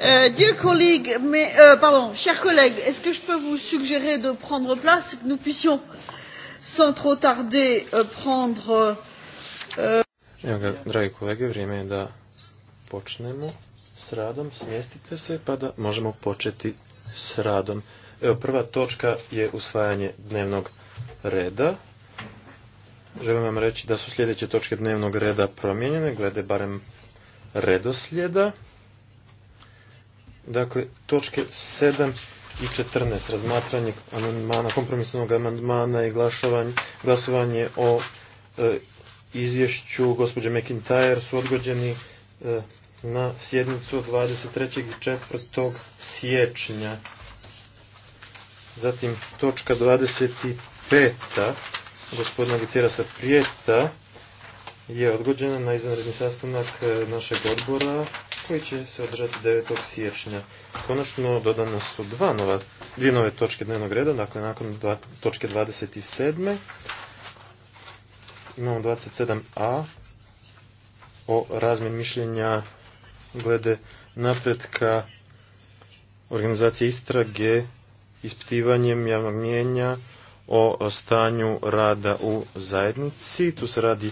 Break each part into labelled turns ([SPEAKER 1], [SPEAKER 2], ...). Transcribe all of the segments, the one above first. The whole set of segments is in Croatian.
[SPEAKER 1] Euh, dear colleague, mais, euh, pardon, chers collègues, est-ce que je peux vous suggérer de prendre place que nous puissions, sans trop tarder, euh, prendre...
[SPEAKER 2] Euh, Evo ga, dragi kolege, vrijeme je da počnemo s radom. Smjestite se pa da možemo početi s radom. Evo, prva točka je usvajanje dnevnog reda. Želim vam reći da su sljedeće točke dnevnog reda promijenjene, glede barem redoslijeda. Dakle, točke 7 i 14, razmatranje amandmana, kompromisnog amandmana i glasovanje o e, izvješću gospođe McIntyre su odgođeni e, na sjednicu 23. i 4. siječnja. Zatim točka 25. gospodina Giterasa Prijeta je odgođena na izvanredni sastanak e, našeg odbora koji će se održati 9. siječnja. Konačno dodana su dva nova, dvije nove točke dnevnog reda, dakle nakon dva, točke 27. Imamo 27a o razmjeni mišljenja glede napretka organizacije istrage, ispitivanjem javnog mijenja o stanju rada u zajednici. Tu se radi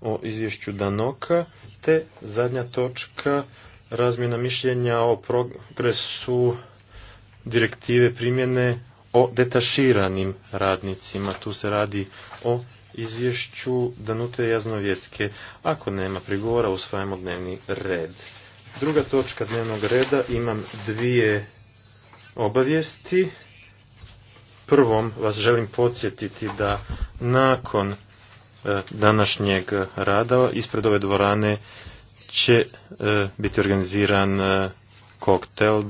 [SPEAKER 2] o izvješću Danoka, te zadnja točka razmjena mišljenja o progresu direktive primjene o detaširanim radnicima. Tu se radi o izvješću Danute Jaznovjetske. Ako nema prigovora, usvajamo dnevni red. Druga točka dnevnog reda, imam dvije obavijesti. Prvom vas želim podsjetiti da nakon E, današnjeg rada ispred ove dvorane će e, biti organiziran e, koktel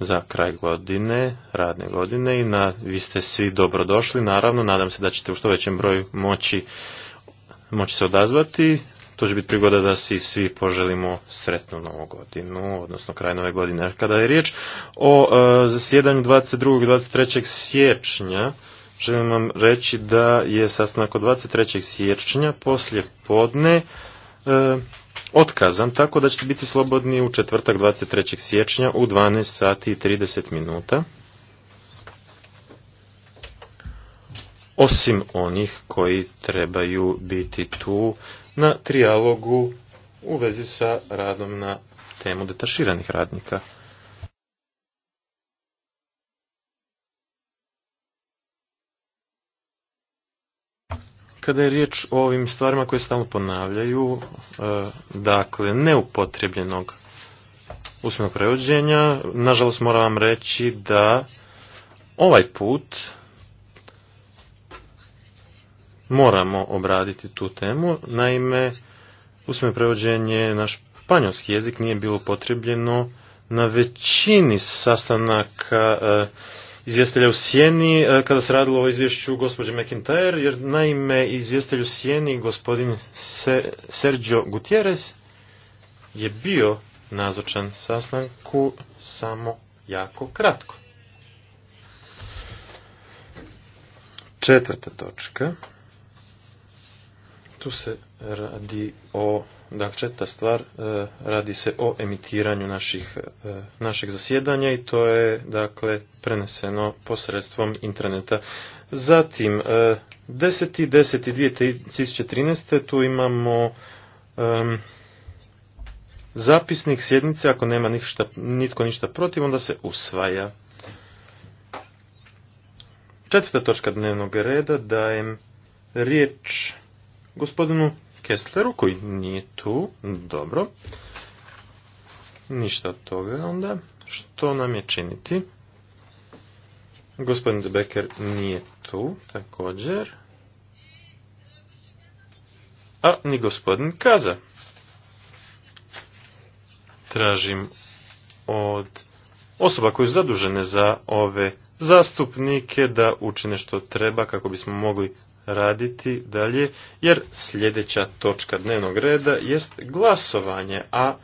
[SPEAKER 2] za kraj godine, radne godine i na, vi ste svi dobrodošli. Naravno, nadam se da ćete u što većem broju moći, se odazvati. To će biti prigoda da si svi poželimo sretnu novu godinu, odnosno kraj nove godine. Kada je riječ o sjedanju zasjedanju 22. i 23. siječnja, želim vam reći da je sastanak od 23. siječnja poslije podne e, otkazan, tako da ćete biti slobodni u četvrtak 23. siječnja u 12 sati i 30 minuta. Osim onih koji trebaju biti tu na trijalogu u vezi sa radom na temu detaširanih radnika. Kada je riječ o ovim stvarima koje stalno ponavljaju, e, dakle, neupotrebljenog usmenog prevođenja, nažalost moram vam reći da ovaj put moramo obraditi tu temu. Naime, usmeno prevođenje na španjolski jezik nije bilo potrebljeno na većini sastanaka e, izvjestelja u Sjeni e, kada se radilo o izvješću gospođe McIntyre, jer naime izvjestelj u Sjeni gospodin Sergio Gutierrez je bio nazočan sastanku samo jako kratko. Četvrta točka. Tu se radi o, dakle četvrta stvar, e, radi se o emitiranju naših, e, našeg zasjedanja i to je dakle preneseno posredstvom interneta. Zatim, 10.10.2013. E, tu imamo um, zapisnik sjednice, ako nema ništa, nitko ništa protiv, onda se usvaja. Četvrta točka dnevnog reda, dajem riječ gospodinu Kessleru koji nije tu. Dobro. Ništa od toga onda. Što nam je činiti? Gospodin Becker nije tu također. A ni gospodin Kaza. Tražim od osoba koje su zadužene za ove zastupnike da učine što treba kako bismo mogli raditi dalje, jer sljedeća točka dnevnog reda jest glasovanje, a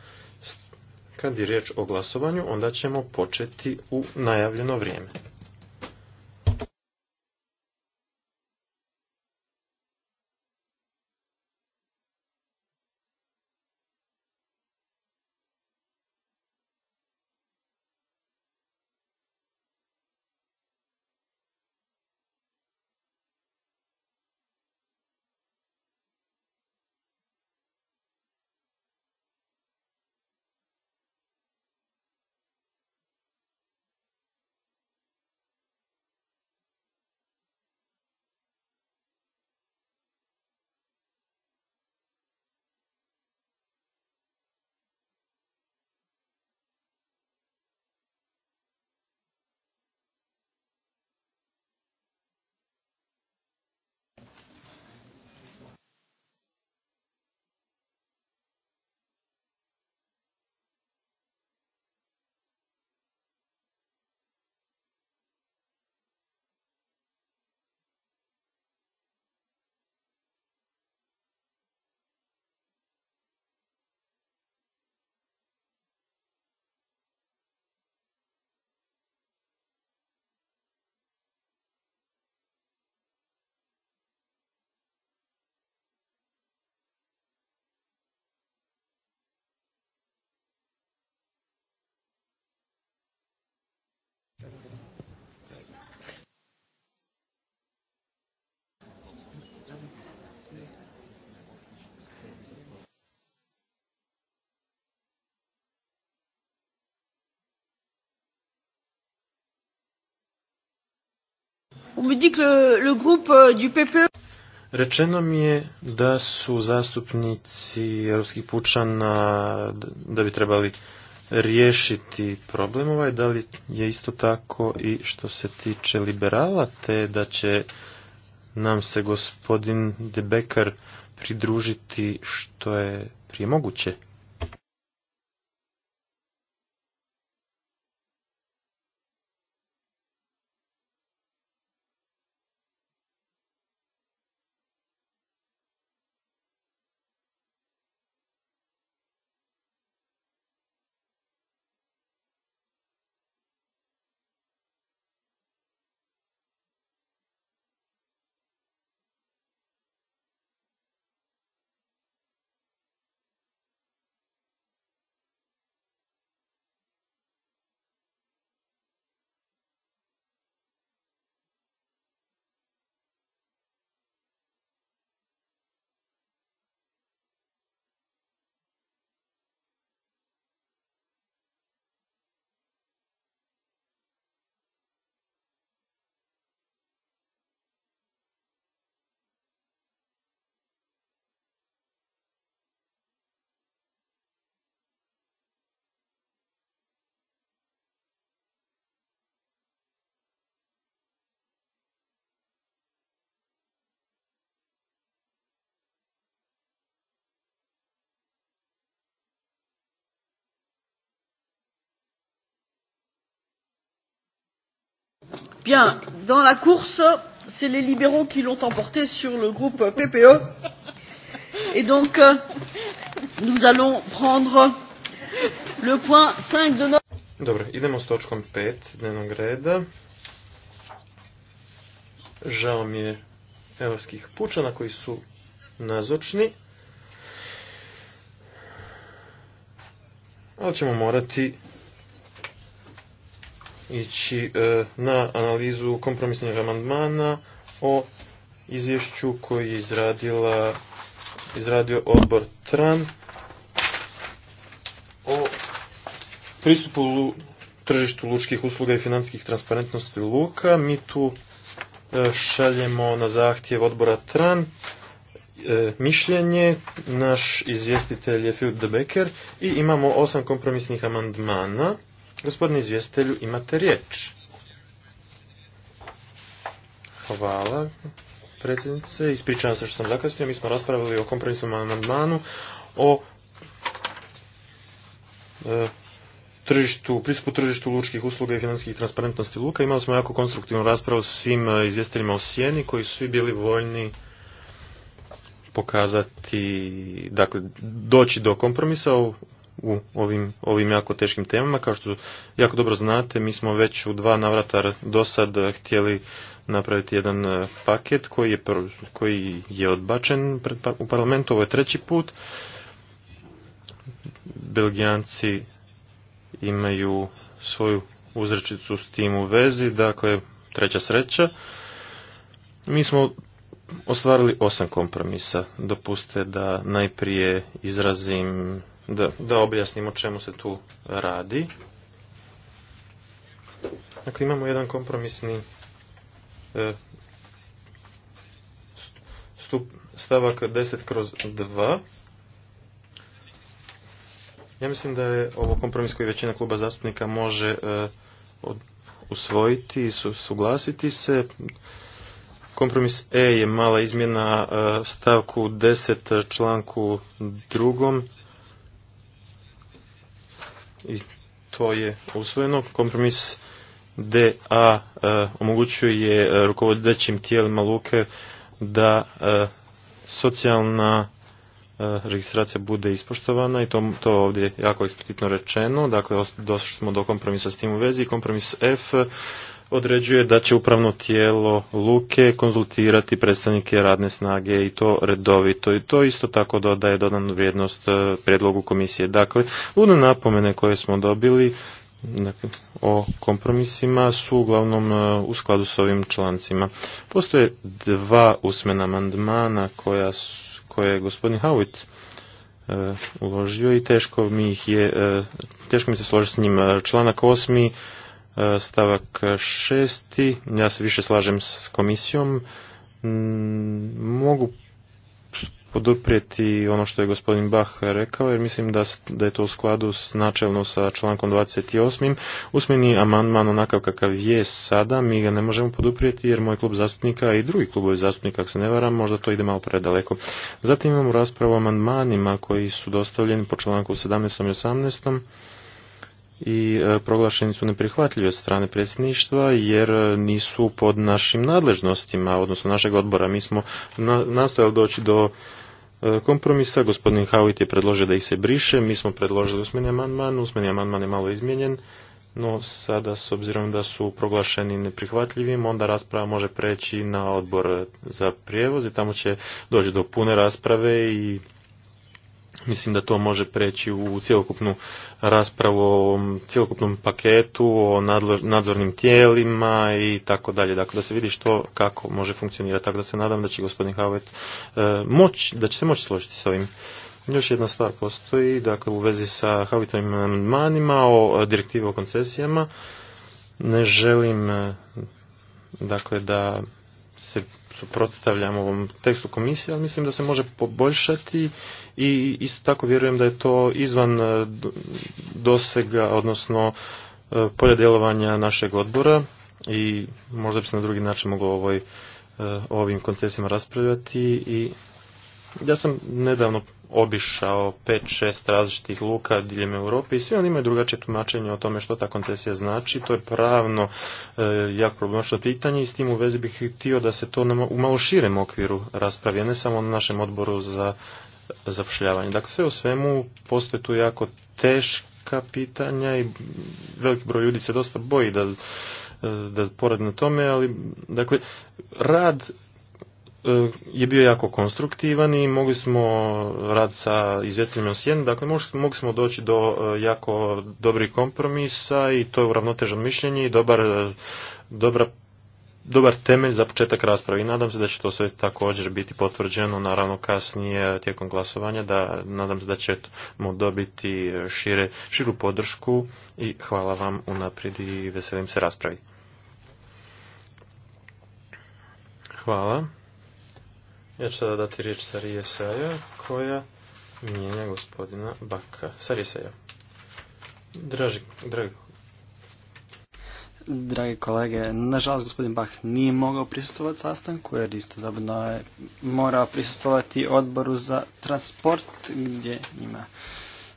[SPEAKER 2] kad je riječ o glasovanju, onda ćemo početi u najavljeno vrijeme.
[SPEAKER 1] Euh, e
[SPEAKER 2] Rečeno mi je da su zastupnici europskih pučana da bi trebali riješiti problem ovaj, da li je isto tako i što se tiče liberala, te da će nam se gospodin Becker pridružiti što je prije moguće.
[SPEAKER 1] Bien, dans la course, c'est les libéraux qui l'ont emporté sur le groupe PPE. Et donc, euh, nous allons prendre le point 5 de notre...
[SPEAKER 2] Dobro, idemo s točkom 5 dnevnog reda. Žao mi je europskih pučana koji su nazočni. Ali ćemo morati ići e, na analizu kompromisnih amandmana o izvješću koji je izradila, izradio odbor TRAN o pristupu tržištu lučkih usluga i financijskih transparentnosti luka. Mi tu e, šaljemo na zahtjev odbora TRAN e, mišljenje, naš izvjestitelj je Filip de Becker i imamo osam kompromisnih amandmana Gospodine izvjestelju, imate riječ. Hvala, predsjednice. Ispričavam se što sam zakasnio. Mi smo raspravili o kompromisnom amandmanu, o e, tržištu, pristupu tržištu lučkih usluga i financijskih transparentnosti luka. Imali smo jako konstruktivnu raspravu s svim e, izvjestiteljima o sjeni koji su svi bili voljni pokazati, dakle, doći do kompromisa u u ovim, ovim jako teškim temama. Kao što jako dobro znate, mi smo već u dva navrata do sad eh, htjeli napraviti jedan eh, paket koji je, koji je odbačen pa, u parlamentu. Ovo je treći put. Belgijanci imaju svoju uzrečicu s tim u vezi, dakle treća sreća. Mi smo ostvarili osam kompromisa. Dopuste da najprije izrazim da, da objasnim o čemu se tu radi. Dakle, imamo jedan kompromisni e, stup, stavak 10 kroz 2. Ja mislim da je ovo kompromis koji većina kluba zastupnika može e, usvojiti i suglasiti se. Kompromis E je mala izmjena e, stavku 10 članku drugom i to je usvojeno. Kompromis DA e, omogućuje e, rukovodećim tijelima luke da e, socijalna registracija bude ispoštovana i to, to ovdje jako eksplicitno rečeno. Dakle, došli smo do kompromisa s tim u vezi. Kompromis F određuje da će upravno tijelo Luke konzultirati predstavnike radne snage i to redovito. I to isto tako dodaje dodanu vrijednost e, predlogu komisije. Dakle, uno napomene koje smo dobili dakle, o kompromisima su uglavnom e, u skladu s ovim člancima. Postoje dva usmena amandmana koja, koje je gospodin Howitt e, uložio i teško mi, ih je, teško mi se složiti s njim. Članak osmi stavak šesti. Ja se više slažem s komisijom. Mm, mogu poduprijeti ono što je gospodin Bach rekao, jer mislim da, da je to u skladu s načelno sa člankom 28. Usmeni amandman onakav kakav je sada, mi ga ne možemo poduprijeti jer moj klub zastupnika i drugi klubovi zastupnika, ako se ne varam, možda to ide malo predaleko. Zatim imamo raspravu o amandmanima koji su dostavljeni po članku 17. i 18 i e, proglašeni su neprihvatljivi od strane predsjedništva jer e, nisu pod našim nadležnostima, odnosno našeg odbora. Mi smo nastojali doći do e, kompromisa, gospodin Hauit je predložio da ih se briše, mi smo predložili usmeni amandman, usmeni amandman je malo izmijenjen, no sada s obzirom da su proglašeni neprihvatljivim, onda rasprava može preći na odbor za prijevoz i tamo će doći do pune rasprave i Mislim da to može preći u cjelokupnu raspravu o cjelokupnom paketu, o nadzornim tijelima i tako dalje. Dakle, da se vidi što, kako može funkcionirati. Tako da se nadam da će gospodin Havet moći, da će se moći složiti s ovim. Još jedna stvar postoji, dakle, u vezi sa Havetovim manima o e, direktivi o koncesijama. Ne želim, e, dakle, da se suprotstavljam ovom tekstu komisije, ali mislim da se može poboljšati i isto tako vjerujem da je to izvan e, dosega, odnosno e, polja djelovanja našeg odbora i možda bi se na drugi način moglo ovoj, e, ovim koncesijama raspravljati i ja sam nedavno obišao pet, šest različitih luka diljem Europe i svi oni imaju drugačije tumačenje o tome što ta koncesija znači. To je pravno e, jako problematično pitanje i s tim u vezi bih htio da se to u malo širem okviru raspravi, a ne samo na našem odboru za zapošljavanje. Dakle, sve u svemu postoje tu jako teška pitanja i veliki broj ljudi se dosta boji da, e, da poradi na tome, ali dakle, rad E, je bio jako konstruktivan i mogli smo rad sa izvjetiteljima osjednim. dakle mogli smo doći do e, jako dobrih kompromisa i to je uravnoteženo mišljenje i dobar, e, dobar temelj za početak rasprave i nadam se da će to sve također biti potvrđeno naravno kasnije tijekom glasovanja da nadam se da ćemo dobiti šire, širu podršku i hvala vam unaprijed i veselim se raspravi. Hvala. Ja ću sada dati riječ Sarije Saja, koja mijenja gospodina Baka. Sarije Saja. Draži,
[SPEAKER 3] dragi Dragi kolege, nažalost gospodin Bach nije mogao prisustovati sastanku jer istodobno je morao prisustovati odboru za transport gdje ima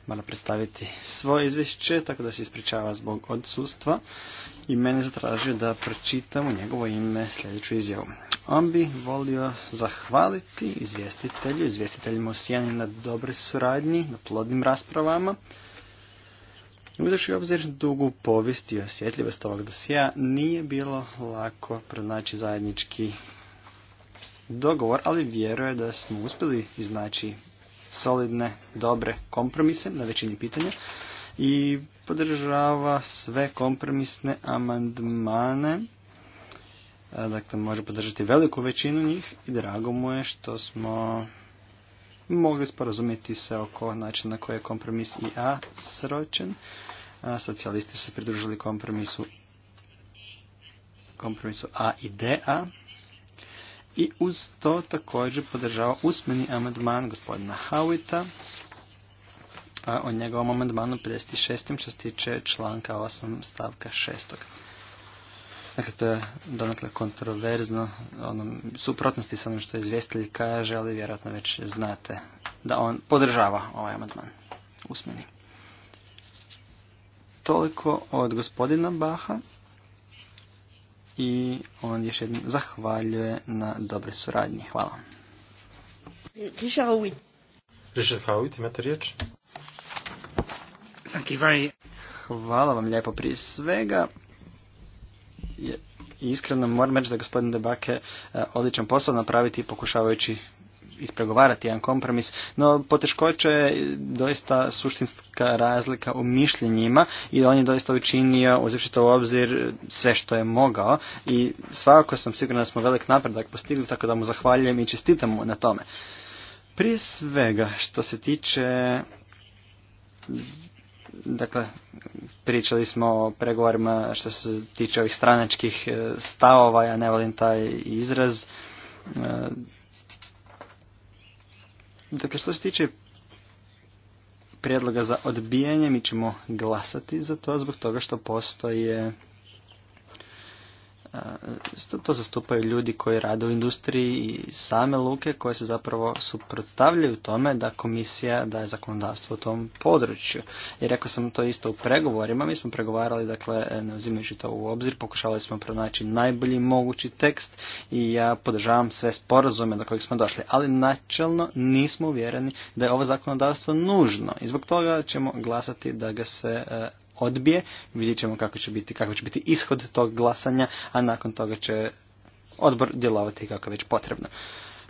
[SPEAKER 3] mora predstaviti svoje izvješće, tako da se ispričava zbog odsustva i mene zatražio da pročitam u njegovo ime sljedeću izjavu. On bi volio zahvaliti izvjestitelju, izvjestiteljima osijani na dobroj suradnji, na plodnim raspravama, Uzeći obzir dugu povijest i osjetljivost ovog dosija, nije bilo lako pronaći zajednički dogovor, ali vjeruje da smo uspjeli iznaći solidne, dobre kompromise na većini pitanja i podržava sve kompromisne amandmane. E, dakle, može podržati veliku većinu njih i drago mu je što smo mogli sporazumjeti se oko načina na koji je kompromis i A sročen. A socijalisti su se pridružili kompromisu kompromisu A i D, a i uz to također podržava usmeni amandman gospodina Hawita. A o njegovom amandmanu 56. što se tiče članka 8. stavka 6. Dakle, to je donekle kontroverzno, onom suprotnosti sa onim što izvjestitelj kaže, ali vjerojatno već znate da on podržava ovaj amandman usmeni. Toliko od gospodina Baha i on još jednom zahvaljuje na dobre suradnji. Hvala.
[SPEAKER 1] Richard Howitt.
[SPEAKER 2] Richard
[SPEAKER 3] Howitt, imate riječ? Hvala vam lijepo. Prije svega, iskreno moram reći da je gospodin Debake e, odličan posao napraviti pokušavajući ispregovarati jedan kompromis, no poteškoće je doista suštinska razlika u mišljenjima i on je doista učinio, uzevši to u obzir, sve što je mogao i svakako sam siguran da smo velik napredak postigli, tako da mu zahvaljujem i čestitam mu na tome. Prije svega, što se tiče dakle, pričali smo o pregovorima što se tiče ovih stranačkih e, stavova, ja ne volim taj izraz, e, Dakle, što se tiče prijedloga za odbijanje, mi ćemo glasati za to zbog toga što postoje to zastupaju ljudi koji rade u industriji i same luke koje se zapravo suprotstavljaju tome da komisija daje zakonodavstvo u tom području. I rekao sam to isto u pregovorima, mi smo pregovarali, dakle, ne uzimajući to u obzir, pokušavali smo pronaći najbolji mogući tekst i ja podržavam sve sporazume do kojeg smo došli, ali načelno nismo uvjereni da je ovo zakonodavstvo nužno i zbog toga ćemo glasati da ga se e, odbije. Vidjet ćemo kako će biti, kako će biti ishod tog glasanja, a nakon toga će odbor djelovati kako je već potrebno.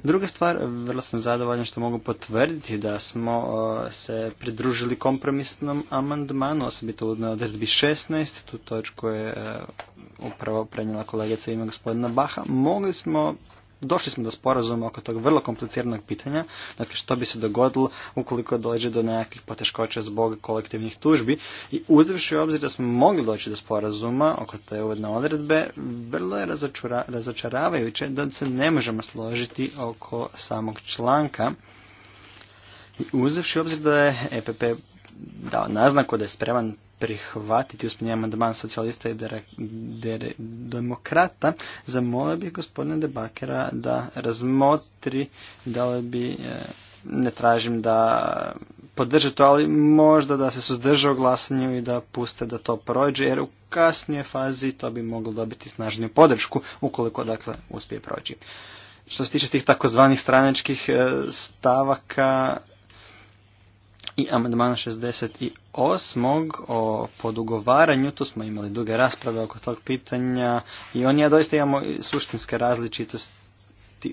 [SPEAKER 3] Druga stvar, vrlo sam zadovoljan što mogu potvrditi da smo se pridružili kompromisnom amandmanu, osobito na odredbi 16, tu točku je e, upravo prenijela kolegica ime gospodina Baha. Mogli smo došli smo do sporazuma oko tog vrlo kompliciranog pitanja, dakle što bi se dogodilo ukoliko dođe do nekakvih poteškoća zbog kolektivnih tužbi i uzvrši u obzir da smo mogli doći do sporazuma oko te uvodne odredbe, vrlo je razočaravajuće da se ne možemo složiti oko samog članka i uzevši obzir da je EPP dao naznaku da je spreman prihvatiti uspjenje amandman socijalista i demokrata, zamolio bih gospodina Debakera da razmotri da li bi, eh, ne tražim da podrže to, ali možda da se suzdrže u glasanju i da puste da to prođe, jer u kasnijoj fazi to bi moglo dobiti snažniju podršku, ukoliko dakle uspije proći. Što se tiče tih takozvanih stranačkih eh, stavaka, i amandman 68. o podugovaranju, tu smo imali duge rasprave oko tog pitanja i on ja doista imamo suštinske različitosti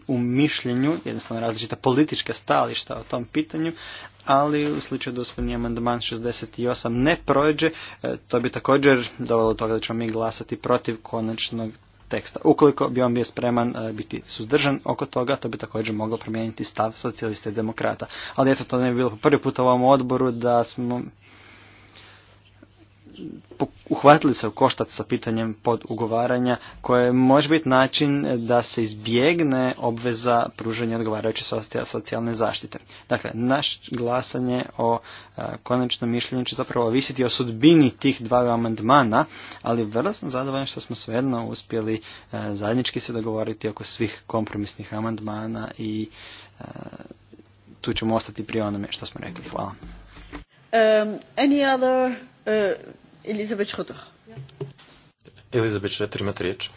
[SPEAKER 3] u mišljenju, jednostavno različita politička stališta o tom pitanju, ali u slučaju da usvojeni amandman 68 ne prođe, e, to bi također dovelo do toga da ćemo mi glasati protiv konačnog teksta. Ukoliko bi on bio spreman e, biti suzdržan oko toga, to bi također moglo promijeniti stav socijalista i demokrata. Ali eto, to ne bi bilo prvi put u ovom odboru da smo uhvatili se u koštac sa pitanjem podugovaranja koje može biti način da se izbjegne obveza pružanja odgovarajuće socijalne zaštite. Dakle, naš glasanje o konačnom mišljenju će zapravo visiti o sudbini tih dva amandmana, ali vrlo sam zadovoljan što smo svejedno uspjeli zajednički se dogovoriti oko svih kompromisnih amandmana i tu ćemo ostati pri onome što smo rekli. Hvala.
[SPEAKER 1] Um, any other, uh, Elizabeth Schroeder.
[SPEAKER 2] riječ.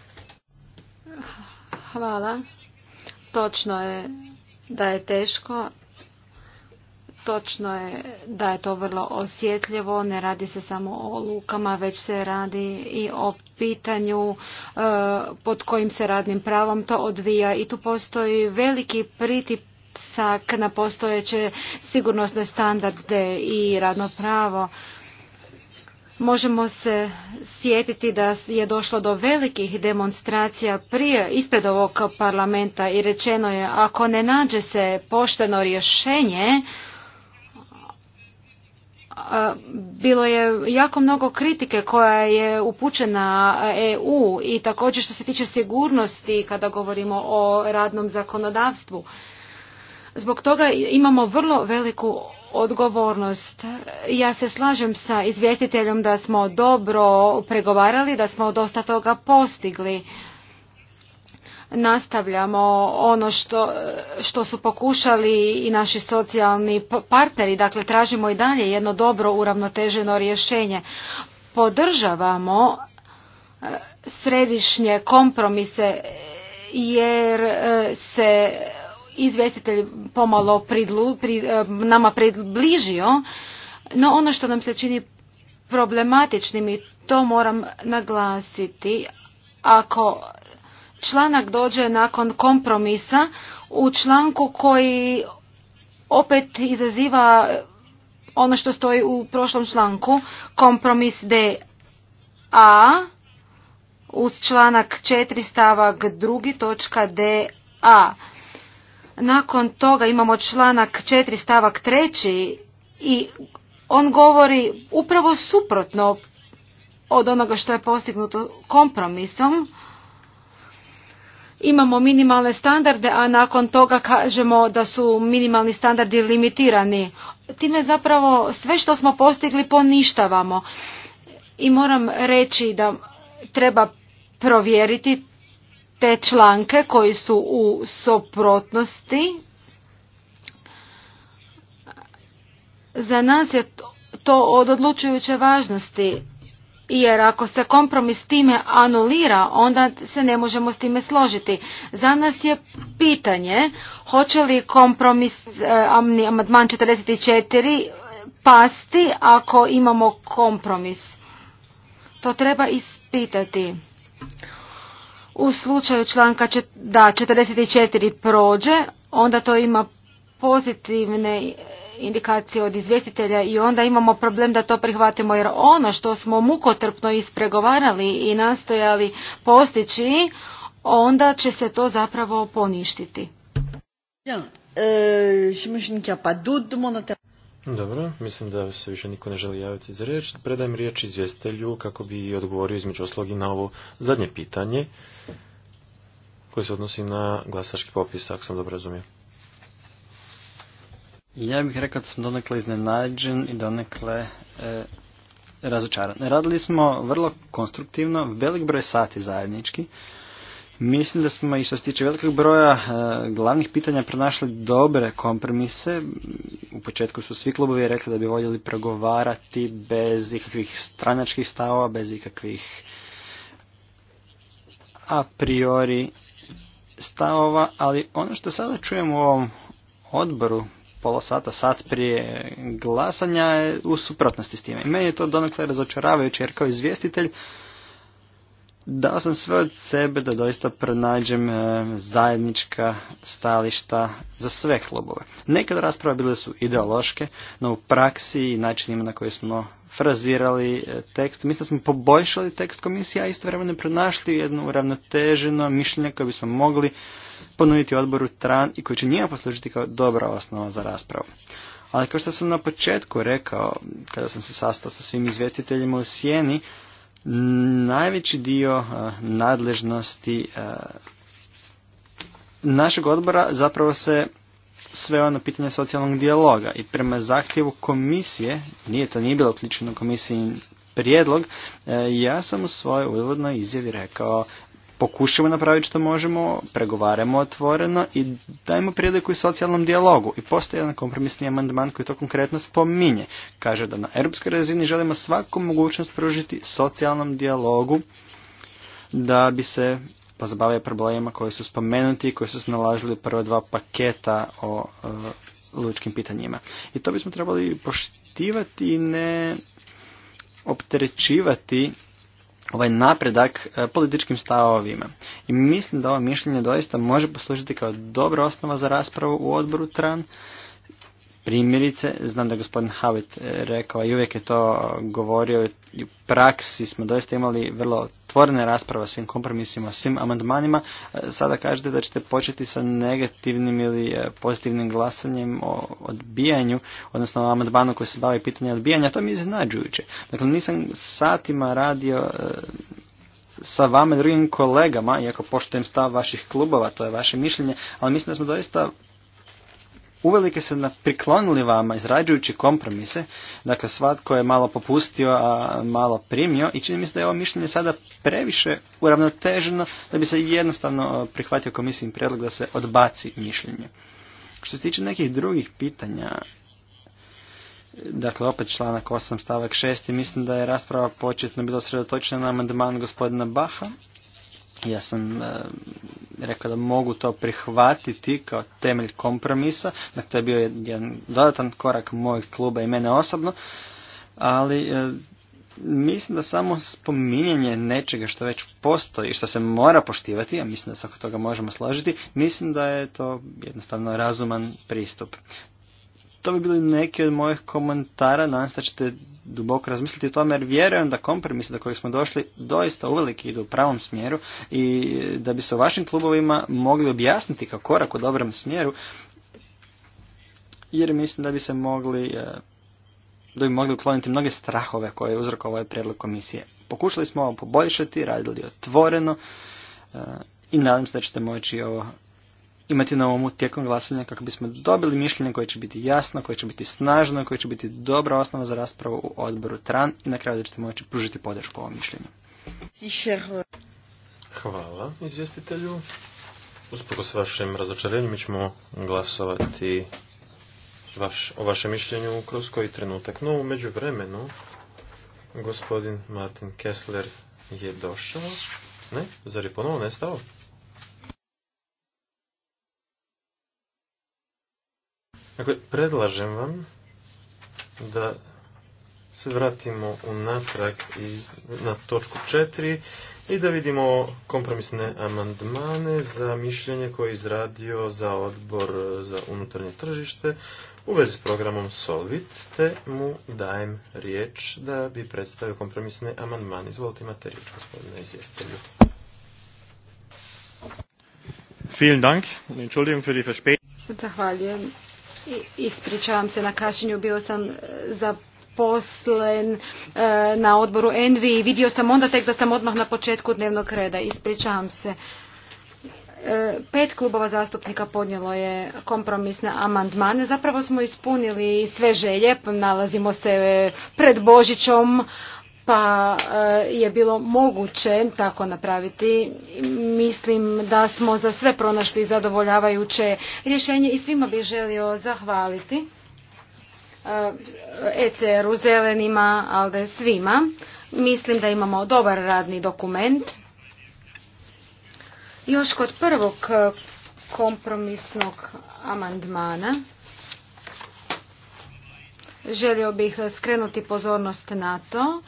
[SPEAKER 4] Hvala. Točno je da je teško. Točno je da je to vrlo osjetljivo. Ne radi se samo o lukama, već se radi i o pitanju e, pod kojim se radnim pravom to odvija. I tu postoji veliki pritip na postojeće sigurnosne standarde i radno pravo. Možemo se sjetiti da je došlo do velikih demonstracija prije ispred ovog parlamenta i rečeno je ako ne nađe se pošteno rješenje, bilo je jako mnogo kritike koja je upućena EU i također što se tiče sigurnosti kada govorimo o radnom zakonodavstvu. Zbog toga imamo vrlo veliku odgovornost. Ja se slažem sa izvjestiteljem da smo dobro pregovarali, da smo dosta toga postigli. Nastavljamo ono što, što su pokušali i naši socijalni partneri, dakle tražimo i dalje jedno dobro uravnoteženo rješenje. Podržavamo e, središnje kompromise jer e, se izvjestitelj pomalo pridlu, e, nama približio, no ono što nam se čini problematičnim i to moram naglasiti, ako članak dođe nakon kompromisa u članku koji opet izaziva ono što stoji u prošlom članku, kompromis DA uz članak 4 stavak 2 točka A. Nakon toga imamo članak 4 stavak 3 i on govori upravo suprotno od onoga što je postignuto kompromisom. Imamo minimalne standarde, a nakon toga kažemo da su minimalni standardi limitirani. Time zapravo sve što smo postigli poništavamo. I moram reći da treba provjeriti te članke koji su u soprotnosti. Za nas je to od odlučujuće važnosti, jer ako se kompromis time anulira, onda se ne možemo s time složiti. Za nas je pitanje hoće li kompromis e, amandman 44 pasti ako imamo kompromis. To treba ispitati. U slučaju članka da 44 prođe, onda to ima pozitivne indikacije od izvjestitelja i onda imamo problem da to prihvatimo jer ono što smo mukotrpno ispregovarali i nastojali postići, onda će se to zapravo poništiti.
[SPEAKER 2] Euh, dobro, mislim da se više niko ne želi javiti za riječ. Predajem riječ izvjestitelju kako bi odgovorio između oslogi na ovo zadnje pitanje koje se odnosi na glasački popis, ako sam dobro razumio.
[SPEAKER 3] Ja bih rekao da sam donekle iznenađen i donekle e, razočaran. Radili smo vrlo konstruktivno, velik broj sati zajednički Mislim da smo i što se tiče velikog broja e, glavnih pitanja pronašli dobre kompromise. U početku su svi klubovi rekli da bi voljeli pregovarati bez ikakvih stranačkih stavova, bez ikakvih a priori stavova, ali ono što sada čujem u ovom odboru pola sata, sat prije glasanja je u suprotnosti s time. I meni je to donekle razočaravajuće jer kao izvjestitelj dao sam sve od sebe da doista pronađem e, zajednička stajališta za sve klubove. Nekada rasprave bile su ideološke, no u praksi i načinima na koji smo frazirali e, tekst, mislim da smo poboljšali tekst komisije, a vremeno pronašli jedno uravnoteženo mišljenje koje bismo mogli ponuditi odboru TRAN i koji će njima poslužiti kao dobra osnova za raspravu. Ali kao što sam na početku rekao, kada sam se sastao sa svim izvjestiteljima u Sjeni, najveći dio e, nadležnosti e, našeg odbora zapravo se sve ono pitanje socijalnog dijaloga i prema zahtjevu komisije, nije to nije bilo uključeno komisiji prijedlog, e, ja sam u svojoj uvodnoj izjavi rekao pokušamo napraviti što možemo, pregovaramo otvoreno i dajemo priliku i socijalnom dijalogu. I postoji jedan kompromisni amandman koji to konkretno spominje. Kaže da na europskoj razini želimo svaku mogućnost pružiti socijalnom dijalogu da bi se pozabavio problemima koji su spomenuti i koji su se nalazili u prva dva paketa o e, lučkim pitanjima. I to bismo trebali poštivati i ne opterećivati ovaj napredak e, političkim stavovima. I mislim da ovo mišljenje doista može poslužiti kao dobra osnova za raspravu u odboru TRAN Primjerice, znam da je gospodin Havit e, rekao i uvijek je to govorio u praksi smo doista imali vrlo otvorene rasprave o svim kompromisima, svim amandmanima. E, sada kažete da ćete početi sa negativnim ili e, pozitivnim glasanjem o odbijanju, odnosno o amandmanu koji se bavi pitanje odbijanja, to mi je iznenađujuće. Dakle, nisam satima radio sa vama i drugim kolegama, iako poštujem stav vaših klubova, to je vaše mišljenje, ali mislim da smo doista uvelike se priklonili vama izrađujući kompromise, dakle svatko je malo popustio, a malo primio i čini mi se da je ovo mišljenje sada previše uravnoteženo da bi se jednostavno prihvatio komisijin predlog da se odbaci mišljenje. Što se tiče nekih drugih pitanja, dakle opet članak 8 stavak 6 mislim da je rasprava početno bila sredotočena na amandman gospodina Baha ja sam e, rekao da mogu to prihvatiti kao temelj kompromisa. Dakle, to je bio jedan dodatan korak mojeg kluba i mene osobno. Ali e, mislim da samo spominjanje nečega što već postoji i što se mora poštivati, a mislim da se oko toga možemo složiti, mislim da je to jednostavno razuman pristup to bi bili neki od mojih komentara, nadam se da ćete duboko razmisliti o tome, jer vjerujem da kompromis do kojeg smo došli doista uvelike idu u pravom smjeru i da bi se vašim klubovima mogli objasniti kao korak u dobrom smjeru, jer mislim da bi se mogli eh, da bi mogli ukloniti mnoge strahove koje je uzrokovao ovaj predlog komisije. Pokušali smo ovo poboljšati, radili otvoreno eh, i nadam se da ćete moći ovo imati na umu tijekom glasanja kako bismo dobili mišljenje koje će biti jasno, koje će biti snažno, koje će biti dobra osnova za raspravu u odboru TRAN i na kraju da ćete moći pružiti podršku ovom mišljenju. Hvala
[SPEAKER 2] izvjestitelju. s vašim razočarenjem mi ćemo glasovati vaš, o vašem mišljenju kroz koji trenutak. No, u međuvremenu gospodin Martin Kessler je došao. Ne? Zar je ponovo nestao? Dakle, predlažem vam da se vratimo unatrag i na točku 4 i da vidimo kompromisne amandmane za mišljenje koje je izradio za odbor za unutarnje tržište u vezi s programom Solvit, te mu dajem riječ da bi predstavio kompromisne amandmane. Izvolite imate riječ, gospodine izvjestelju.
[SPEAKER 4] Zahvaljujem Ispričavam se na kašenju, bio sam e, za poslen e, na odboru Envi i vidio sam onda tek da sam odmah na početku dnevnog reda. Ispričavam se. E, pet klubova zastupnika podnijelo je kompromisne amandmane. Zapravo smo ispunili sve želje. Nalazimo se pred Božićom pa eh, je bilo moguće tako napraviti. Mislim da smo za sve pronašli zadovoljavajuće rješenje i svima bih želio zahvaliti eh, ECR-u, zelenima, ali svima. Mislim da imamo dobar radni dokument. Još kod prvog eh, kompromisnog amandmana želio bih skrenuti pozornost na to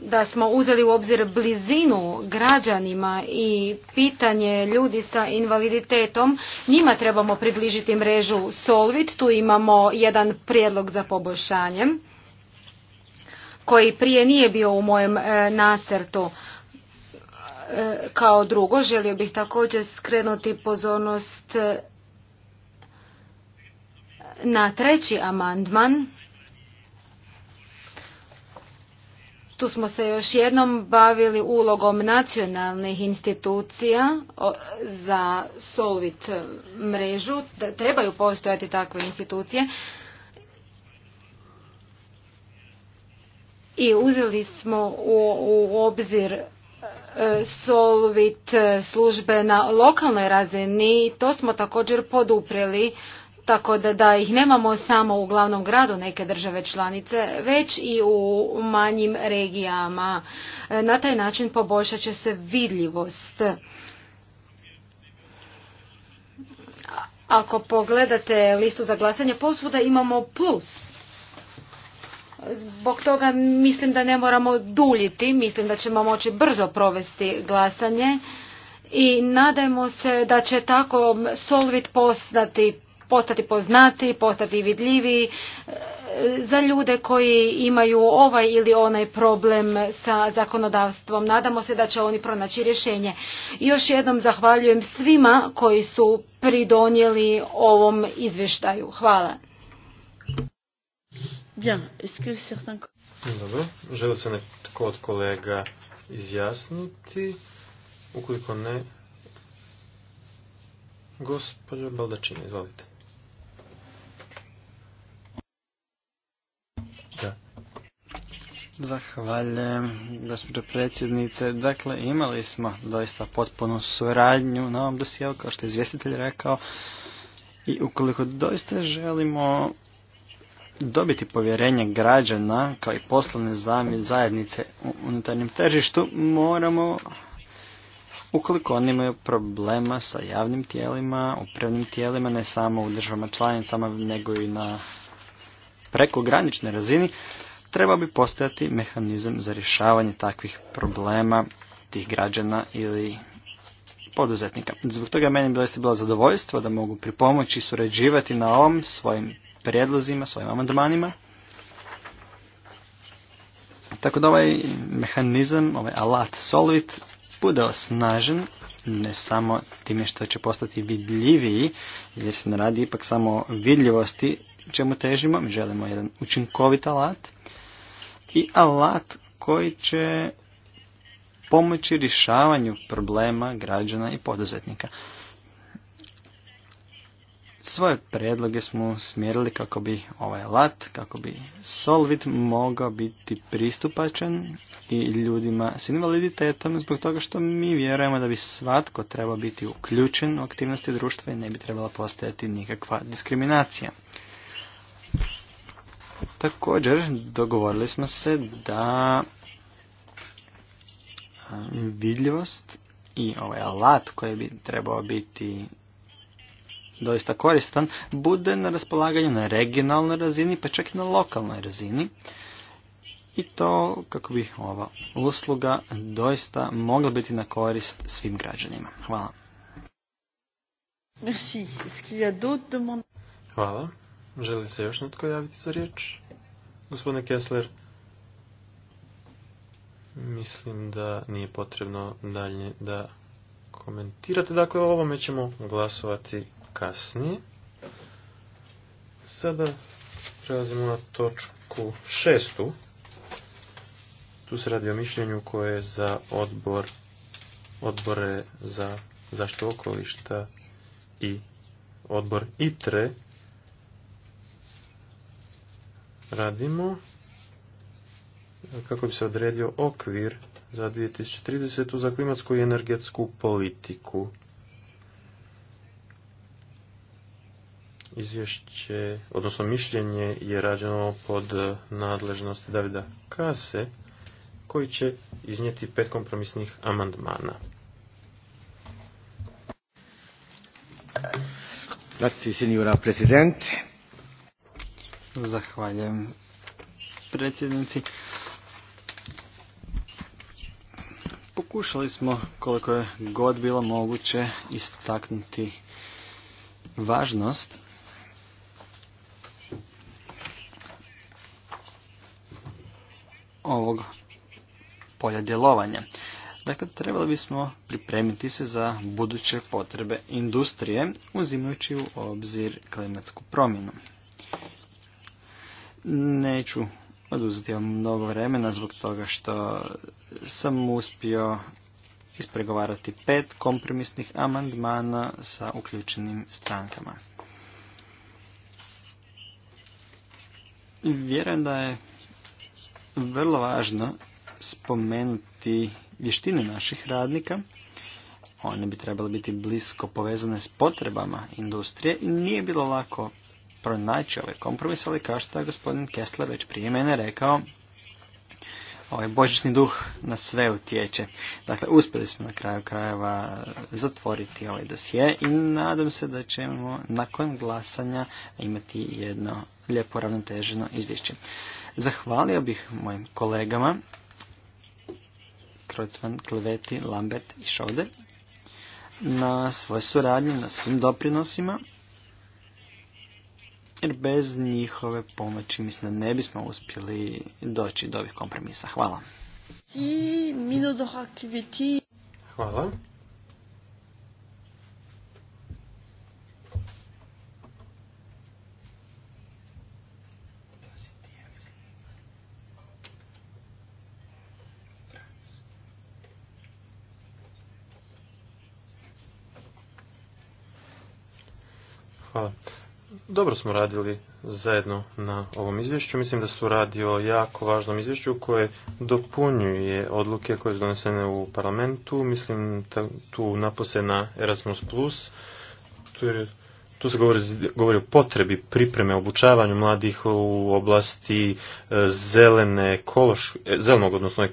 [SPEAKER 4] da smo uzeli u obzir blizinu građanima i pitanje ljudi sa invaliditetom, njima trebamo približiti mrežu Solvit. Tu imamo jedan prijedlog za poboljšanje koji prije nije bio u mojem e, nasrtu. E, kao drugo, želio bih također skrenuti pozornost na treći amandman Tu smo se još jednom bavili ulogom nacionalnih institucija za Solvit mrežu. Trebaju postojati takve institucije. I uzeli smo u, u obzir e, Solvit službe na lokalnoj razini. To smo također podupreli tako da, ih nemamo samo u glavnom gradu neke države članice, već i u manjim regijama. E, na taj način poboljšat će se vidljivost. Ako pogledate listu za glasanje, posvuda imamo plus. Zbog toga mislim da ne moramo duljiti, mislim da ćemo moći brzo provesti glasanje i nadajmo se da će tako Solvit postati postati poznati, postati vidljivi e, za ljude koji imaju ovaj ili onaj problem sa zakonodavstvom. Nadamo se da će oni pronaći rješenje. Još jednom zahvaljujem svima koji su pridonijeli ovom izvještaju. Hvala.
[SPEAKER 2] Dobro, želi se neko od kolega izjasniti? Ukoliko ne, gospođo Baldačini, izvolite.
[SPEAKER 3] Zahvaljujem, gospođo predsjednice. Dakle, imali smo doista potpunu suradnju na ovom dosijelu, kao što je izvjestitelj rekao. I ukoliko doista želimo dobiti povjerenje građana kao i poslovne zajednice u unutarnjem tržištu, moramo, ukoliko oni imaju problema sa javnim tijelima, upravnim tijelima, ne samo u državama članicama, nego i na prekograničnoj razini, trebao bi postojati mehanizam za rješavanje takvih problema tih građana ili poduzetnika. Zbog toga meni doista bilo zadovoljstvo da mogu pripomoći i surađivati na ovom svojim prijedlozima, svojim amandmanima. Tako da ovaj mehanizam, ovaj alat Solvit bude osnažen ne samo time što će postati vidljiviji, jer se ne radi ipak samo vidljivosti čemu težimo, mi želimo jedan učinkovit alat i alat koji će pomoći rješavanju problema građana i poduzetnika. Svoje predloge smo smjerili kako bi ovaj alat, kako bi Solvit mogao biti pristupačan i ljudima s invaliditetom zbog toga što mi vjerujemo da bi svatko trebao biti uključen u aktivnosti društva i ne bi trebala postojati nikakva diskriminacija. Također dogovorili smo se da vidljivost i ovaj alat koji bi trebao biti doista koristan bude na raspolaganju na regionalnoj razini pa čak i na lokalnoj razini i to kako bi ova usluga doista mogla biti na korist svim građanima. Hvala. Hvala.
[SPEAKER 2] Želi se još netko javiti za riječ? Gospodine Kessler, mislim da nije potrebno dalje da komentirate. Dakle, o ovome ćemo glasovati kasnije. Sada prelazimo na točku šestu. Tu se radi o mišljenju koje je za odbor, odbore za zaštitu okolišta i odbor ITRE radimo kako bi se odredio okvir za 2030. za klimatsku i energetsku politiku. Izvješće, odnosno mišljenje je rađeno pod nadležnost Davida Kase, koji će iznijeti pet kompromisnih amandmana.
[SPEAKER 3] Grazie signora Zahvaljujem predsjednici. Pokušali smo koliko je god bilo moguće istaknuti važnost ovog polja djelovanja. Dakle, trebali bismo pripremiti se za buduće potrebe industrije, uzimajući u obzir klimatsku promjenu. Neću oduzeti vam mnogo vremena zbog toga što sam uspio ispregovarati pet kompromisnih amandmana sa uključenim strankama. Vjerujem da je vrlo važno spomenuti vještine naših radnika. One bi trebale biti blisko povezane s potrebama industrije i nije bilo lako pronaći ovaj kompromis, ali kao što je gospodin Kessler već prije mene rekao, ovaj božićni duh na sve utječe. Dakle, uspjeli smo na kraju krajeva zatvoriti ovaj dosje i nadam se da ćemo nakon glasanja imati jedno lijepo ravnoteženo izvješće. Zahvalio bih mojim kolegama Krocman, Kleveti, Lambert i Šode na svoje suradnje, na svim doprinosima jer bez njihove pomoći mislim da ne bismo uspjeli doći do ovih kompromisa. Hvala. Hvala.
[SPEAKER 2] dobro smo radili zajedno na ovom izvješću. Mislim da se radi o jako važnom izvješću koje dopunjuje odluke koje su donesene u parlamentu. Mislim tu napose na Erasmus+. Tu, tu se govori, govori o potrebi pripreme, obučavanju mladih u oblasti e, zelene, ekološ, e, zelenog, odnosno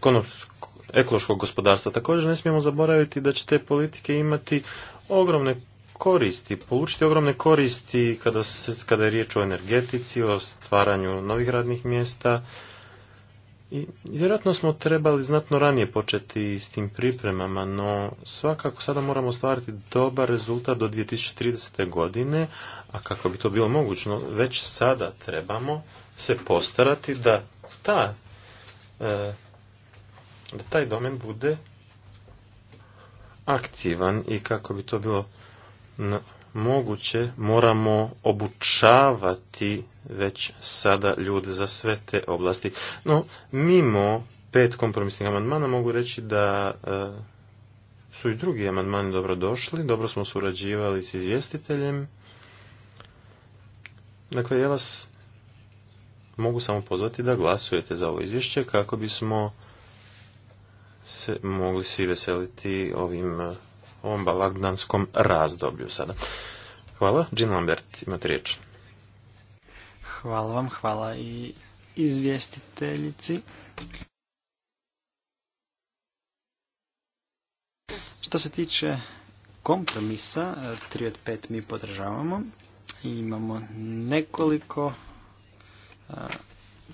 [SPEAKER 2] ekološkog gospodarstva. Također ne smijemo zaboraviti da će te politike imati ogromne koristi, polučiti ogromne koristi kada, se, kada je riječ o energetici, o stvaranju novih radnih mjesta. I vjerojatno smo trebali znatno ranije početi s tim pripremama, no svakako sada moramo ostvariti dobar rezultat do 2030. godine, a kako bi to bilo mogućno, već sada trebamo se postarati da ta e, da taj domen bude aktivan i kako bi to bilo moguće moramo obučavati već sada ljude za sve te oblasti. No, mimo pet kompromisnih amandmana mogu reći da e, su i drugi amandmani dobro došli, dobro smo surađivali s izvjestiteljem. Dakle, ja vas mogu samo pozvati da glasujete za ovo izvješće kako bismo se mogli svi veseliti ovim e, ovom balagdanskom razdoblju sada. Hvala. Jim Lambert, imate riječ.
[SPEAKER 3] Hvala vam, hvala i izvjestiteljici. Što se tiče kompromisa, tri od pet mi podržavamo. Imamo nekoliko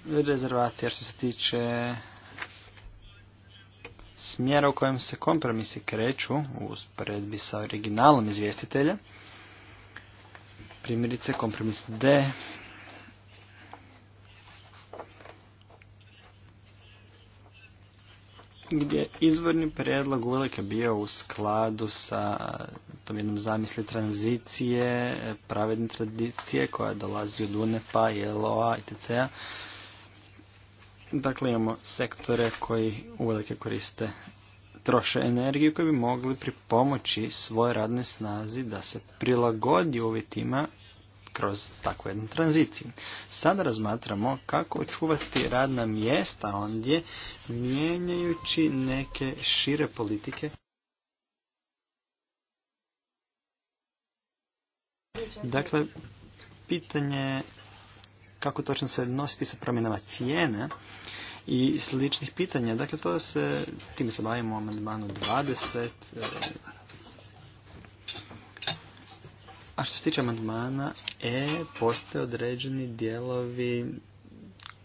[SPEAKER 3] rezervacija što se tiče smjera u kojem se kompromisi kreću u usporedbi sa originalom izvjestitelja. Primjerice kompromis D gdje je izvorni prijedlog uvijek bio u skladu sa tom jednom zamisli tranzicije, pravedne tradicije koja dolazi od UNEPA, ILO-a, ITC-a Dakle, imamo sektore koji uvelike koriste troše energiju koji bi mogli pripomoći svoje radne snazi da se prilagodi uvjetima kroz takvu jednu tranziciju. Sada razmatramo kako očuvati radna mjesta ondje mijenjajući neke šire politike. Dakle, pitanje kako točno se nositi sa promjenama cijene i sličnih pitanja. Dakle, to se, time se bavimo amandmanom amandmanu 20. E, a što se tiče amandmana E, postoje određeni dijelovi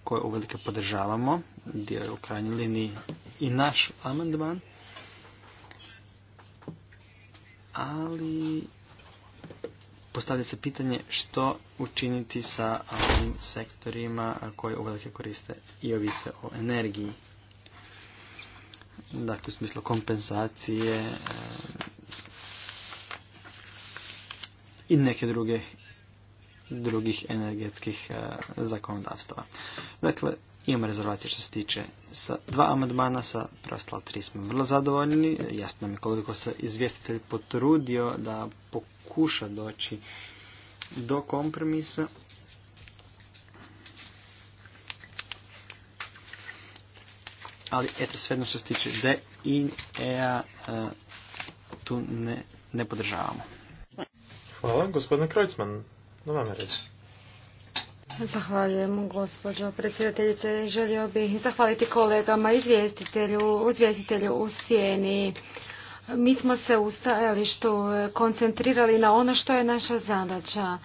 [SPEAKER 3] koje uvelike podržavamo, dio je u krajnjoj liniji i naš amandman, ali postavlja se pitanje što učiniti sa ovim sektorima koji uvelike koriste i ovise o energiji. Dakle, u smislu kompenzacije e, i neke druge drugih energetskih e, zakonodavstava. Dakle, Imamo rezervacije što se tiče sa dva amandmana, sa preostala tri smo vrlo zadovoljni. Jasno nam je koliko se izvjestitelj potrudio da pokuša doći do kompromisa. Ali eto, sve što se tiče D i e tu ne, ne podržavamo. Hvala,
[SPEAKER 2] gospodine Krojcman.
[SPEAKER 3] na vam reći.
[SPEAKER 4] Zahvaljujem gospođo predsjedateljice. Želio bih zahvaliti kolegama izvjestitelju, izvjestitelju u sjeni. Mi smo se u stajalištu koncentrirali na ono što je naša zadaća.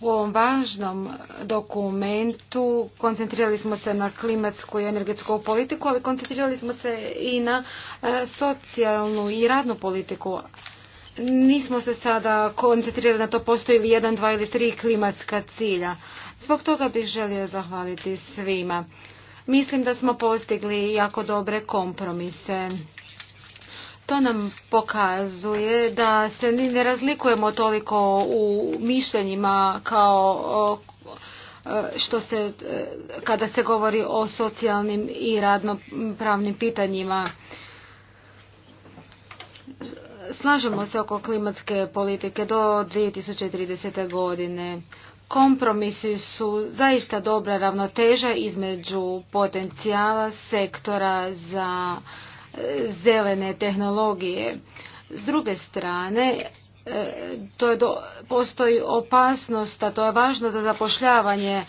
[SPEAKER 4] U ovom važnom dokumentu koncentrirali smo se na klimatsku i energetsku politiku, ali koncentrirali smo se i na e, socijalnu i radnu politiku nismo se sada koncentrirali na to postoji li jedan, dva ili tri klimatska cilja. Zbog toga bih želio zahvaliti svima. Mislim da smo postigli jako dobre kompromise. To nam pokazuje da se ne razlikujemo toliko u mišljenjima kao što se, kada se govori o socijalnim i radnopravnim pitanjima Slažemo se oko klimatske politike do 2030. godine. Kompromisi su zaista dobra ravnoteža između potencijala sektora za e, zelene tehnologije. S druge strane, e, to je postoji opasnost, a to je važno za zapošljavanje,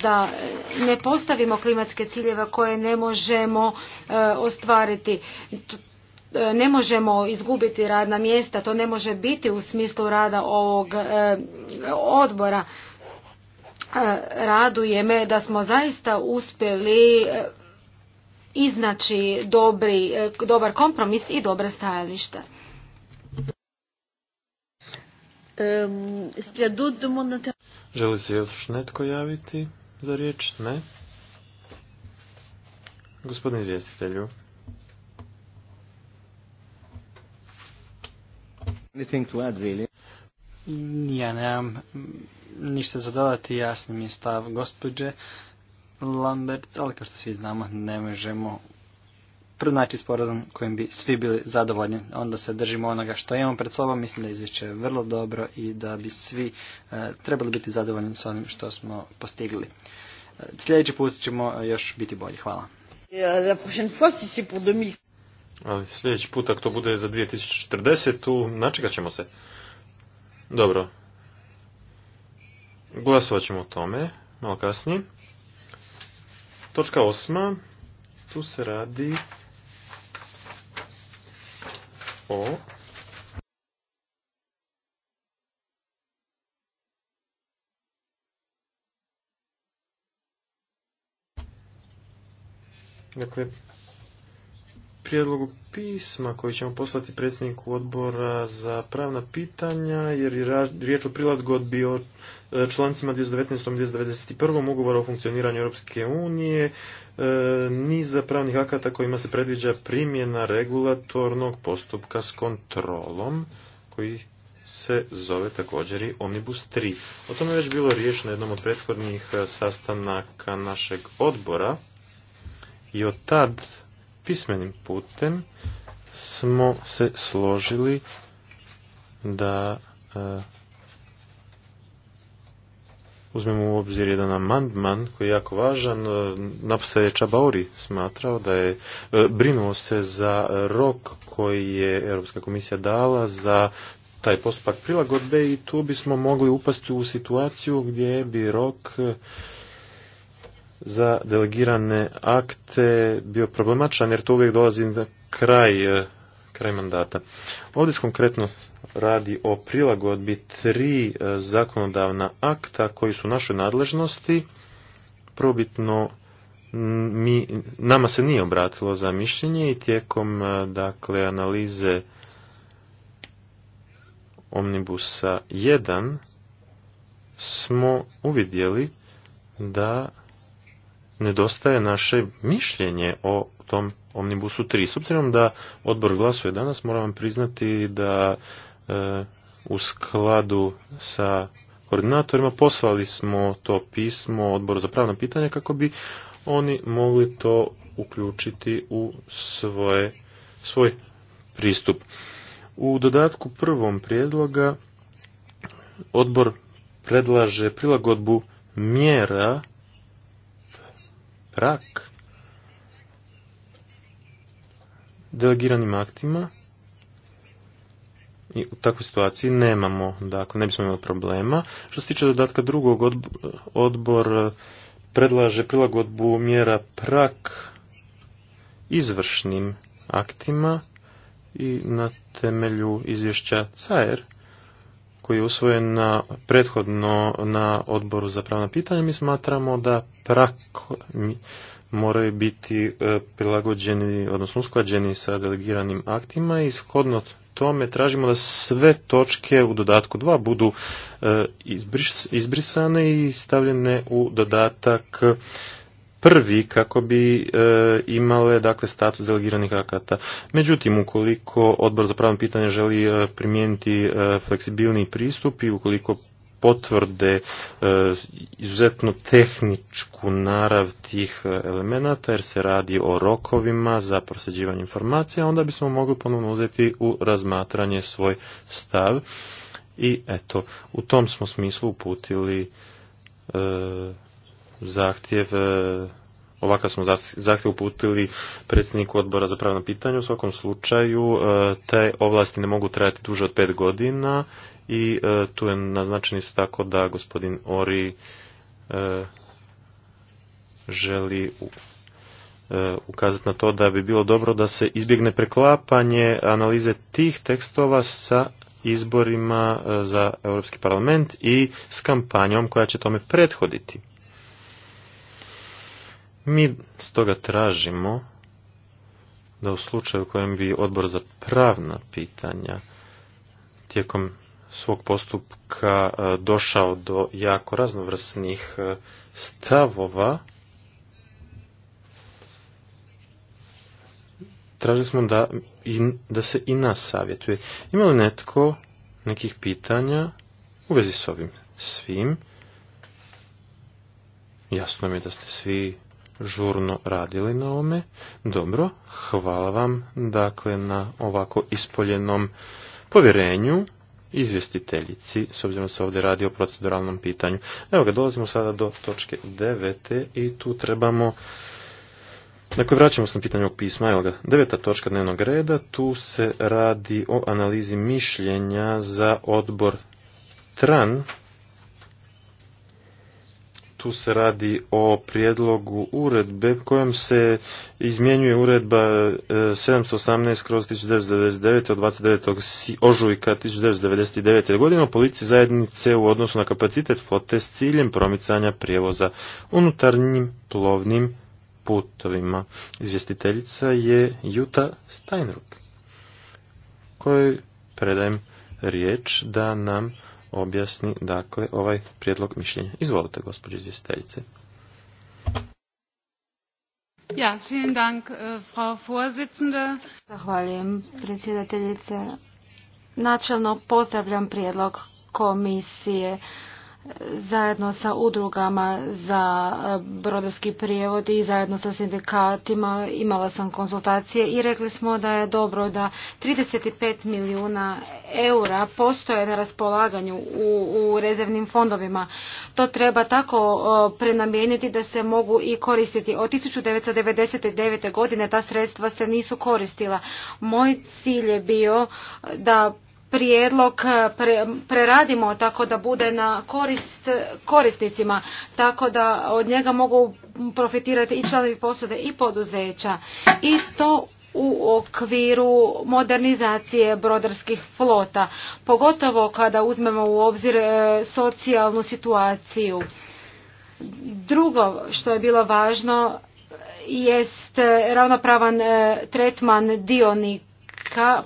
[SPEAKER 4] da ne postavimo klimatske ciljeve koje ne možemo e, ostvariti. E, ne možemo izgubiti radna mjesta, to ne može biti u smislu rada ovog e, odbora. E, raduje me da smo zaista uspjeli iznaći dobar kompromis i dobra stajališta.
[SPEAKER 2] Želi se još netko javiti za riječ? Ne. Gospodin izvjestitelju.
[SPEAKER 3] Ja nemam ništa za dodati, jasni mi je stav gospođe Lambert, ali kao što svi znamo ne možemo pronaći sporazum kojim bi svi bili zadovoljni. Onda se držimo onoga što imamo pred sobom, mislim da je izvješće vrlo dobro i da bi svi e, trebali biti zadovoljni s onim što smo postigli. E, sljedeći put ćemo još biti bolji. Hvala. Ali sljedeći put, ako to bude za 2040,
[SPEAKER 2] načekat ćemo se. Dobro. Glasovat ćemo o tome, malo kasnije. Točka osma. Tu se radi o... Dakle, prijedlogu pisma koji ćemo poslati predsjedniku odbora za pravna pitanja, jer je riječ o prilagodbi bio e, člancima 219. i 291. ugovora o funkcioniranju Europske unije, e, niza pravnih akata kojima se predviđa primjena regulatornog postupka s kontrolom, koji se zove također i Omnibus 3. O tome je već bilo riječ na jednom od prethodnih e, sastanaka našeg odbora i od tad pismenim putem smo se složili da e, uzmemo u obzir jedan amandman koji je jako važan. E, Napsa je Čabauri smatrao da je e, brinuo se za rok koji je Europska komisija dala za taj postupak prilagodbe i tu bismo mogli upasti u situaciju gdje bi rok za delegirane akte bio problematičan jer to uvijek dolazi na kraj, e, kraj mandata. Ovdje se konkretno radi o prilagodbi tri e, zakonodavna akta koji su u našoj nadležnosti. Probitno mi, nama se nije obratilo za mišljenje i tijekom e, dakle, analize Omnibusa 1 smo uvidjeli da nedostaje naše mišljenje o tom Omnibusu 3. S obzirom da odbor glasuje danas, moram vam priznati da e, u skladu sa koordinatorima poslali smo to pismo odboru za pravna pitanja kako bi oni mogli to uključiti u svoje, svoj pristup. U dodatku prvom prijedloga odbor predlaže prilagodbu mjera rak delegiranim aktima i u takvoj situaciji nemamo, dakle ne bismo imali problema. Što se tiče dodatka drugog, odbor e, predlaže prilagodbu mjera prak izvršnim aktima i na temelju izvješća CAER koji je usvojen na, prethodno na odboru za pravna pitanja, mi smatramo da prak moraju biti e, prilagođeni, odnosno usklađeni sa delegiranim aktima i shodno tome tražimo da sve točke u dodatku 2 budu e, izbrisane i stavljene u dodatak prvi kako bi e, imale dakle status delegiranih akata. Međutim, ukoliko odbor za pravno pitanje želi e, primijeniti e, fleksibilni pristup i ukoliko potvrde e, izuzetno tehničku narav tih e, elemenata jer se radi o rokovima za prosjeđivanje informacija, onda bismo mogli ponovno uzeti u razmatranje svoj stav i eto, u tom smo smislu uputili zahtjev e, Ovakav smo zahtjev uputili predsjedniku odbora za pravno pitanje. U svakom slučaju e, te ovlasti ne mogu trajati duže od pet godina i e, tu je naznačen isto tako da gospodin Ori želi ukazati na to da bi bilo dobro da se izbjegne preklapanje analize tih tekstova sa izborima za Europski parlament i s kampanjom koja će tome prethoditi. Mi stoga tražimo da u slučaju u kojem bi odbor za pravna pitanja tijekom svog postupka e, došao do jako raznovrsnih e, stavova, tražili smo da, da se i nas savjetuje. Ima li netko nekih pitanja u vezi s ovim svim? Jasno mi je da ste svi žurno radili na ome. Dobro, hvala vam dakle na ovako ispoljenom povjerenju izvjestiteljici, s obzirom se ovdje radi o proceduralnom pitanju. Evo ga, dolazimo sada do točke 9. i tu trebamo Dakle, vraćamo se na pitanje ovog pisma, evo ga, deveta točka dnevnog reda, tu se radi o analizi mišljenja za odbor TRAN tu se radi o prijedlogu uredbe kojom se izmjenjuje uredba 718 e, kroz 1999 od 29. ožujka 1999. godine o policiji zajednice u odnosu na kapacitet flote s ciljem promicanja prijevoza unutarnjim plovnim putovima. Izvjestiteljica je Juta Steinruck kojoj predajem riječ da nam objasni dakle ovaj prijedlog mišljenja. Izvolite gospođo izvjestiteljice.
[SPEAKER 4] Ja, vielen Dank, eh, Frau Vorsitzende. Zahvaljujem, predsjedateljice. Načelno pozdravljam prijedlog komisije zajedno sa udrugama za e, brodarski prijevod i zajedno sa sindikatima imala sam konzultacije i rekli smo da je dobro da 35 milijuna eura postoje na raspolaganju u, u rezervnim fondovima. To treba tako e, prenamijeniti da se mogu i koristiti. Od 1999. godine ta sredstva se nisu koristila. Moj cilj je bio da prijedlog eh, preradimo tako da bude na korist korisnicima, tako da od njega mogu profitirati i članovi posade i poduzeća. I to u okviru modernizacije brodarskih flota, pogotovo kada uzmemo u obzir eh, socijalnu situaciju. Drugo što je bilo važno eh, jest ravnopravan tretman dionika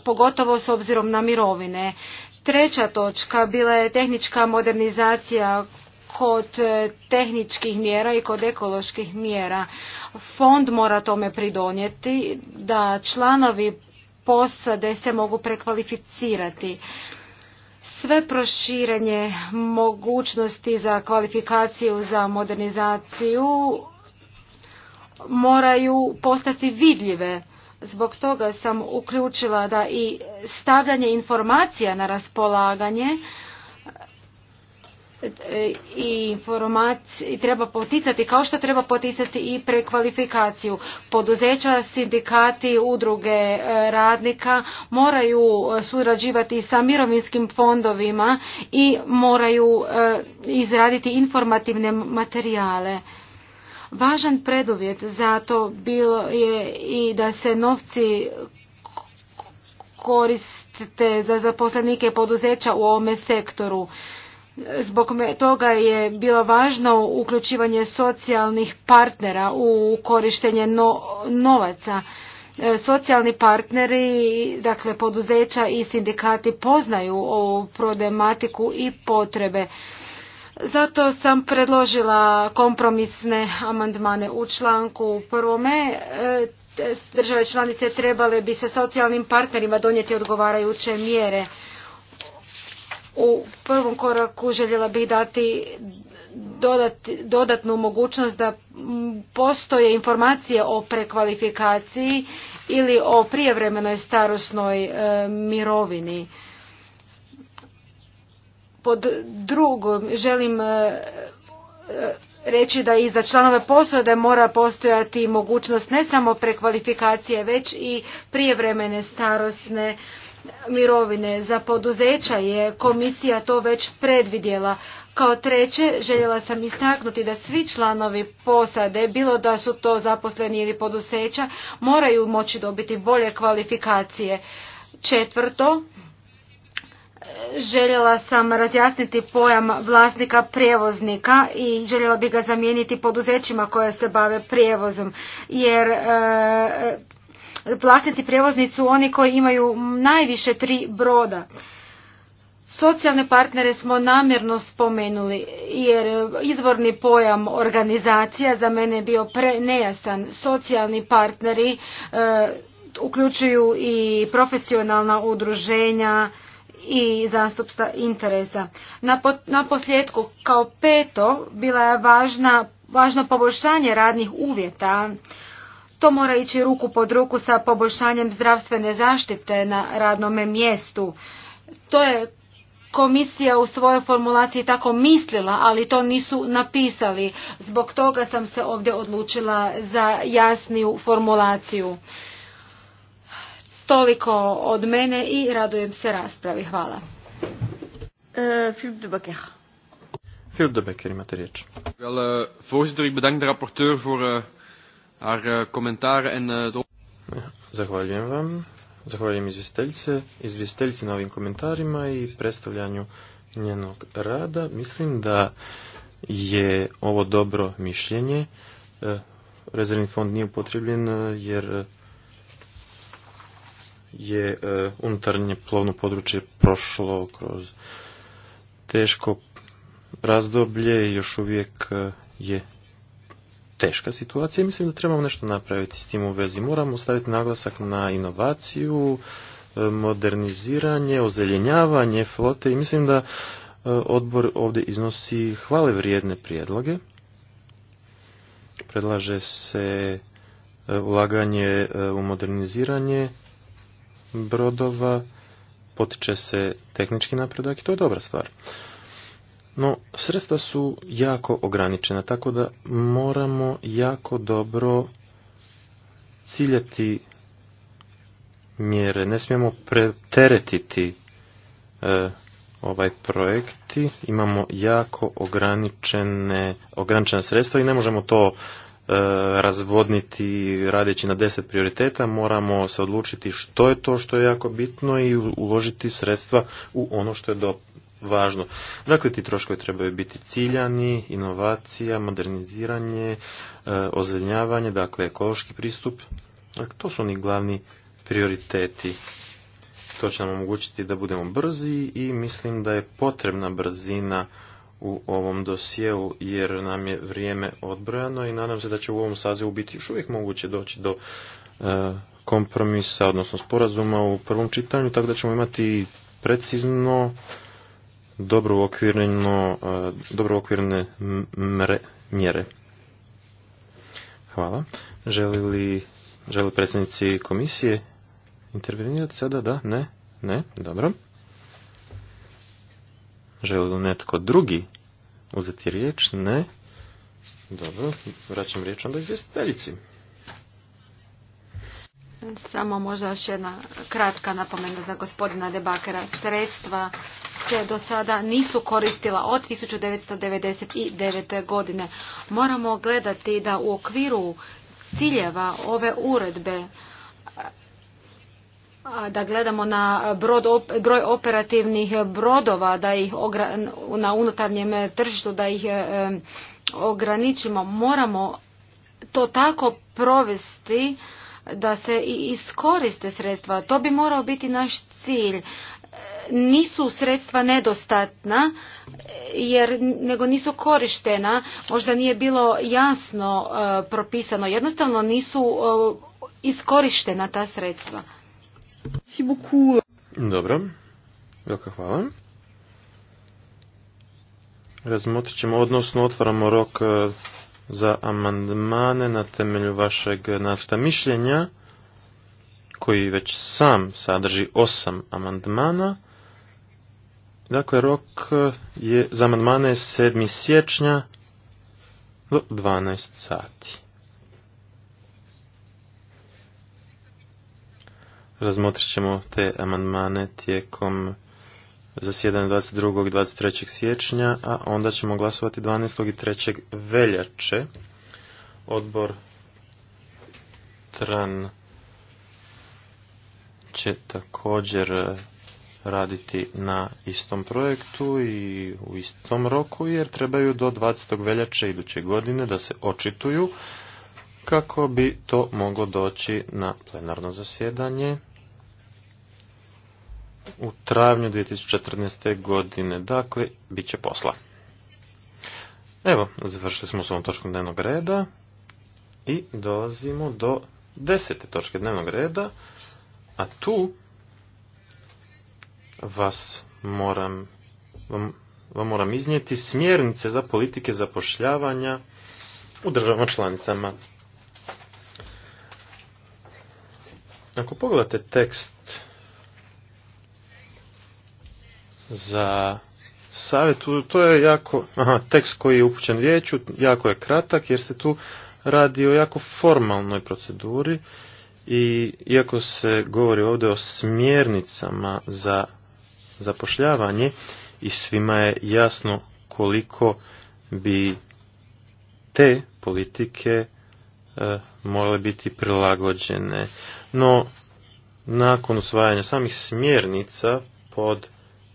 [SPEAKER 4] pogotovo s obzirom na mirovine. Treća točka bila je tehnička modernizacija kod e, tehničkih mjera i kod ekoloških mjera. Fond mora tome pridonijeti da članovi posade se mogu prekvalificirati. Sve proširenje mogućnosti za kvalifikaciju, za modernizaciju moraju postati vidljive Zbog toga sam uključila da i stavljanje informacija na raspolaganje e, i treba poticati kao što treba poticati i prekvalifikaciju. Poduzeća, sindikati, udruge e, radnika moraju e, surađivati sa mirovinskim fondovima i moraju izraditi informativne materijale. Važan preduvjet za to bilo je i da se novci koriste za zaposlenike poduzeća u ovome sektoru. Zbog toga je bilo važno uključivanje socijalnih partnera u korištenje novaca. E, socijalni partneri, dakle poduzeća i sindikati poznaju ovu problematiku i potrebe. Zato sam predložila kompromisne amandmane u članku prvome. E, države članice trebale bi sa socijalnim partnerima donijeti odgovarajuće mjere. U prvom koraku željela bih dati dodatnu mogućnost da postoje informacije o prekvalifikaciji ili o prijevremenoj starosnoj e, mirovini pod drugom želim e, e, reći da i za članove posade mora postojati mogućnost ne samo prekvalifikacije već i prijevremene starosne mirovine. Za poduzeća je komisija to već predvidjela. Kao treće, željela sam istaknuti da svi članovi posade, bilo da su to zaposleni ili poduzeća, moraju moći dobiti bolje kvalifikacije. Četvrto, željela sam razjasniti pojam vlasnika prijevoznika i željela bi ga zamijeniti poduzećima koja se bave prijevozom jer e, vlasnici prijevoznici su oni koji imaju najviše tri broda. Socijalne partnere smo namjerno spomenuli jer izvorni pojam organizacija za mene je bio prenejasan. Socijalni partneri e, uključuju i profesionalna udruženja, i zastupstva interesa. Na posljedku, kao peto, bila je važna, važno poboljšanje radnih uvjeta. To mora ići ruku pod ruku sa poboljšanjem zdravstvene zaštite na radnom mjestu. To je komisija u svojoj formulaciji tako mislila, ali to nisu napisali. Zbog toga sam se ovdje odlučila za jasniju formulaciju. Toliko od mene i radujem se raspravi. Hvala. Filip e, de Becker.
[SPEAKER 2] Filip de imate riječ. Eh, bedank de eh, eh, en... Zahvaljujem vam. Zahvaljujem izvjestiteljice, izvjestiteljici na ovim komentarima i predstavljanju njenog rada. Mislim da je ovo dobro mišljenje. Rezervni fond nije upotrebljen jer je e, unutarnje plovno područje prošlo kroz teško razdoblje i još uvijek e, je teška situacija. Mislim da trebamo nešto napraviti s tim u vezi. Moramo staviti naglasak na inovaciju, e, moderniziranje, ozeljenjavanje flote i mislim da odbor ovdje iznosi hvale vrijedne prijedloge. Predlaže se ulaganje u moderniziranje brodova, potiče se tehnički napredak i to je dobra stvar. No, sredstva su jako ograničena, tako da moramo jako dobro ciljati mjere. Ne smijemo preteretiti e, ovaj projekti. Imamo jako ograničene, ograničena sredstva i ne možemo to E, razvodniti radeći na deset prioriteta, moramo se odlučiti što je to što je jako bitno i uložiti sredstva u ono što je do važno. Dakle, ti troškovi trebaju biti ciljani, inovacija, moderniziranje, e, ozeljnjavanje, dakle, ekološki pristup. Dakle, to su oni glavni prioriteti. To će nam omogućiti da budemo brzi i mislim da je potrebna brzina u ovom dosjeu jer nam je vrijeme odbrojano i nadam se da će u ovom sazivu biti još uvijek moguće doći do e, kompromisa, odnosno sporazuma u prvom čitanju, tako da ćemo imati precizno dobro okvirno, e, dobro okvirne mre, mjere. Hvala. Želi li, želi predsjednici komisije intervenirati sada? Da? Ne? Ne? Dobro. Želi li netko drugi uzeti riječ? Ne. Dobro, vraćam riječ onda izvjestiteljici.
[SPEAKER 4] Samo možda još jedna kratka napomena za gospodina Debakera. Sredstva se do sada nisu koristila od 1999. godine. Moramo gledati da u okviru ciljeva ove uredbe da gledamo na broj operativnih brodova da ih na unutarnjem tržištu da ih e, ograničimo moramo to tako provesti da se i iskoriste sredstva to bi morao biti naš cilj nisu sredstva nedostatna jer nego nisu korištena možda nije bilo jasno e, propisano jednostavno nisu e, iskorištena ta sredstva
[SPEAKER 2] dobro, velika hvala. Razmotrit ćemo, odnosno otvaramo rok e, za amandmane na temelju vašeg nasta mišljenja, koji već sam sadrži osam amandmana. Dakle, rok e, je za amandmane 7. siječnja do 12 sati. Razmotrit ćemo te amandmane tijekom zasjedanja 22. i 23. siječnja, a onda ćemo glasovati 12. i 3. veljače. Odbor Tran će također raditi na istom projektu i u istom roku jer trebaju do 20. veljače iduće godine da se očituju kako bi to moglo doći na plenarno zasjedanje u travnju 2014. godine. Dakle, bit će posla. Evo, završili smo s ovom točkom dnevnog reda i dolazimo do desete točke dnevnog reda, a tu vas moram, vam, vam moram iznijeti smjernice za politike zapošljavanja u državama članicama. Ako pogledate tekst za savjet, to je jako, aha, tekst koji je upućen vijeću, jako je kratak jer se tu radi o jako formalnoj proceduri i iako se govori ovdje o smjernicama za zapošljavanje i svima je jasno koliko bi te politike e, morale biti prilagođene no, nakon usvajanja samih smjernica pod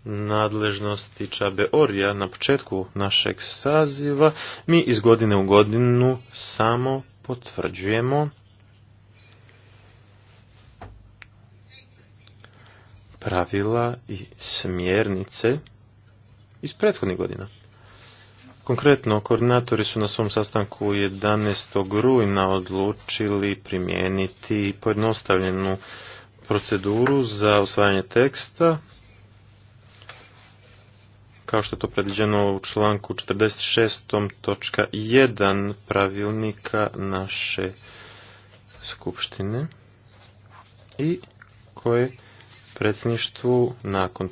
[SPEAKER 2] nadležnosti Čabe Orija na početku našeg saziva, mi iz godine u godinu samo potvrđujemo pravila i smjernice iz prethodnih godina. Konkretno, koordinatori su na svom sastanku 11. rujna odlučili primijeniti pojednostavljenu proceduru za usvajanje teksta, kao što je to predviđeno u članku 46.1 točka jedan pravilnika naše skupštine i koje predsjedništvu nakon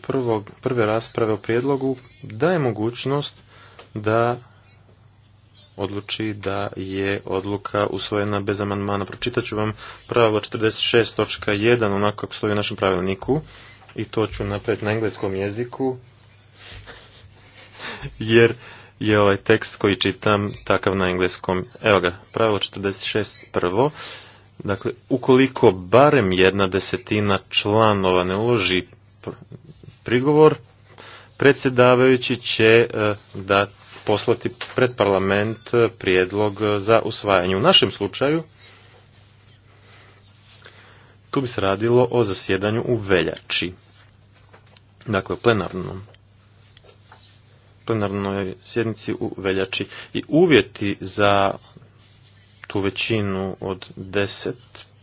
[SPEAKER 2] prve rasprave o prijedlogu daje mogućnost da odluči da je odluka usvojena bez amandmana. Pročitat ću vam pravilo 46.1 onako kako stoji u našem pravilniku i to ću napraviti na engleskom jeziku jer je ovaj tekst koji čitam takav na engleskom. Evo ga, pravilo 46 prvo. Dakle, ukoliko barem jedna desetina članova ne uloži prigovor, predsjedavajući će e, da poslati pred parlament e, prijedlog e, za usvajanje. U našem slučaju tu bi se radilo o zasjedanju u veljači. Dakle, plenarnom plenarnoj sjednici u veljači. I uvjeti za tu većinu od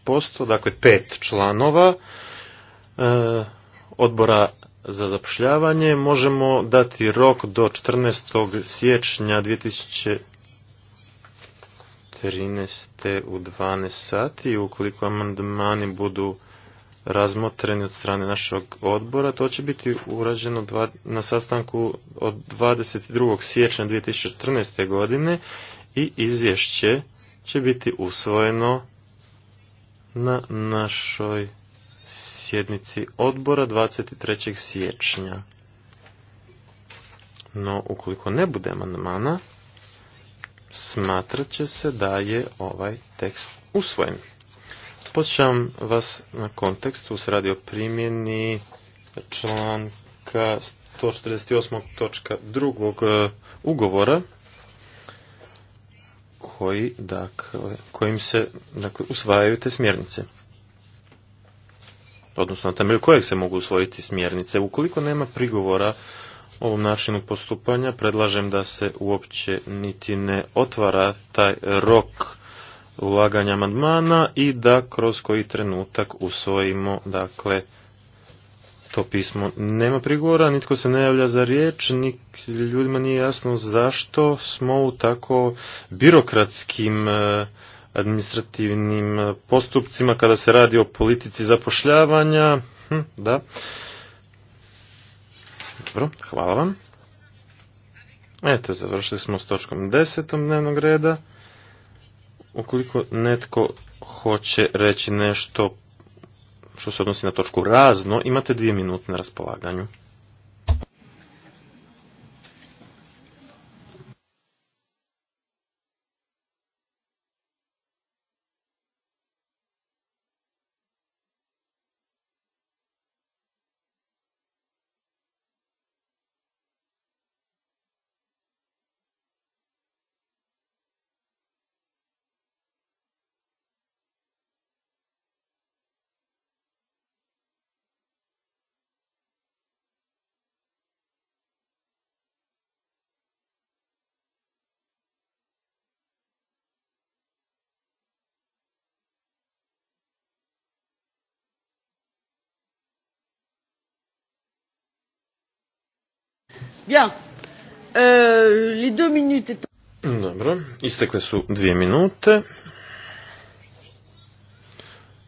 [SPEAKER 2] 10%, dakle pet članova odbora za zapošljavanje možemo dati rok do 14. siječnja 2013. u 12 sati. Ukoliko amandmani budu razmotreni od strane našeg odbora, to će biti urađeno na sastanku od 22. siječnja 2014. godine i izvješće će biti usvojeno na našoj sjednici odbora 23. siječnja. No, ukoliko ne bude amandmana, smatrat će se da je ovaj tekst usvojen. Posjećam vas na kontekstu tu se radi o primjeni članka 148.2. E, ugovora koji, dakle, kojim se dakle, usvajaju te smjernice odnosno na temelju kojeg se mogu usvojiti smjernice. Ukoliko nema prigovora ovom načinu postupanja, predlažem da se uopće niti ne otvara taj rok ulaganja amandmana i da kroz koji trenutak usvojimo dakle to pismo. Nema prigovora, nitko se ne javlja za riječ, nik, ljudima nije jasno zašto smo u tako birokratskim eh, administrativnim eh, postupcima kada se radi o politici zapošljavanja. Hm, da. Dobro, hvala vam. Eto, završili smo s točkom desetom dnevnog reda. Ukoliko netko hoće reći nešto što se odnosi na točku razno, imate dvije minute na raspolaganju.
[SPEAKER 1] ja Euh, li
[SPEAKER 2] Dobro, istekle su dvije minute.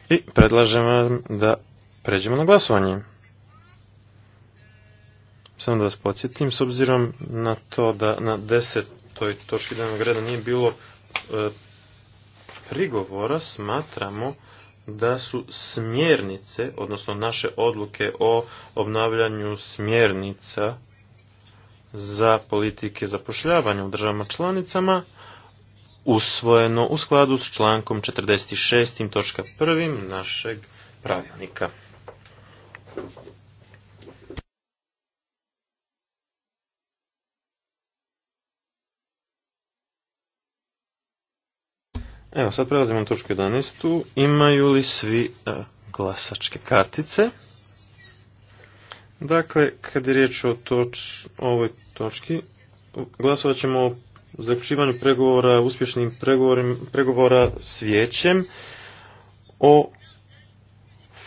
[SPEAKER 2] I predlažem vam da pređemo na glasovanje. Samo da vas podsjetim, s obzirom na to da na desetoj točki danog reda nije bilo e, prigovora, smatramo da su smjernice, odnosno naše odluke o obnavljanju smjernica za politike zapošljavanja u državama članicama usvojeno u skladu s člankom 46. točka našeg pravilnika. Evo, sad prelazimo na točku 11. Imaju li svi e, glasačke kartice? Dakle, kad je riječ o ovoj točki, glasovat ćemo o zaključivanju pregovora, uspješnim pregovora s vijećem o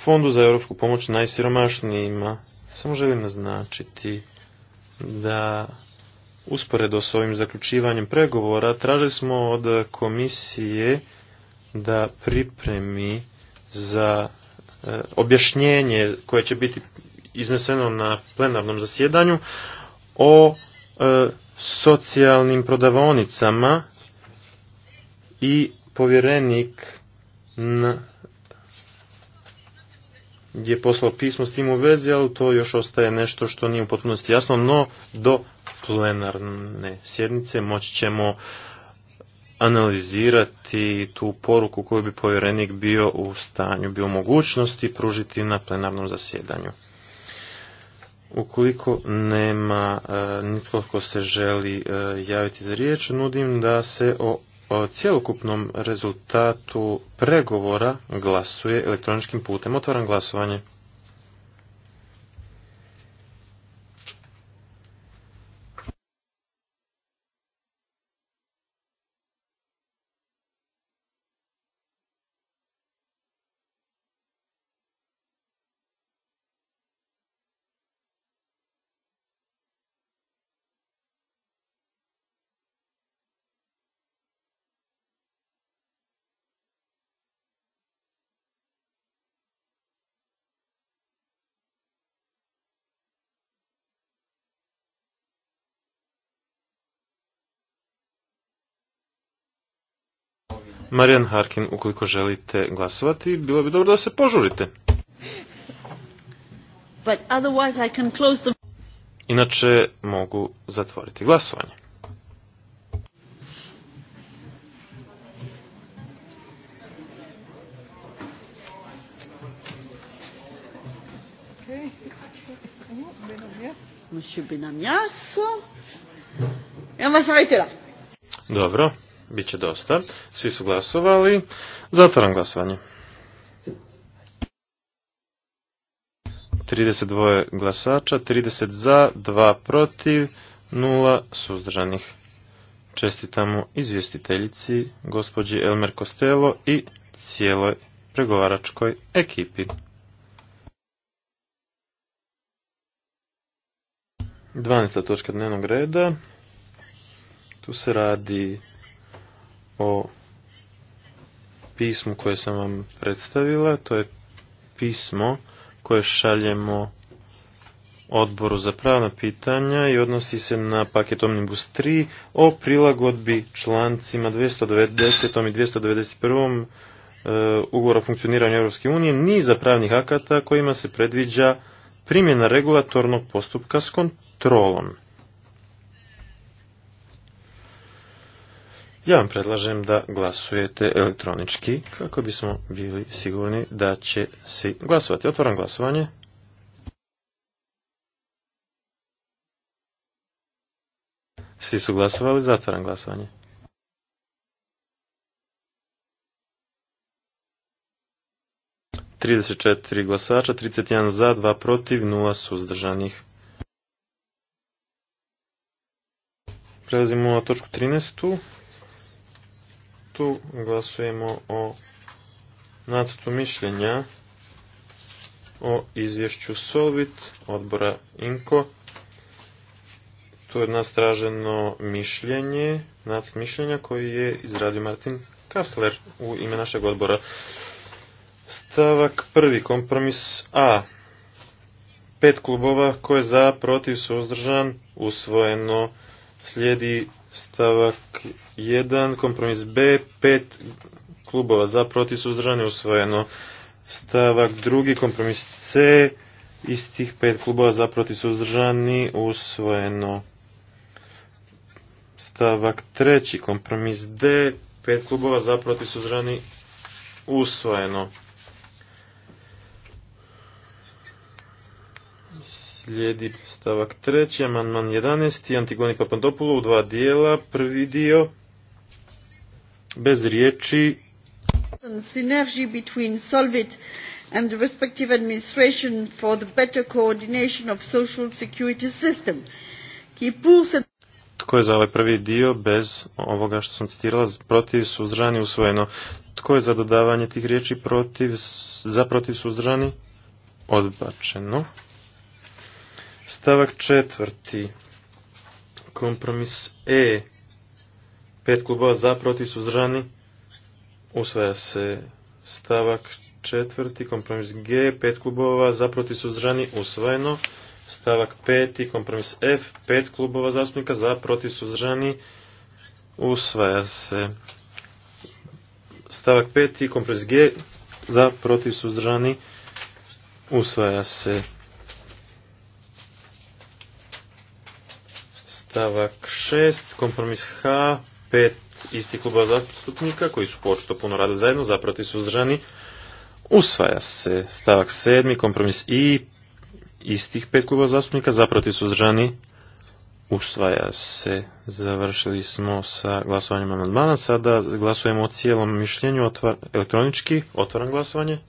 [SPEAKER 2] Fondu za europsku pomoć najsiromašnijima. Samo želim naznačiti da usporedo s ovim zaključivanjem pregovora tražili smo od komisije da pripremi za e, objašnjenje koje će biti izneseno na plenarnom zasjedanju o e, socijalnim prodavonicama i povjerenik na, je poslao pismo s tim u vezi, ali to još ostaje nešto što nije u potpunosti jasno, no do plenarne sjednice moći ćemo analizirati tu poruku koju bi povjerenik bio u stanju, bio u mogućnosti pružiti na plenarnom zasjedanju. Ukoliko nema e, nitko ko se želi e, javiti za riječ, nudim da se o, o cjelokupnom rezultatu pregovora glasuje elektroničkim putem. Otvaram glasovanje. Marijan Harkin, ukoliko želite glasovati, bilo bi dobro da se požurite.
[SPEAKER 1] I
[SPEAKER 2] Inače mogu zatvoriti glasovanje.
[SPEAKER 1] Monsieur Benamias.
[SPEAKER 2] Dobro. Biće dosta. Svi su glasovali. Zatvaram glasovanje. 32 glasača, 30 za, 2 protiv, 0 suzdržanih. Čestitamo izvjestiteljici, gospođi Elmer Kostelo i cijeloj pregovaračkoj ekipi. 12. točka dnevnog reda. Tu se radi o pismu koje sam vam predstavila. To je pismo koje šaljemo odboru za pravna pitanja i odnosi se na paket Omnibus 3 o prilagodbi člancima 290. i 291. E, ugovora o funkcioniranju Europske unije niza pravnih akata kojima se predviđa primjena regulatornog postupka s kontrolom. Ja vam predlažem da glasujete elektronički kako bismo bili sigurni da će svi glasovati. Otvaram glasovanje. Svi su glasovali, zatvaram glasovanje. Trideset četiri glasača, trideset jedan za, dva protiv, nula suzdržanih. Prelazimo na točku 13 tu glasujemo o nacrtu mišljenja o izvješću Solvit odbora INKO. Tu je nastraženo mišljenje, nacrt mišljenja koji je izradio Martin Kassler u ime našeg odbora. Stavak prvi, kompromis A. Pet klubova koje za, protiv, suzdržan, usvojeno. Slijedi stavak 1, kompromis B, 5 klubova za protiv suzdržani usvojeno. Stavak 2, kompromis C, istih 5 klubova za protiv suzdržani usvojeno. Stavak 3, kompromis D, 5 klubova za protiv suzdržani usvojeno. Slijedi stavak treći, amandman 11. Antigoni Papandopulo u dva dijela. Prvi dio, bez riječi.
[SPEAKER 1] Synergy between Solvit and the respective administration for the better coordination of social security system.
[SPEAKER 2] Tko je za ovaj prvi dio bez ovoga što sam citirala protiv suzdržani usvojeno? Tko je za dodavanje tih riječi protiv, za protiv suzdržani? Odbačeno. Stavak četvrti. Kompromis E. Pet klubova za, protiv, suzdržani. Usvaja se stavak četvrti. Kompromis G. Pet klubova za, protiv, suzdržani. Usvojeno. Stavak peti. Kompromis F. Pet klubova zastupnika za, protiv, suzdržani. Usvaja se. Stavak peti. Kompromis G. Za, protiv, suzdržani. Usvaja se. stavak 6, kompromis H, pet isti kluba zastupnika koji su početo puno radili zajedno, zaprati su uzdržani. Usvaja se stavak 7, kompromis I, istih pet kluba zastupnika, zaprati su uzdržani. Usvaja se. Završili smo sa glasovanjem amandmana. Sada glasujemo o cijelom mišljenju elektronički. Otvaram glasovanje.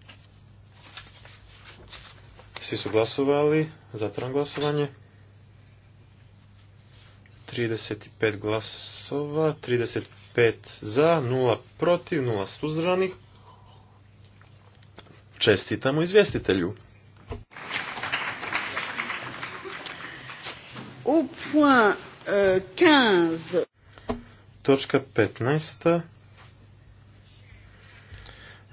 [SPEAKER 2] Svi su glasovali. Zatvaram glasovanje. 35 glasova, 35 za, 0 protiv, 0 suzdržanih. Čestitamo izvjestitelju.
[SPEAKER 1] U point 15. Euh,
[SPEAKER 2] Točka 15.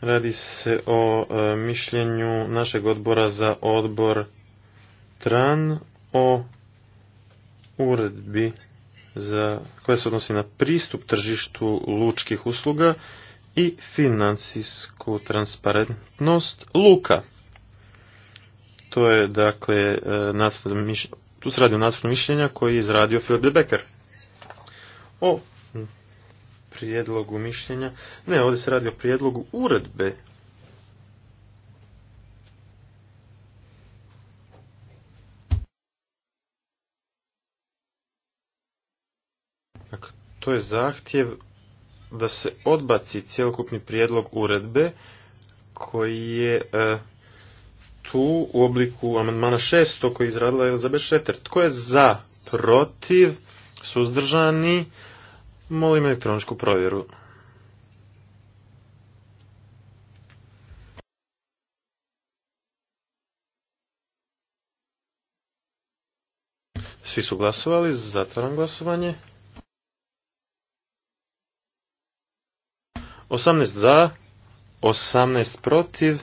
[SPEAKER 2] Radi se o e, mišljenju našeg odbora za odbor TRAN o uredbi za, koje se odnosi na pristup tržištu lučkih usluga i financijsku transparentnost luka. To je, dakle, e, tu se radi o mišljenja koji je izradio Filip de Becker. O prijedlogu mišljenja, ne, ovdje se radi o prijedlogu uredbe to je zahtjev da se odbaci cjelokupni prijedlog uredbe koji je e, tu u obliku amandmana 6 koji je izradila Elizabeth Šeter. Tko je za, protiv, suzdržani? Molim elektroničku provjeru. Svi su glasovali, zatvaram glasovanje. 18 za, 18 protiv,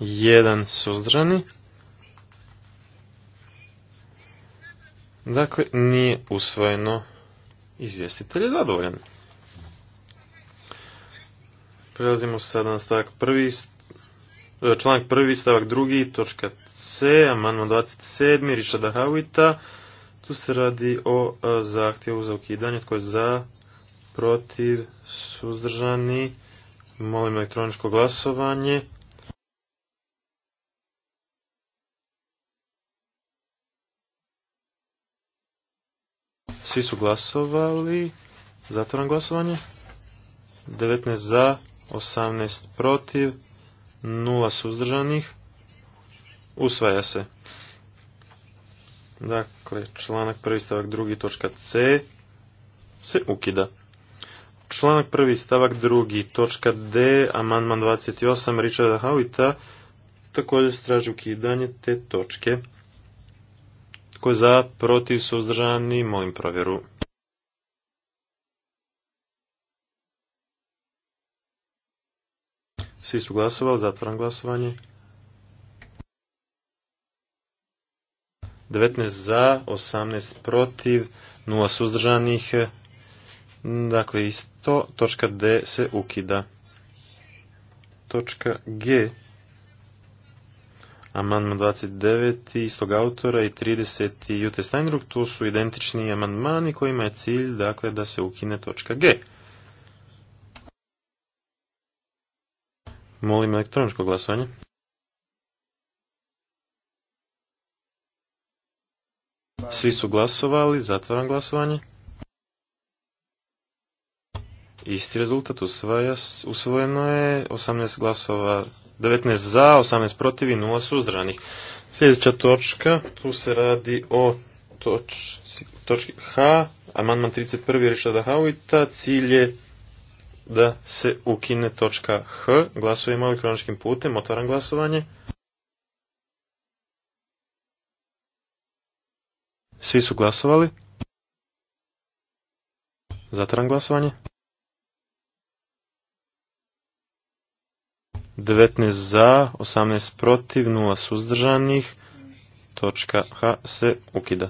[SPEAKER 2] jedan suzdržani. Dakle, nije usvojeno izvjestitelj je zadovoljan. Prelazimo sada na stavak prvi, e, članak prvi, stavak drugi, točka C, amandman 27, Richarda Havita. Tu se radi o e, zahtjevu za ukidanje, tko je za, protiv, suzdržani. Molim elektroničko glasovanje. Svi su glasovali. Zatvoram glasovanje. 19 za, 18 protiv, 0 suzdržanih. Usvaja se. Dakle, članak prvi stavak drugi točka C se ukida. Članak prvi, stavak drugi, točka D, amandman 28, Richarda Hauita, također straži ukidanje te točke. Tko je za, protiv, suzdržani, molim provjeru. Svi su glasovali, zatvaram glasovanje. 19 za, 18 protiv, 0 suzdržanih, Dakle, isto, točka D se ukida. Točka G, amandman 29. istog autora i 30. Jute Steinruck, tu su identični amandmani kojima je cilj dakle, da se ukine točka G. Molim elektroničko glasovanje. Svi su glasovali, zatvaram glasovanje. Isti rezultat usvojeno je 18 glasova, 19 za, 18 protiv i 0 suzdržanih. Sljedeća točka, tu se radi o toč, točki H, amandman 31. Rišada Hauita, cilj je da se ukine točka H, glasujemo elektroničkim putem, otvaram glasovanje. Svi su glasovali. Zatvaram glasovanje. 19 za, 18 protiv, 0 suzdržanih, točka H se ukida.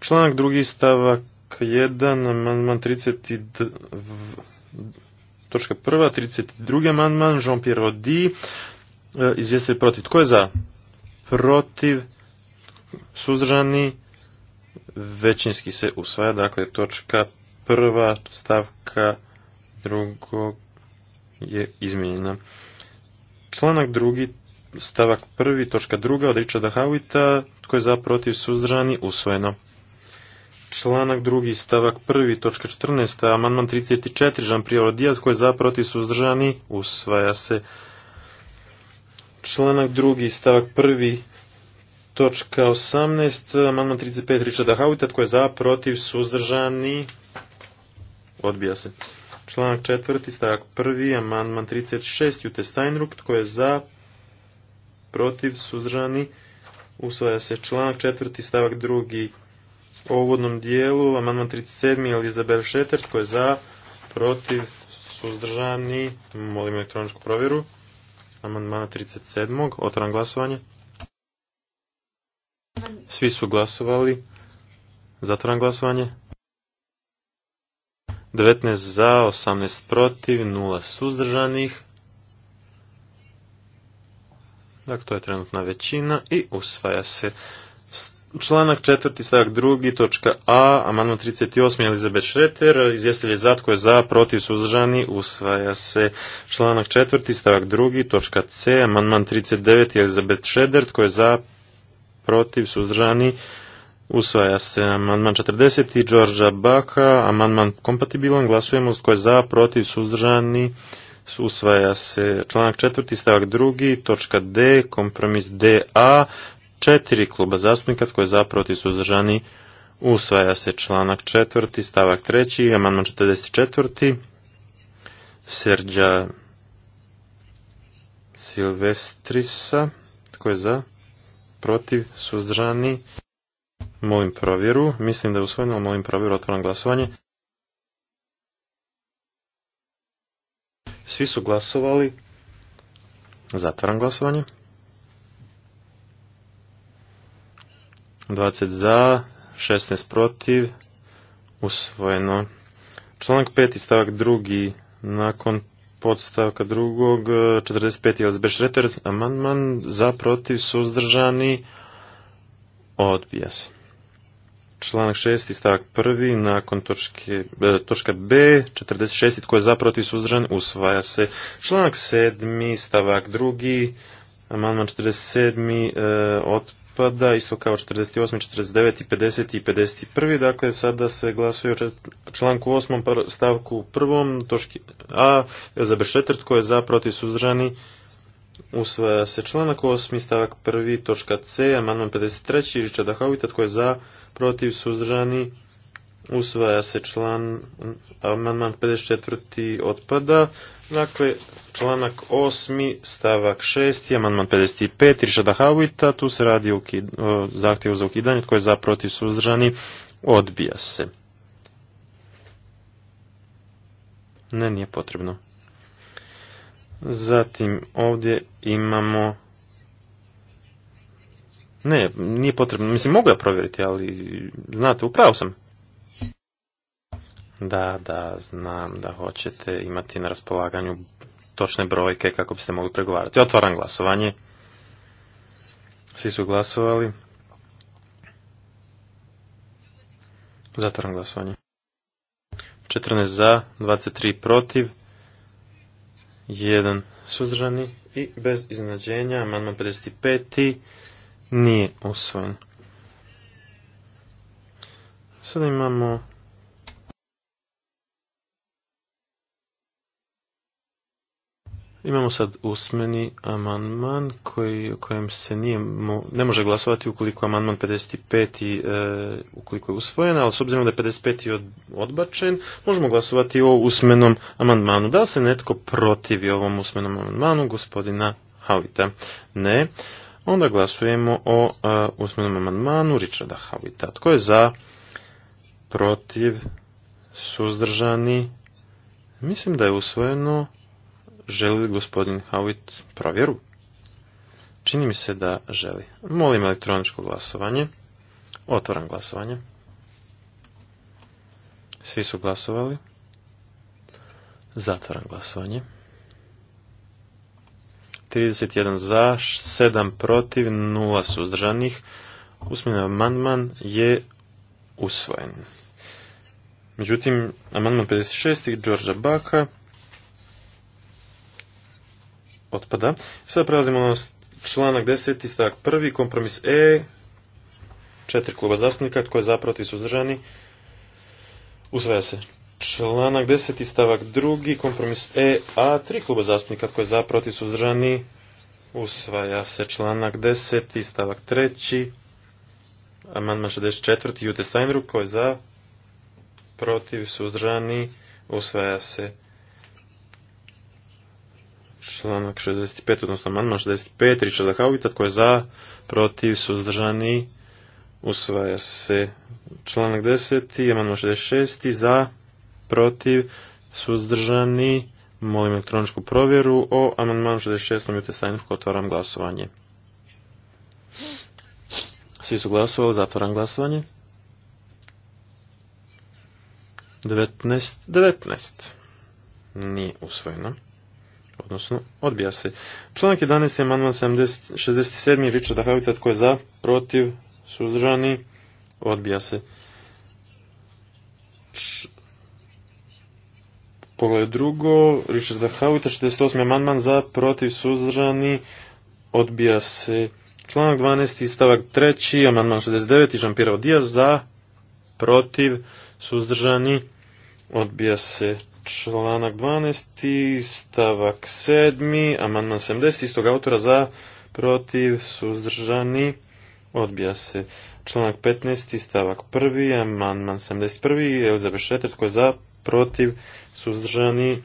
[SPEAKER 2] Članak drugi stavak 1, amandman 32, točka prva, 32. amandman, Jean-Pierre Rodi, e, izvjestitelj protiv. Tko je za? Protiv, suzdržani, većinski se usvaja, dakle točka prva, stavka drugog je izmijenjena. Članak drugi, stavak prvi, točka druga od Richarda Howita, tko je za protiv suzdržani, usvojeno. Članak drugi, stavak prvi, točka 14, amandman 34, Žan prijavlja dija, tko je za protiv suzdržani, usvaja se. Članak drugi, stavak prvi, točka 18, amandman 35, Richarda Howita, tko je za protiv suzdržani, odbija se. Članak četvrti, stavak prvi, amandman 36, Jute Steinruck, tko je za, protiv, suzdržani, usvaja se članak četvrti, stavak drugi, o uvodnom dijelu, amandman 37, Elizabeth Šeter, tko je za, protiv, suzdržani, molim elektroničku provjeru, amandmana 37, otvaram glasovanje. Svi su glasovali, Zatvaram glasovanje. 19 za, 18 protiv, 0 suzdržanih. Dakle, to je trenutna većina i usvaja se. Članak 4. stavak 2. točka A, amandman 38. Elizabeth Šreter, izvjestelj je za, tko je za, protiv, suzdržani, usvaja se. Članak 4. stavak 2. točka C, amandman 39. Elizabeth Šreder, tko je za, protiv, suzdržani, usvaja se Usvaja se amandman 40. Đorđa Baka, amandman kompatibilan, glasujemo tko je za, protiv, suzdržani, usvaja se članak 4. stavak 2. točka D, kompromis DA, četiri kluba zastupnika, tko je za, protiv, suzdržani, usvaja se članak 4. stavak 3. amandman 44. Serđa Silvestrisa, tko je za, protiv, suzdržani, Molim provjeru. Mislim da je usvojeno, molim provjeru. Otvoram glasovanje. Svi su glasovali. Zatvaram glasovanje. 20 za, 16 protiv, usvojeno. Članak 5. stavak 2. Nakon podstavka drugog, 45. Elizabeth Šreter, amandman za protiv suzdržani odbija se članak 6. stavak 1. nakon točke, e, točka B, 46. tko je za protiv suzdržan, usvaja se. Članak 7. stavak 2. amandman 47. E, otpada, isto kao 48. 49. 50. i 51. Dakle, sada se glasuje o članku 8. stavku 1. točki A, Elizabeth 4 tko je za protiv suzdržani, usvaja se. Članak 8. stavak 1. točka C, amandman 53. Riča Havita, tko je za protiv, suzdržani, usvaja se član, amandman 54. otpada, dakle, članak 8. stavak 6. amandman 55. Rišada Havita, tu se radi o zahtjevu za ukidanje, tko je za, protiv, suzdržani, odbija se. Ne, nije potrebno. Zatim ovdje imamo ne, nije potrebno. Mislim, mogu ja provjeriti, ali znate, upravo sam. Da, da, znam da hoćete imati na raspolaganju točne brojke kako biste mogli pregovarati. Otvaram glasovanje. Svi su glasovali. Zatvaram glasovanje. 14 za, 23 protiv, 1 suzdržani i bez iznenađenja, amandman 55. Nije usvojen. Sada imamo Imamo sad usmeni amandman koji, o kojem se nije, ne može glasovati ukoliko je amandman 55. E, ukoliko je usvojen, ali s obzirom da je 55. Od, odbačen, možemo glasovati o usmenom amandmanu. Da li se netko protivi ovom usmenom amandmanu gospodina Havita? Ne. Onda glasujemo o usmenom amandmanu Richarda Havita. Tko je za? Protiv? Suzdržani? Mislim da je usvojeno. Želi li gospodin Havit provjeru? Čini mi se da želi. Molim elektroničko glasovanje. Otvaram glasovanje. Svi su glasovali. Zatvaram glasovanje. 31 za, 7 protiv, 0 suzdržanih. Usmjeni amandman je usvojen. Međutim, amandman 56. Đorđa Baka otpada. Sada prelazimo na članak 10. stavak 1. Kompromis E. Četiri kluba zastupnika. Tko je za, protiv, suzdržani? Usvaja se. Članak 10. stavak 2. Kompromis EA. Tri kluba zastupnika koje je za, protiv, suzdržani. Usvaja se članak 10. stavak 3. Amandman 64. Jute Steinru koje za, protiv, suzdržani. Usvaja se članak 65. odnosno amandman 65. Richarda Hauvita koji za, protiv, suzdržani. Usvaja se članak 10. amandman 66. za, protiv, suzdržani, molim elektroničku provjeru o amandmanu 66. šest otvaram glasovanje. Svi su glasovali, zatvaram glasovanje. 19, 19. Nije usvojeno. Odnosno, odbija se. Članak 11. amandman 67. Richarda Habitat tko je za, protiv, suzdržani, odbija se. Pogled drugo, Richarda Hauta, 68. amandman za protiv suzdržani, odbija se članak 12. stavak 3. amandman 69. Žampira Odija za protiv suzdržani, odbija se članak 12. stavak 7. amandman 70. istog autora za protiv suzdržani, odbija se članak 15. stavak 1. amandman 71. Elizabeth Šeter tko je za protiv, suzdržani,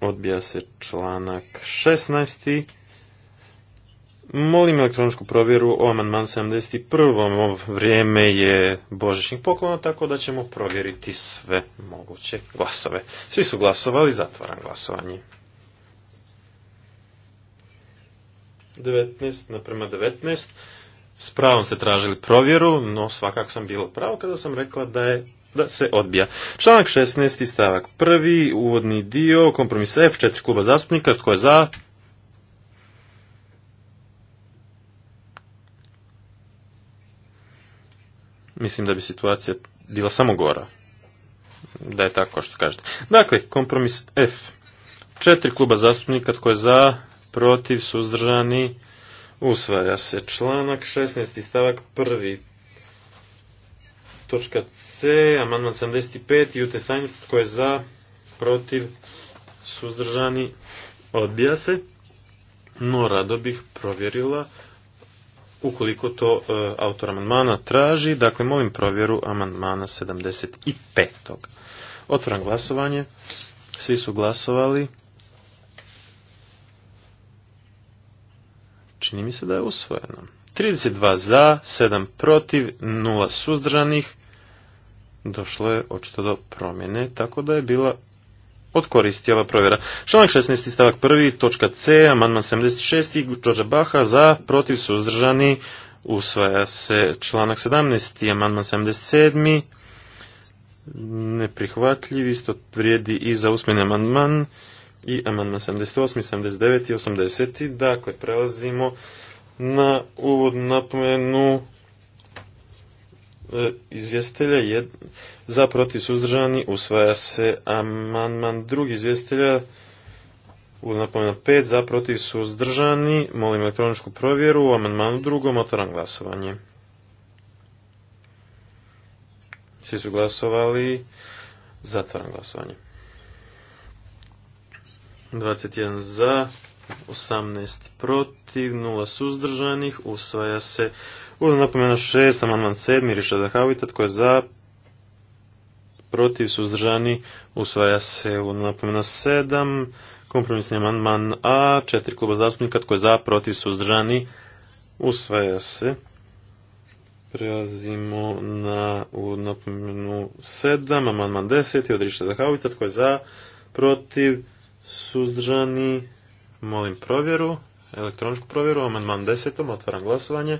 [SPEAKER 2] odbija se članak 16. Molim elektroničku provjeru o amandman 71. vrijeme je božićnih poklona, tako da ćemo provjeriti sve moguće glasove. Svi su glasovali, zatvaram glasovanje. 19 naprema 19. S pravom ste tražili provjeru, no svakako sam bilo pravo kada sam rekla da je da se odbija. Članak 16. stavak prvi, uvodni dio, kompromis F, četiri kluba zastupnika, tko je za? Mislim da bi situacija bila samo gora. Da je tako što kažete. Dakle, kompromis F. Četiri kluba zastupnika, tko je za, protiv, suzdržani, usvaja se. Članak 16. stavak prvi, Točka C, amandman 75, Jute stanje tko je za, protiv, suzdržani, odbija se. No, rado bih provjerila ukoliko to e, autor amandmana traži. Dakle, molim provjeru amandmana 75. Otvaram glasovanje. Svi su glasovali. Čini mi se da je usvojeno. 32 za, 7 protiv, 0 suzdržanih došlo je očito do promjene, tako da je bila od provjera. Članak 16. stavak 1. točka C, amandman 76. Đorđa Baha za protiv suzdržani usvaja se članak 17. amandman 77. neprihvatljiv, isto vrijedi i za usmeni amandman i amandman 78. 79. i 80. Dakle, prelazimo na uvodnu napomenu E, izvjestitelja je za protiv suzdržani usvaja se amandman drugi izvjestitelja u napomenu 5 za protiv suzdržani molim elektroničku provjeru u amandmanu drugom otvaram glasovanje svi su glasovali zatvaram glasovanje 21 za 18 protiv 0 suzdržanih usvaja se Uvodno napomenu šest, amandman sedmi, Rišada havitat tko je za, protiv, suzdržani, usvaja se. U napomenu sedam, kompromisni amandman A, četiri kluba zastupnika, tko je za, protiv, suzdržani, usvaja se. Prelazimo na u napomenu sedam, amandman deseti, od Rišada Havita, tko je za, protiv, suzdržani, molim provjeru, elektroničku provjeru, amandman desetom, otvaram glasovanje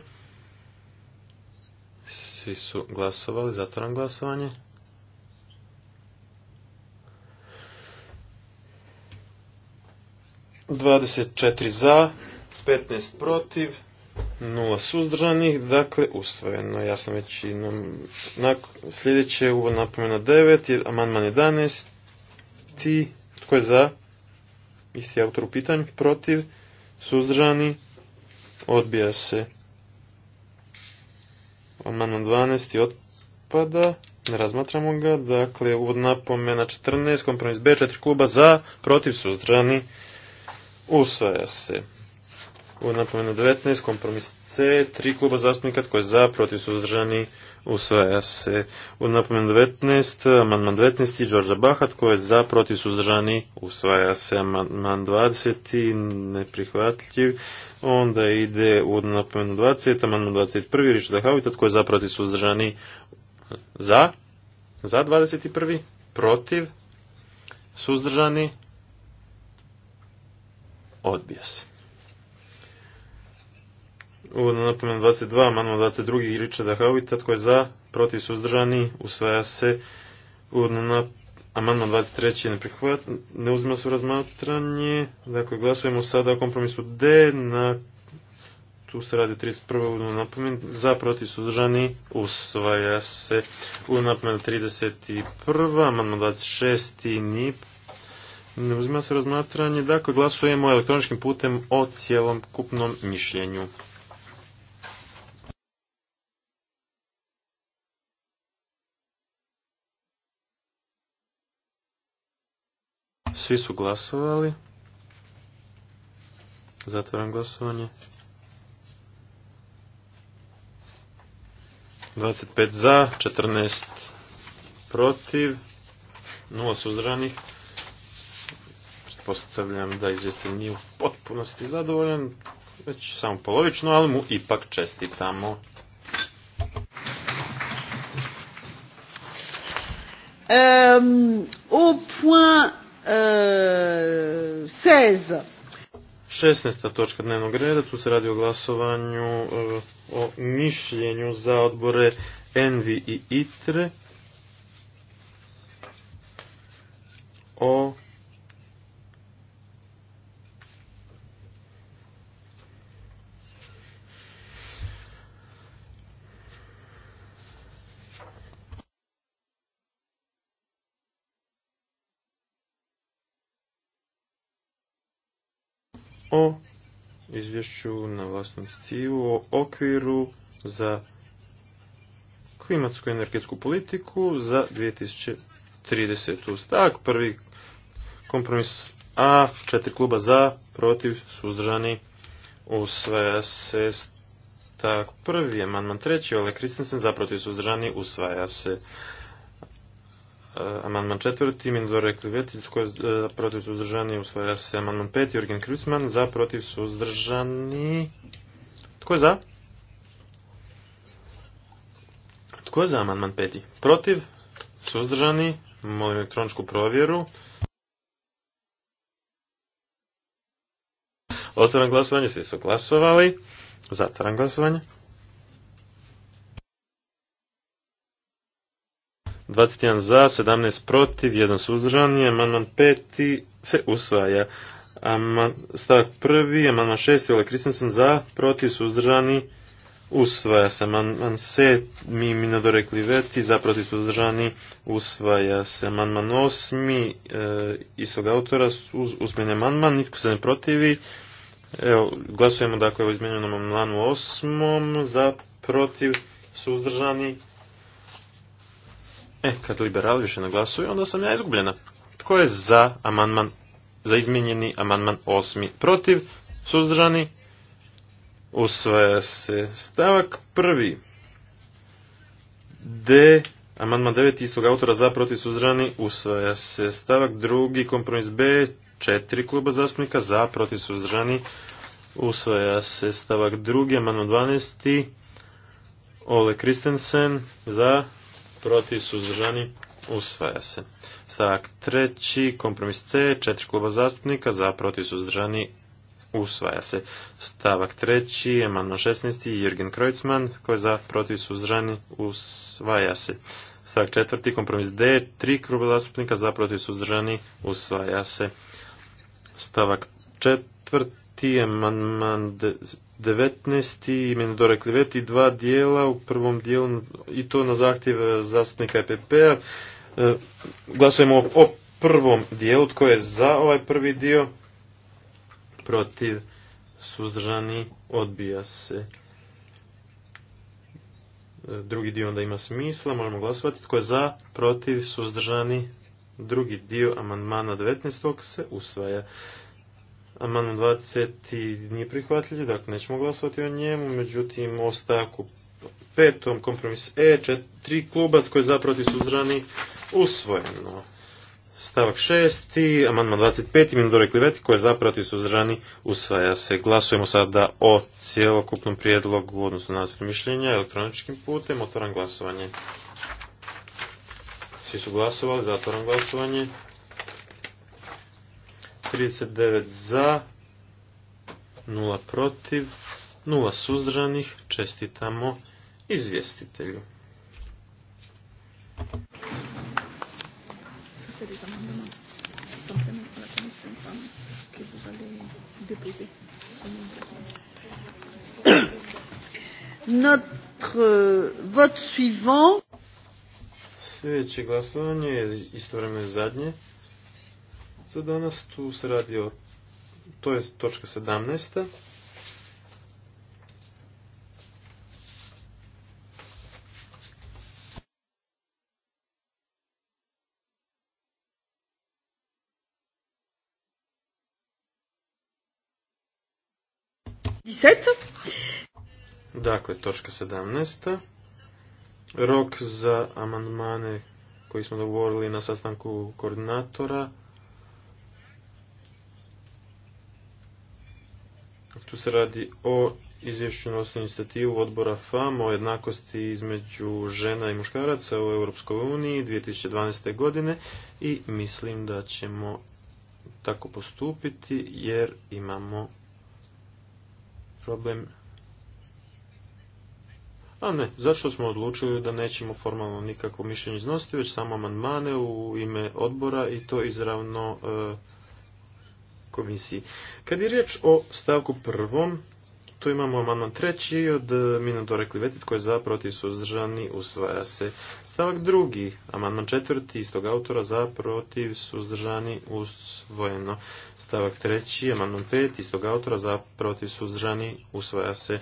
[SPEAKER 2] su glasovali, zatvoram glasovanje. Dvadeset četiri za, petnaest protiv, nula suzdržanih, dakle usvojeno Ja jasno većinom. Sljedeće je uvodna napomena 9, amandman 11, ti, tko je za, isti autor u pitanju, protiv, suzdržani, odbija se. Amandman 12. otpada. Ne razmatramo ga. Dakle, uvod napomena 14. Kompromis B4 kluba za, protiv suzdrani, Usvaja se. Uvod napomena 19. Kompromis se, tri kluba zastupnika tko je za, protiv suzdržani, usvaja se. U napomenu 19, amandman 19, Đorđa Bahat tko je za, protiv suzdržani, usvaja se. Amandman 20, neprihvatljiv. Onda ide u napomenu 20, amandman 21, Riša Dahavita tko je za, protiv suzdržani, za, za 21, protiv, suzdržani, odbija se. Uvodno napomen 22, manu 22. Iriča Dahavita, tko je za, protiv suzdržani, usvaja se. Uvodno Amandman 23. ne prihvat, ne uzima se u razmatranje. Dakle, glasujemo sada o kompromisu D na tu se radi 31. napomen, za protiv suzdržani usvaja se u napomenu 31. amandman 26. ni ne uzima se razmatranje. Dakle, glasujemo elektroničkim putem o cijelom kupnom mišljenju. Svi su glasovali. Zatvaram glasovanje. 25 za, 14 protiv, 0 suzdržanih. Postavljam da izvijestim nije u potpunosti zadovoljan, već samo polovično, ali mu ipak čestitamo.
[SPEAKER 1] Um, au point 16.
[SPEAKER 2] točka dnevnog reda, tu se radi o glasovanju e, o mišljenju za odbore Envi i ITRE o o izvješću na vlastnom inicijativu o okviru za klimatsku energetsku politiku za 2030. Stak prvi kompromis A, četiri kluba za, protiv, suzdržani, usvaja se stak prvi, amandman treći, Ole Kristensen, za, protiv, suzdržani, usvaja se Eh, amandman četvrti, Mindor rekli. tko je eh, protiv suzdržani, usvaja se amandman peti, Jurgen Krusman, za protiv suzdržani, tko je za? Tko je za amandman peti? Protiv, suzdržani, molim elektroničku provjeru. Otvaram glasovanje, svi su glasovali. Zatvaram glasovanje. 21 za, 17 protiv, 1 suzdržan je, amandman 5 se usvaja. Aman, stavak 1, amandman 6, Ole Kristensen za, protiv, suzdržani, usvaja se. Amandman 7, mi dorekli veti, za, protiv, suzdržani, usvaja se. Amandman 8, e, istog autora, uz, usmeni amandman, nitko se ne protivi. Evo, glasujemo dakle o izmenjenom amandmanu 8, za, protiv, suzdržani, E, kad liberali više naglasuju, onda sam ja izgubljena. Tko je za amandman, za izmijenjeni amandman osmi? Protiv, suzdržani, usvaja se stavak prvi. D, amandman devet istog autora za, protiv, suzdržani, usvaja se stavak drugi, kompromis B, četiri kluba zastupnika za, protiv, suzdržani, usvaja se stavak drugi, amandman 12. Ole Kristensen za, protiv, suzdržani, usvaja se. Stavak treći, kompromis C, četiri kluba zastupnika, za, protiv, suzdržani, usvaja se. Stavak treći, amandman 16, Jürgen Kreutzmann, koji je za, protiv, suzdržani, usvaja se. Stavak četvrti, kompromis D, tri kluba zastupnika, za, protiv, suzdržani, usvaja se. Stavak četvrti, amandman 19. imenu Dora Kliveti, dva dijela u prvom dijelu i to na zahtjev e, zastupnika EPP-a. E, glasujemo o prvom dijelu, tko je za ovaj prvi dio, protiv, suzdržani, odbija se. E, drugi dio onda ima smisla, možemo glasovati. Tko je za, protiv, suzdržani, drugi dio amandmana 19. se usvaja. Amandman 20. nije prihvatljiv, dakle nećemo glasovati o njemu, međutim o petom kompromis E, četiri kluba, koji je zaproti suzdržani, usvojeno. Stavak šesti, amandman 25. Minodore Kliveti, koje zapravo su suzdržani, usvaja se. Glasujemo sada o cijelokupnom prijedlogu, odnosno nacrtu mišljenja, elektroničkim putem, otvoram glasovanje. Svi su glasovali, zatvoram glasovanje. 39 za, 0 protiv, 0 suzdržanih. Čestitamo izvjestitelju.
[SPEAKER 1] Notre euh, vote suivant.
[SPEAKER 2] Sljedeće glasovanje je istovremeno zadnje za danas. Tu se radi o, to je točka 17. Dakle, točka 17. Rok za amandmane koji smo dogovorili na sastanku koordinatora Tu se radi o izvješću na inicijativu odbora FAM o jednakosti između žena i muškaraca u Europskoj uniji 2012. godine i mislim da ćemo tako postupiti jer imamo problem a ne, zašto smo odlučili da nećemo formalno nikakvo mišljenje iznositi, već samo amandmane u ime odbora i to izravno e, komisiji. Kad je riječ o stavku prvom, tu imamo amandman treći od e, Minodora Klivetit koji je za, protiv, suzdržani, usvaja se. Stavak drugi, amandman četvrti, istog autora, za, protiv, suzdržani, usvojeno. Stavak treći, amandman pet, istog autora, za, protiv, suzdržani, usvaja se.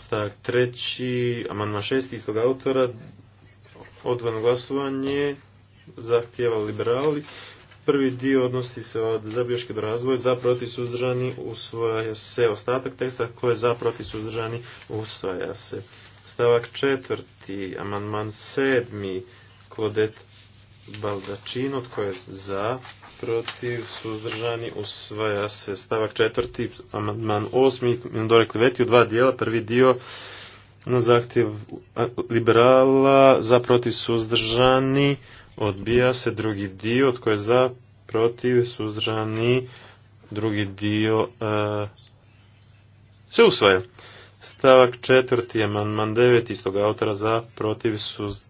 [SPEAKER 2] Stavak treći, amandman šesti, istog autora, odvojeno glasovanje, zahtjeva liberali, Prvi dio odnosi se od zabioške do razvoja, za protiv suzdržani usvaja se ostatak teksta, koje je za protiv suzdržani usvaja se. Stavak četvrti, amandman sedmi, kodet baldačino, od je za protiv suzdržani usvaja se. Stavak četvrti, amandman osmi, Mindore veti u dva dijela, prvi dio na zahtjev liberala, za protiv suzdržani odbija se drugi dio tko je za protiv suzdržani drugi dio uh, se usvaja stavak četvrti amandman devet istog autora za protiv suz...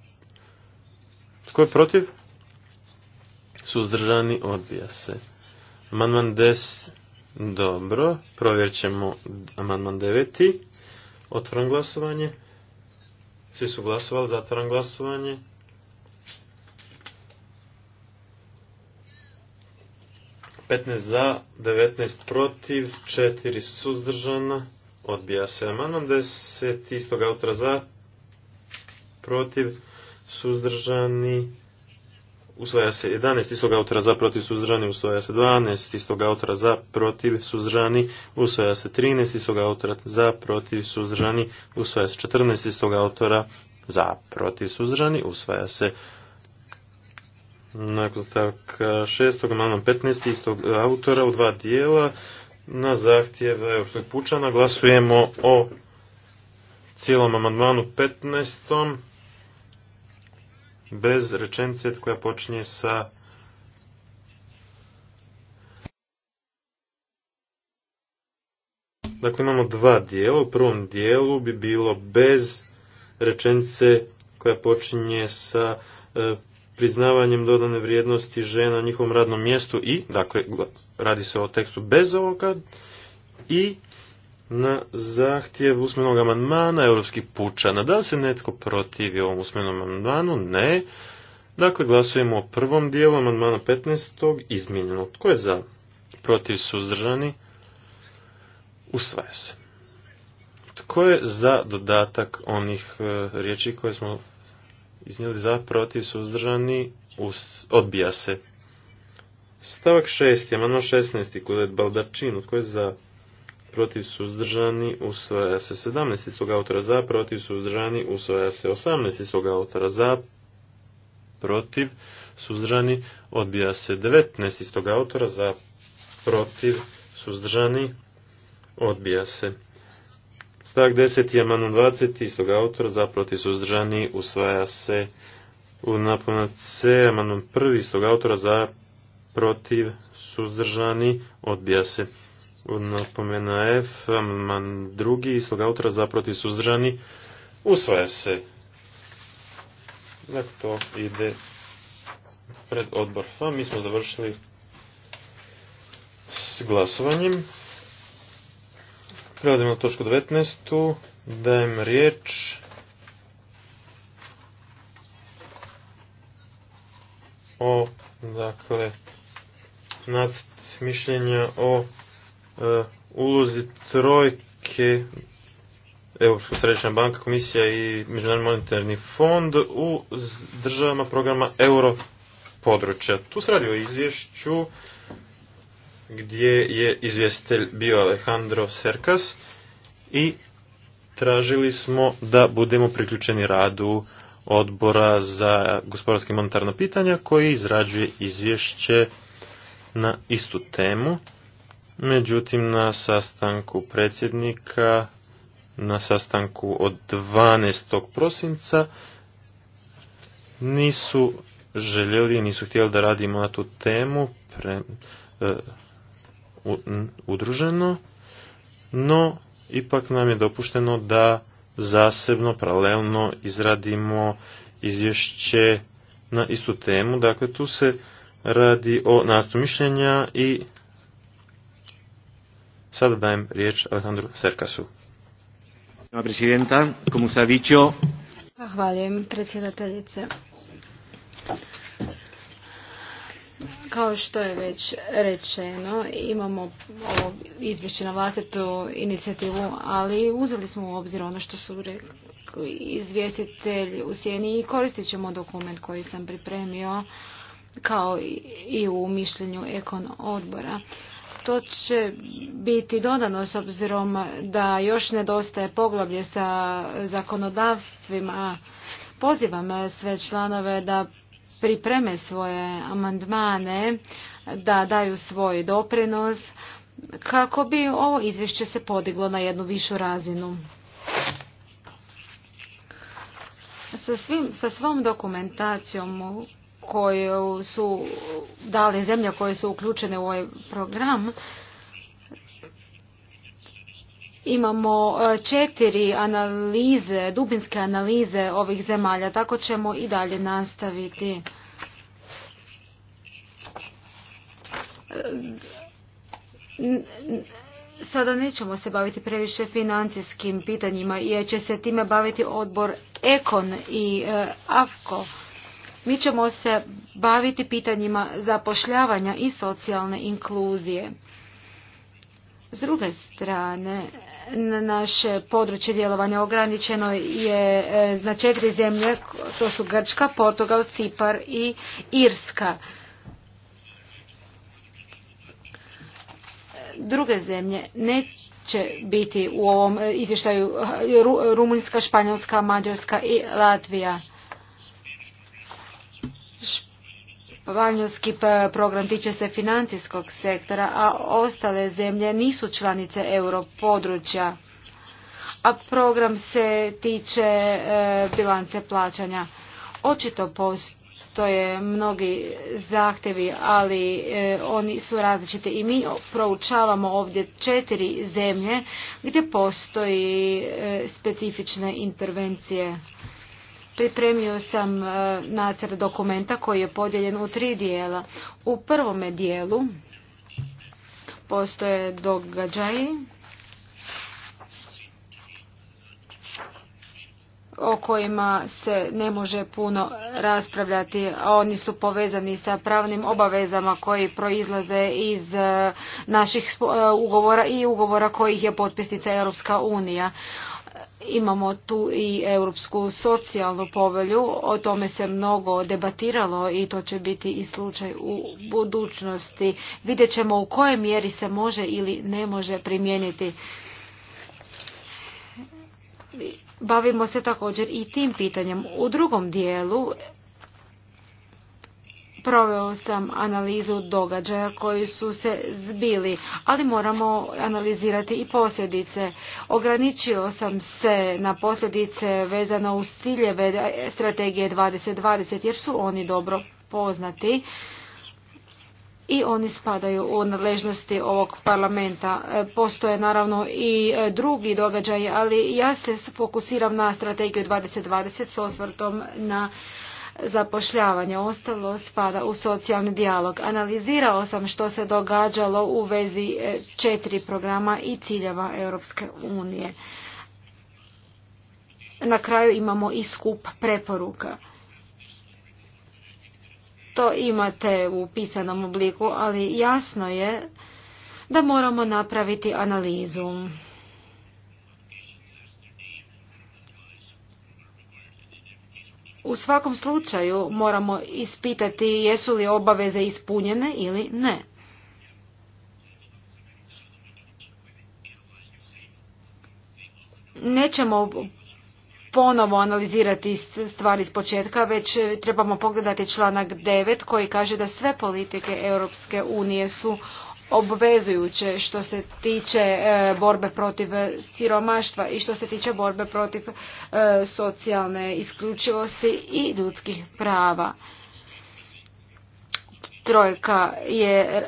[SPEAKER 2] tko je protiv suzdržani odbija se amandman des dobro provjerit ćemo amandman deveti otvaram glasovanje svi su glasovali zatvaram glasovanje 15 za, 19 protiv, 4 suzdržana, odbija se amandman 10 istog autora za, protiv, suzdržani, usvaja se 11 istog autora za, protiv, suzdržani, usvaja se 12 istog autora za, protiv, suzdržani, usvaja se 13 istog autora za, protiv, suzdržani, usvaja se 14 istog autora za, protiv, suzdržani, usvaja se nakon stavka šestog, amandman 15. istog autora u dva dijela na zahtjev Europskog pučana. Glasujemo o cijelom amandmanu 15. bez rečenice koja počinje sa Dakle, imamo dva dijela. U prvom dijelu bi bilo bez rečenice koja počinje sa e, priznavanjem dodane vrijednosti žena na njihovom radnom mjestu i, dakle, radi se o tekstu bez ovoga i na zahtjev usmenog amandmana europskih pučana. Da li se netko protivi ovom usmenom amandmanu? Ne. Dakle, glasujemo o prvom dijelu amandmana 15. izmijenjeno. Tko je za? Protiv suzdržani? Usvaja se. Tko je za dodatak onih e, riječi koje smo iznijeli za, protiv, suzdržani, odbija se. Stavak 6. Amandman 16. je Baldačin, tko je za, protiv, suzdržani, usvaja se. 17. Istog autora za, protiv, suzdržani, usvaja se. 18. stoga autora za, protiv, suzdržani, odbija se. 19. Istog autora za, protiv, suzdržani, odbija se. Stavak 10. i amandman 20. istog autora za protiv suzdržani usvaja se u napomenu C. Amandman 1. istog autora za protiv suzdržani odbija se. U napomena F. Amandman 2. istog autora za protiv suzdržani usvaja se. Dakle, to ide pred odbor F. Mi smo završili s glasovanjem. Prelazimo na točku 19. Dajem riječ o dakle nad mišljenja o e, ulozi trojke Europska središnja banka, komisija i Međunarodni monetarni fond u državama programa euro područja. Tu se radi o izvješću gdje je izvjestitelj bio Alejandro Serkas i tražili smo da budemo priključeni radu odbora za gospodarske monetarna pitanja koji izrađuje izvješće na istu temu. Međutim, na sastanku predsjednika, na sastanku od 12. prosinca, nisu željeli, nisu htjeli da radimo na tu temu. Pre, e, udruženo, no ipak nam je dopušteno da zasebno, paralelno izradimo izvješće na istu temu. Dakle, tu se radi o nastu mišljenja i sada dajem riječ Alejandru Serkasu.
[SPEAKER 4] Hvala, predsjedateljice. Kao što je već rečeno, imamo ovo izvješće na vlastitu inicijativu, ali uzeli smo u obzir ono što su izvjestitelji u sjeni i koristit ćemo dokument koji sam pripremio kao i u mišljenju ekon odbora. To će biti dodano s obzirom da još nedostaje poglavlje sa zakonodavstvima. Pozivam sve članove da pripreme svoje amandmane, da daju svoj doprinos kako bi ovo izvješće se podiglo na jednu višu razinu. Sa, svom dokumentacijom koju su dali zemlje koje su uključene u ovaj program, Imamo e, četiri analize, dubinske analize ovih zemalja, tako ćemo i dalje nastaviti. Sada nećemo se baviti previše financijskim pitanjima jer će se time baviti odbor Ekon i e, AFKO. Mi ćemo se baviti pitanjima zapošljavanja i socijalne inkluzije. S druge strane, naše područje djelovanja ograničeno je e, na četiri zemlje, to su Grčka, Portugal, Cipar i Irska. Druge zemlje neće biti u ovom e, izvještaju e, Rumunjska, Španjolska, Mađarska i Latvija. Vanjski program tiče se financijskog sektora, a ostale zemlje nisu članice europodručja, a program se tiče e, bilance plaćanja. Očito postoje mnogi zahtjevi, ali e, oni su različiti i mi proučavamo ovdje četiri zemlje gdje postoji e, specifične intervencije. Pripremio sam e, nacrt dokumenta koji je podijeljen u tri dijela. U prvome dijelu postoje događaji o kojima se ne može puno raspravljati, a oni su povezani sa pravnim obavezama koji proizlaze iz e, naših e, ugovora i ugovora kojih je potpisnica Europska unija. Imamo tu i Europsku socijalnu povelju, o tome se mnogo debatiralo i to će biti i slučaj u budućnosti. Vidjet ćemo u kojoj mjeri se može ili ne može primijeniti. Bavimo se također i tim pitanjem. U drugom dijelu Proveo sam analizu događaja koji su se zbili, ali moramo analizirati i posljedice. Ograničio sam se na posljedice vezano uz ciljeve strategije 2020 jer su oni dobro poznati i oni spadaju u nadležnosti ovog parlamenta. Postoje naravno i drugi događaji, ali ja se fokusiram na strategiju 2020 s osvrtom na zapošljavanje. Ostalo spada u socijalni dijalog. Analizirao sam što se događalo u vezi e, četiri programa i ciljeva Europske unije. Na kraju imamo i skup preporuka. To imate u pisanom obliku, ali jasno je da moramo napraviti analizu. U svakom slučaju moramo ispitati jesu li obaveze ispunjene ili ne. Nećemo ponovo analizirati stvari iz početka, već trebamo pogledati članak 9 koji kaže da sve politike Europske unije su obvezujuće što se tiče e, borbe protiv e, siromaštva i što se tiče borbe protiv e, socijalne isključivosti i ljudskih prava. Trojka je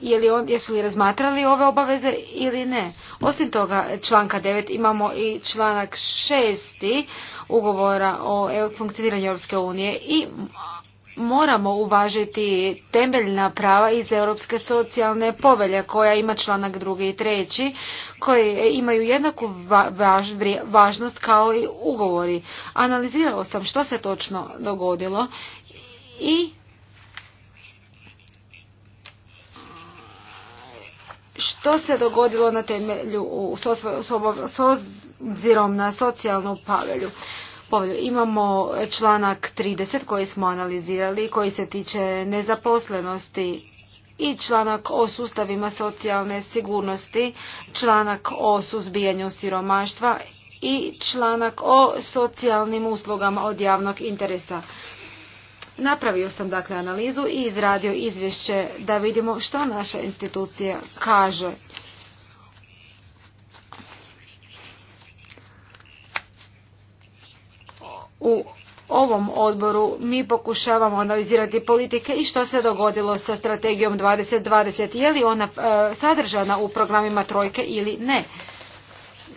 [SPEAKER 4] je li on, jesu li razmatrali ove obaveze ili ne. Osim toga, članka 9 imamo i članak 6 ugovora o funkcioniranju Europske unije i moramo uvažiti temeljna prava iz Europske socijalne povelje koja ima članak drugi i treći koji imaju jednaku važnost kao i ugovori. Analizirao sam što se točno dogodilo i što se dogodilo na temelju s obzirom na socijalnu pavelju povelju. Imamo članak 30 koji smo analizirali, koji se tiče nezaposlenosti i članak o sustavima socijalne sigurnosti, članak o suzbijanju siromaštva i članak o socijalnim uslugama od javnog interesa. Napravio sam dakle analizu i izradio izvješće da vidimo što naša institucija kaže u ovom odboru mi pokušavamo analizirati politike i što se dogodilo sa strategijom 2020. Je li ona e, sadržana u programima trojke ili ne?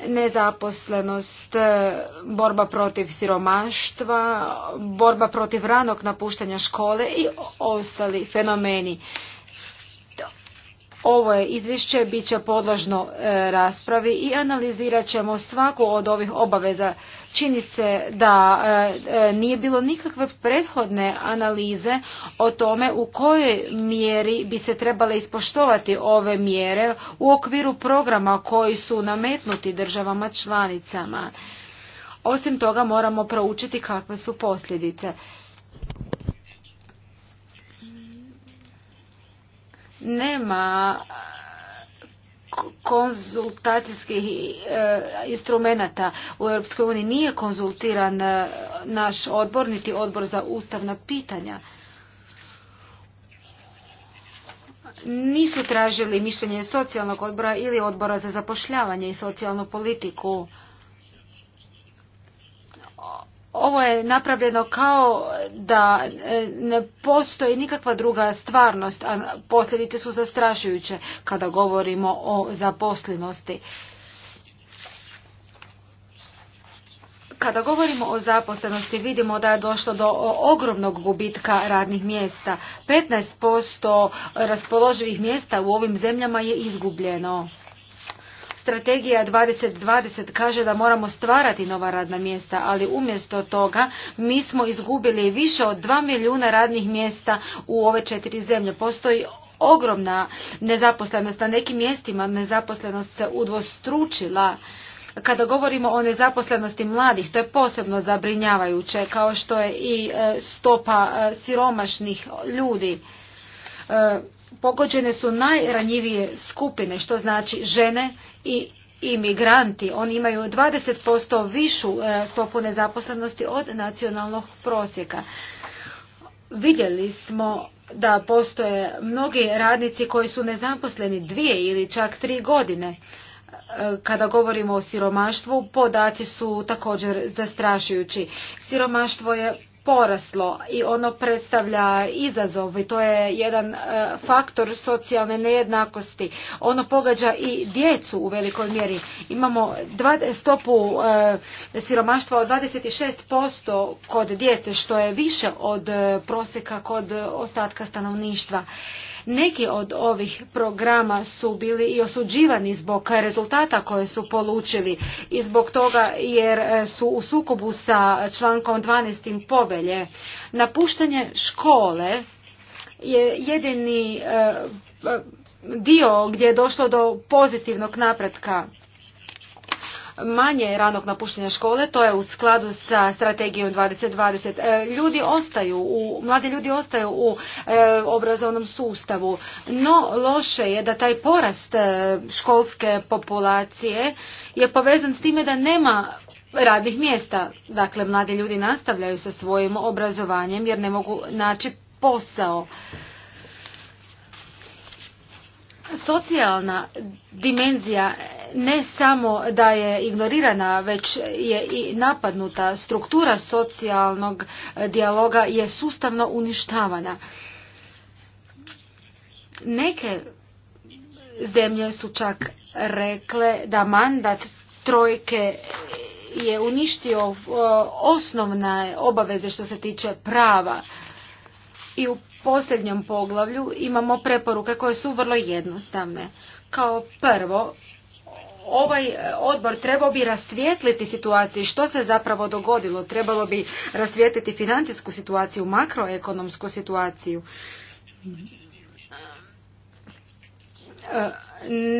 [SPEAKER 4] Nezaposlenost, e, borba protiv siromaštva, borba protiv ranog napuštanja škole i ostali fenomeni. Ovo je izvješće bit će podložno e, raspravi i analizirat ćemo svaku od ovih obaveza Čini se da e, e, nije bilo nikakve prethodne analize o tome u kojoj mjeri bi se trebale ispoštovati ove mjere u okviru programa koji su nametnuti državama članicama. Osim toga moramo proučiti kakve su posljedice. Nema konzultacijskih e, instrumenata u EU nije konzultiran e, naš odbor, niti odbor za ustavna pitanja. Nisu tražili mišljenje socijalnog odbora ili odbora za zapošljavanje i socijalnu politiku ovo je napravljeno kao da e, ne postoji nikakva druga stvarnost, a posljedice su zastrašujuće kada govorimo o zaposlenosti. Kada govorimo o zaposlenosti vidimo da je došlo do ogromnog gubitka radnih mjesta. 15% raspoloživih mjesta u ovim zemljama je izgubljeno. Strategija 2020 kaže da moramo stvarati nova radna mjesta, ali umjesto toga mi smo izgubili više od 2 milijuna radnih mjesta u ove četiri zemlje. Postoji ogromna nezaposlenost. Na nekim mjestima nezaposlenost se udvostručila. Kada govorimo o nezaposlenosti mladih, to je posebno zabrinjavajuće, kao što je i e, stopa e, siromašnih ljudi. E, pogođene su najranjivije skupine, što znači žene, i imigranti. Oni imaju 20% višu e, stopu nezaposlenosti od nacionalnog prosjeka. Vidjeli smo da postoje mnogi radnici koji su nezaposleni dvije ili čak tri godine. E, kada govorimo o siromaštvu, podaci su također zastrašujući. Siromaštvo je poraslo i ono predstavlja izazov i to je jedan e, faktor socijalne nejednakosti. Ono pogađa i djecu u velikoj mjeri. Imamo stopu e, siromaštva od 26% kod djece što je više od e, prosjeka kod ostatka stanovništva. Neki od ovih programa su bili i osuđivani zbog rezultata koje su polučili i zbog toga jer e, su u sukobu sa člankom 12. povelje. Napuštanje škole je jedini e, dio gdje je došlo do pozitivnog napretka manje ranog napuštenja škole, to je u skladu sa strategijom 2020. E, ljudi ostaju, u, mladi ljudi ostaju u e, obrazovnom sustavu, no loše je da taj porast e, školske populacije je povezan s time da nema radnih mjesta. Dakle, mladi ljudi nastavljaju sa svojim obrazovanjem jer ne mogu naći posao socijalna dimenzija ne samo da je ignorirana, već je i napadnuta. Struktura socijalnog e, dijaloga je sustavno uništavana. Neke zemlje su čak rekle da mandat trojke je uništio e, osnovne obaveze što se tiče prava. I u posljednjem poglavlju imamo preporuke koje su vrlo jednostavne. Kao prvo, ovaj odbor trebao bi rasvijetliti situaciju što se zapravo dogodilo. Trebalo bi rasvijetliti financijsku situaciju, makroekonomsku situaciju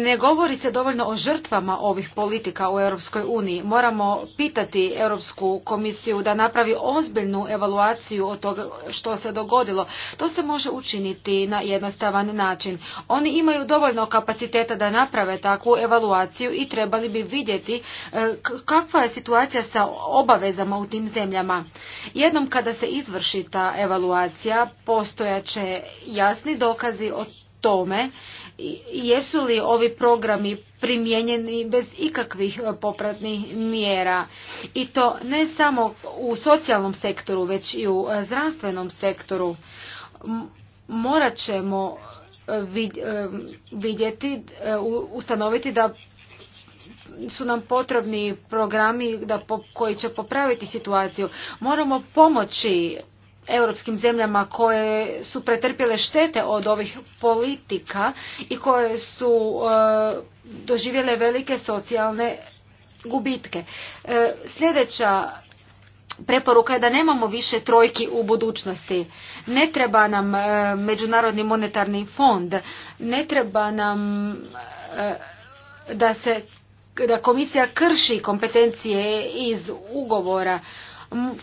[SPEAKER 4] ne govori se dovoljno o žrtvama ovih politika u Europskoj uniji. Moramo pitati Europsku komisiju da napravi ozbiljnu evaluaciju o toga što se dogodilo. To se može učiniti na jednostavan način. Oni imaju dovoljno kapaciteta da naprave takvu evaluaciju i trebali bi vidjeti e, kakva je situacija sa obavezama u tim zemljama. Jednom kada se izvrši ta evaluacija, postojaće jasni dokazi o tome jesu li ovi programi primijenjeni bez ikakvih e, popratnih mjera i to ne samo u socijalnom sektoru već i u e, zdravstvenom sektoru morat ćemo e, vidjeti ustanoviti da su nam potrebni programi da, koji će popraviti situaciju. Moramo pomoći europskim zemljama koje su pretrpjele štete od ovih politika i koje su e, doživjele velike socijalne gubitke. E, sljedeća preporuka je da nemamo više trojki u budućnosti. Ne treba nam e, Međunarodni monetarni fond, ne treba nam da se da komisija krši kompetencije iz ugovora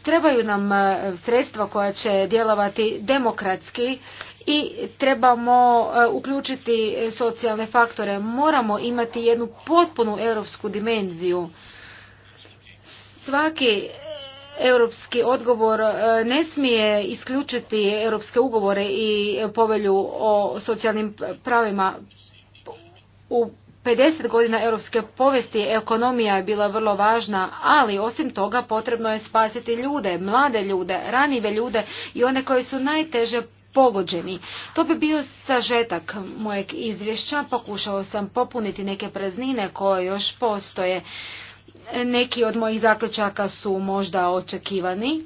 [SPEAKER 4] Trebaju nam e, sredstva koja će djelovati demokratski i trebamo e, uključiti socijalne faktore. Moramo imati jednu potpunu europsku dimenziju. Svaki europski odgovor e, ne smije isključiti europske ugovore i povelju o socijalnim pravima u 50 godina europske povesti ekonomija je bila vrlo važna, ali osim toga potrebno je spasiti ljude, mlade ljude, ranive ljude i one koji su najteže pogođeni. To bi bio sažetak mojeg izvješća, pokušao sam popuniti neke preznine koje još postoje. Neki od mojih zaključaka su možda očekivani,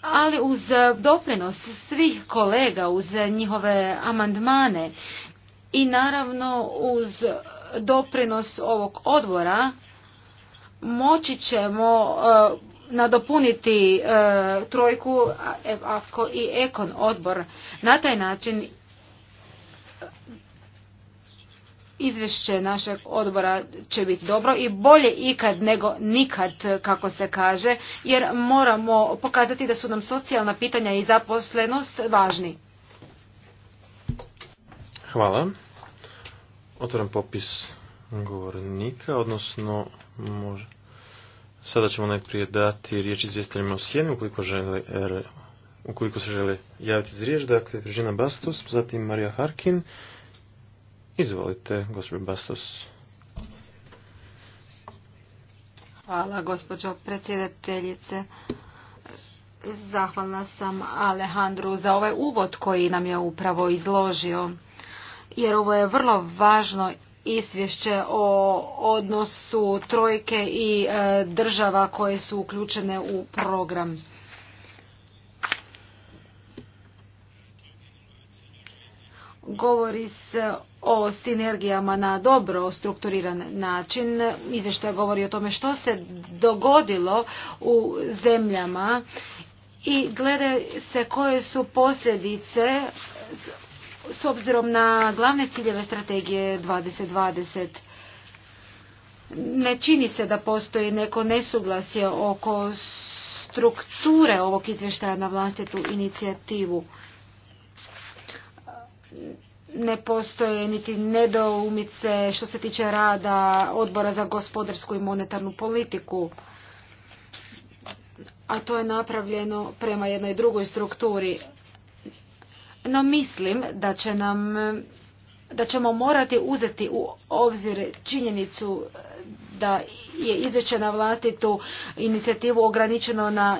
[SPEAKER 4] ali uz doprinos svih kolega, uz njihove amandmane i naravno uz doprinos ovog odbora moći ćemo e, nadopuniti e, trojku AFKO e, i Ekon odbor. Na taj način izvješće našeg odbora će biti dobro i bolje ikad nego nikad, kako se kaže, jer moramo pokazati da su nam socijalna pitanja i zaposlenost važni.
[SPEAKER 2] Hvala. Otvoren popis govornika, odnosno može... Sada ćemo najprije dati riječ izvjestiteljima o sjeni, ukoliko, žele, er, ukoliko se žele javiti za riječ. Dakle, Bastos, zatim Marija Harkin. Izvolite, gospođo Bastos.
[SPEAKER 4] Hvala, gospođo predsjedateljice. Zahvalna sam Alejandru za ovaj uvod koji nam je upravo izložio jer ovo je vrlo važno izvješće o odnosu trojke i e, država koje su uključene u program. Govori se o sinergijama na dobro strukturiran način. Izvještaj govori o tome što se dogodilo u zemljama i glede se koje su posljedice s obzirom na glavne ciljeve strategije 2020. Ne čini se da postoji neko nesuglasje oko strukture ovog izvještaja na vlastitu inicijativu. Ne postoje niti nedoumice što se tiče rada odbora za gospodarsku i monetarnu politiku a to je napravljeno prema jednoj drugoj strukturi no mislim da će nam da ćemo morati uzeti u obzir činjenicu da je izveće na vlastitu inicijativu ograničeno na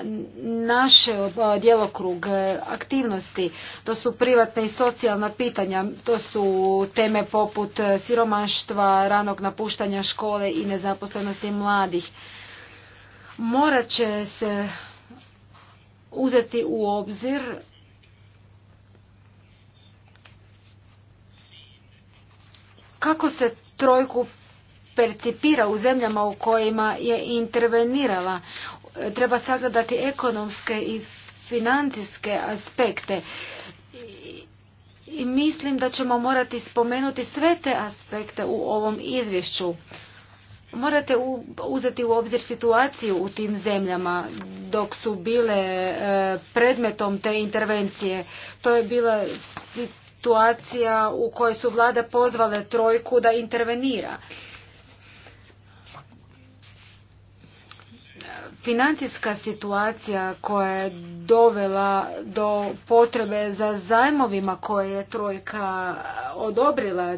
[SPEAKER 4] naše e, djelokrug e, aktivnosti. To su privatna i socijalna pitanja, to su teme poput e, siromaštva, ranog napuštanja škole i nezaposlenosti mladih. Morat će se uzeti u obzir kako se trojku percipira u zemljama u kojima je intervenirala. Treba sagledati ekonomske i financijske aspekte. I mislim da ćemo morati spomenuti sve te aspekte u ovom izvješću. Morate uzeti u obzir situaciju u tim zemljama dok su bile e, predmetom te intervencije. To je bila situacija situacija u kojoj su vlade pozvale trojku da intervenira. Financijska situacija koja je dovela do potrebe za zajmovima koje je trojka odobrila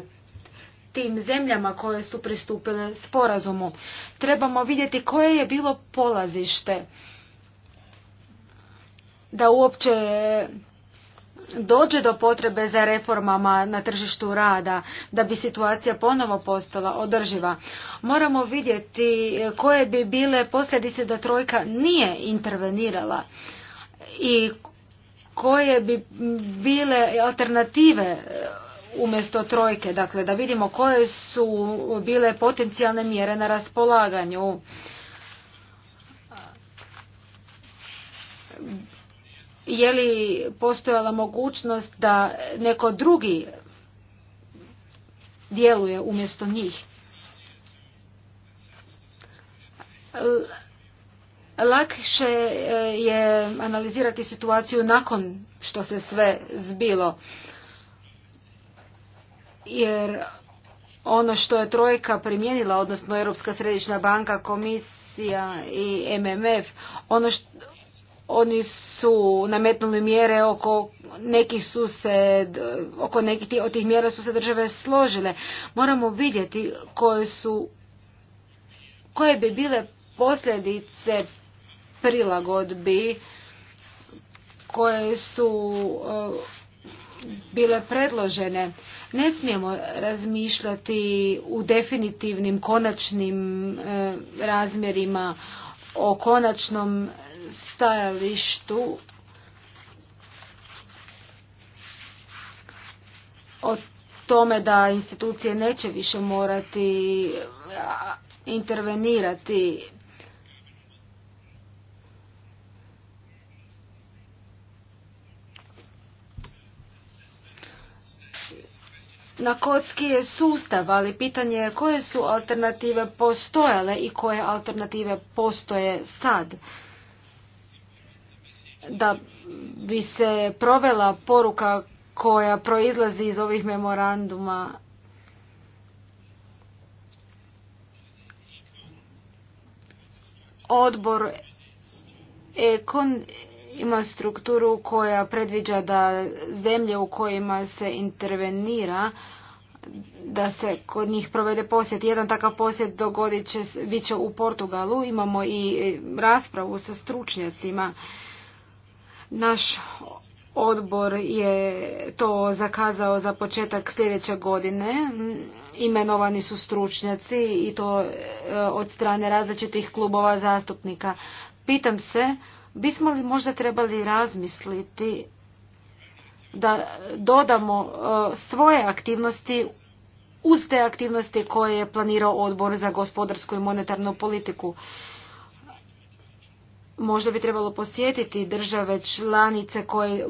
[SPEAKER 4] tim zemljama koje su pristupile sporazumu. Trebamo vidjeti koje je bilo polazište da uopće dođe do potrebe za reformama na tržištu rada da bi situacija ponovo postala održiva. Moramo vidjeti e, koje bi bile posljedice da trojka nije intervenirala i koje bi bile alternative e, umjesto trojke, dakle da vidimo koje su bile potencijalne mjere na raspolaganju je li postojala mogućnost da neko drugi djeluje umjesto njih. Lakše eh, je analizirati situaciju nakon što se sve zbilo. Jer ono što je Trojka primijenila, odnosno Europska središnja banka, komisija i MMF, ono što, oni su nametnuli mjere oko nekih su se, oko nekih od tih mjera su se države složile. Moramo vidjeti koje su, koje bi bile posljedice prilagodbi koje su e, bile predložene. Ne smijemo razmišljati u definitivnim konačnim e, razmjerima o konačnom stajalištu o tome da institucije neće više morati intervenirati Na kocki je sustav, ali pitanje je koje su alternative postojale i koje alternative postoje sad da bi se provela poruka koja proizlazi iz ovih memoranduma odbor Ekon ima strukturu koja predviđa da zemlje u kojima se intervenira da se kod njih provede posjet. Jedan takav posjet dogodit će, bit će u Portugalu. Imamo i raspravu sa stručnjacima naš odbor je to zakazao za početak sljedeće godine. Imenovani su stručnjaci i to e, od strane različitih klubova zastupnika. Pitam se, bismo li možda trebali razmisliti da dodamo e, svoje aktivnosti uz te aktivnosti koje je planirao odbor za gospodarsku i monetarnu politiku. Možda bi trebalo posjetiti države članice koje,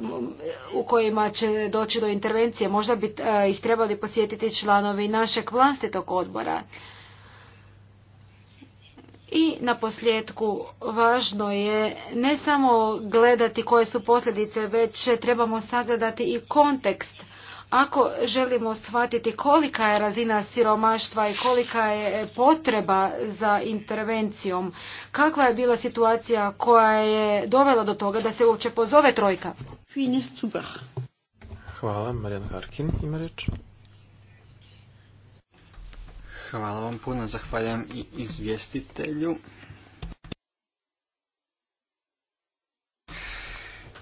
[SPEAKER 4] u kojima će doći do intervencije. Možda bi e, ih trebali posjetiti članovi našeg vlastitog odbora. I na posljedku važno je ne samo gledati koje su posljedice, već trebamo sagledati i kontekst ako želimo shvatiti kolika je razina siromaštva i kolika je potreba za intervencijom, kakva je bila situacija koja je dovela do toga da se uopće pozove trojka?
[SPEAKER 2] Hvala, Marijan Harkin ima reč.
[SPEAKER 3] Hvala vam puno, zahvaljam i izvjestitelju.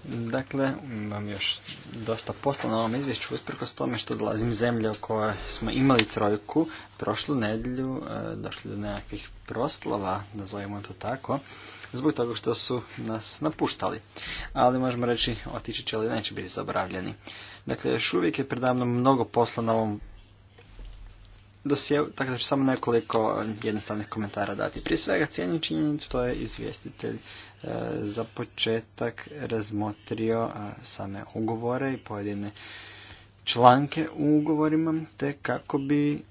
[SPEAKER 3] Dakle, imam još dosta posla na ovom izvješću, usprkos tome što dolazim zemlje u kojoj smo imali trojku. Prošlu nedjelju e, došli do nekakvih proslova, nazovimo to tako, zbog toga što su nas napuštali. Ali možemo reći, otići će li, neće biti zaboravljeni. Dakle, još uvijek je predavno mnogo posla na ovom dosjeu, tako da ću samo nekoliko jednostavnih komentara dati. Prije svega cijenim činjenicu, to je izvjestitelj E, za početak razmotrio same ugovore i pojedine članke u ugovorima, te kako bi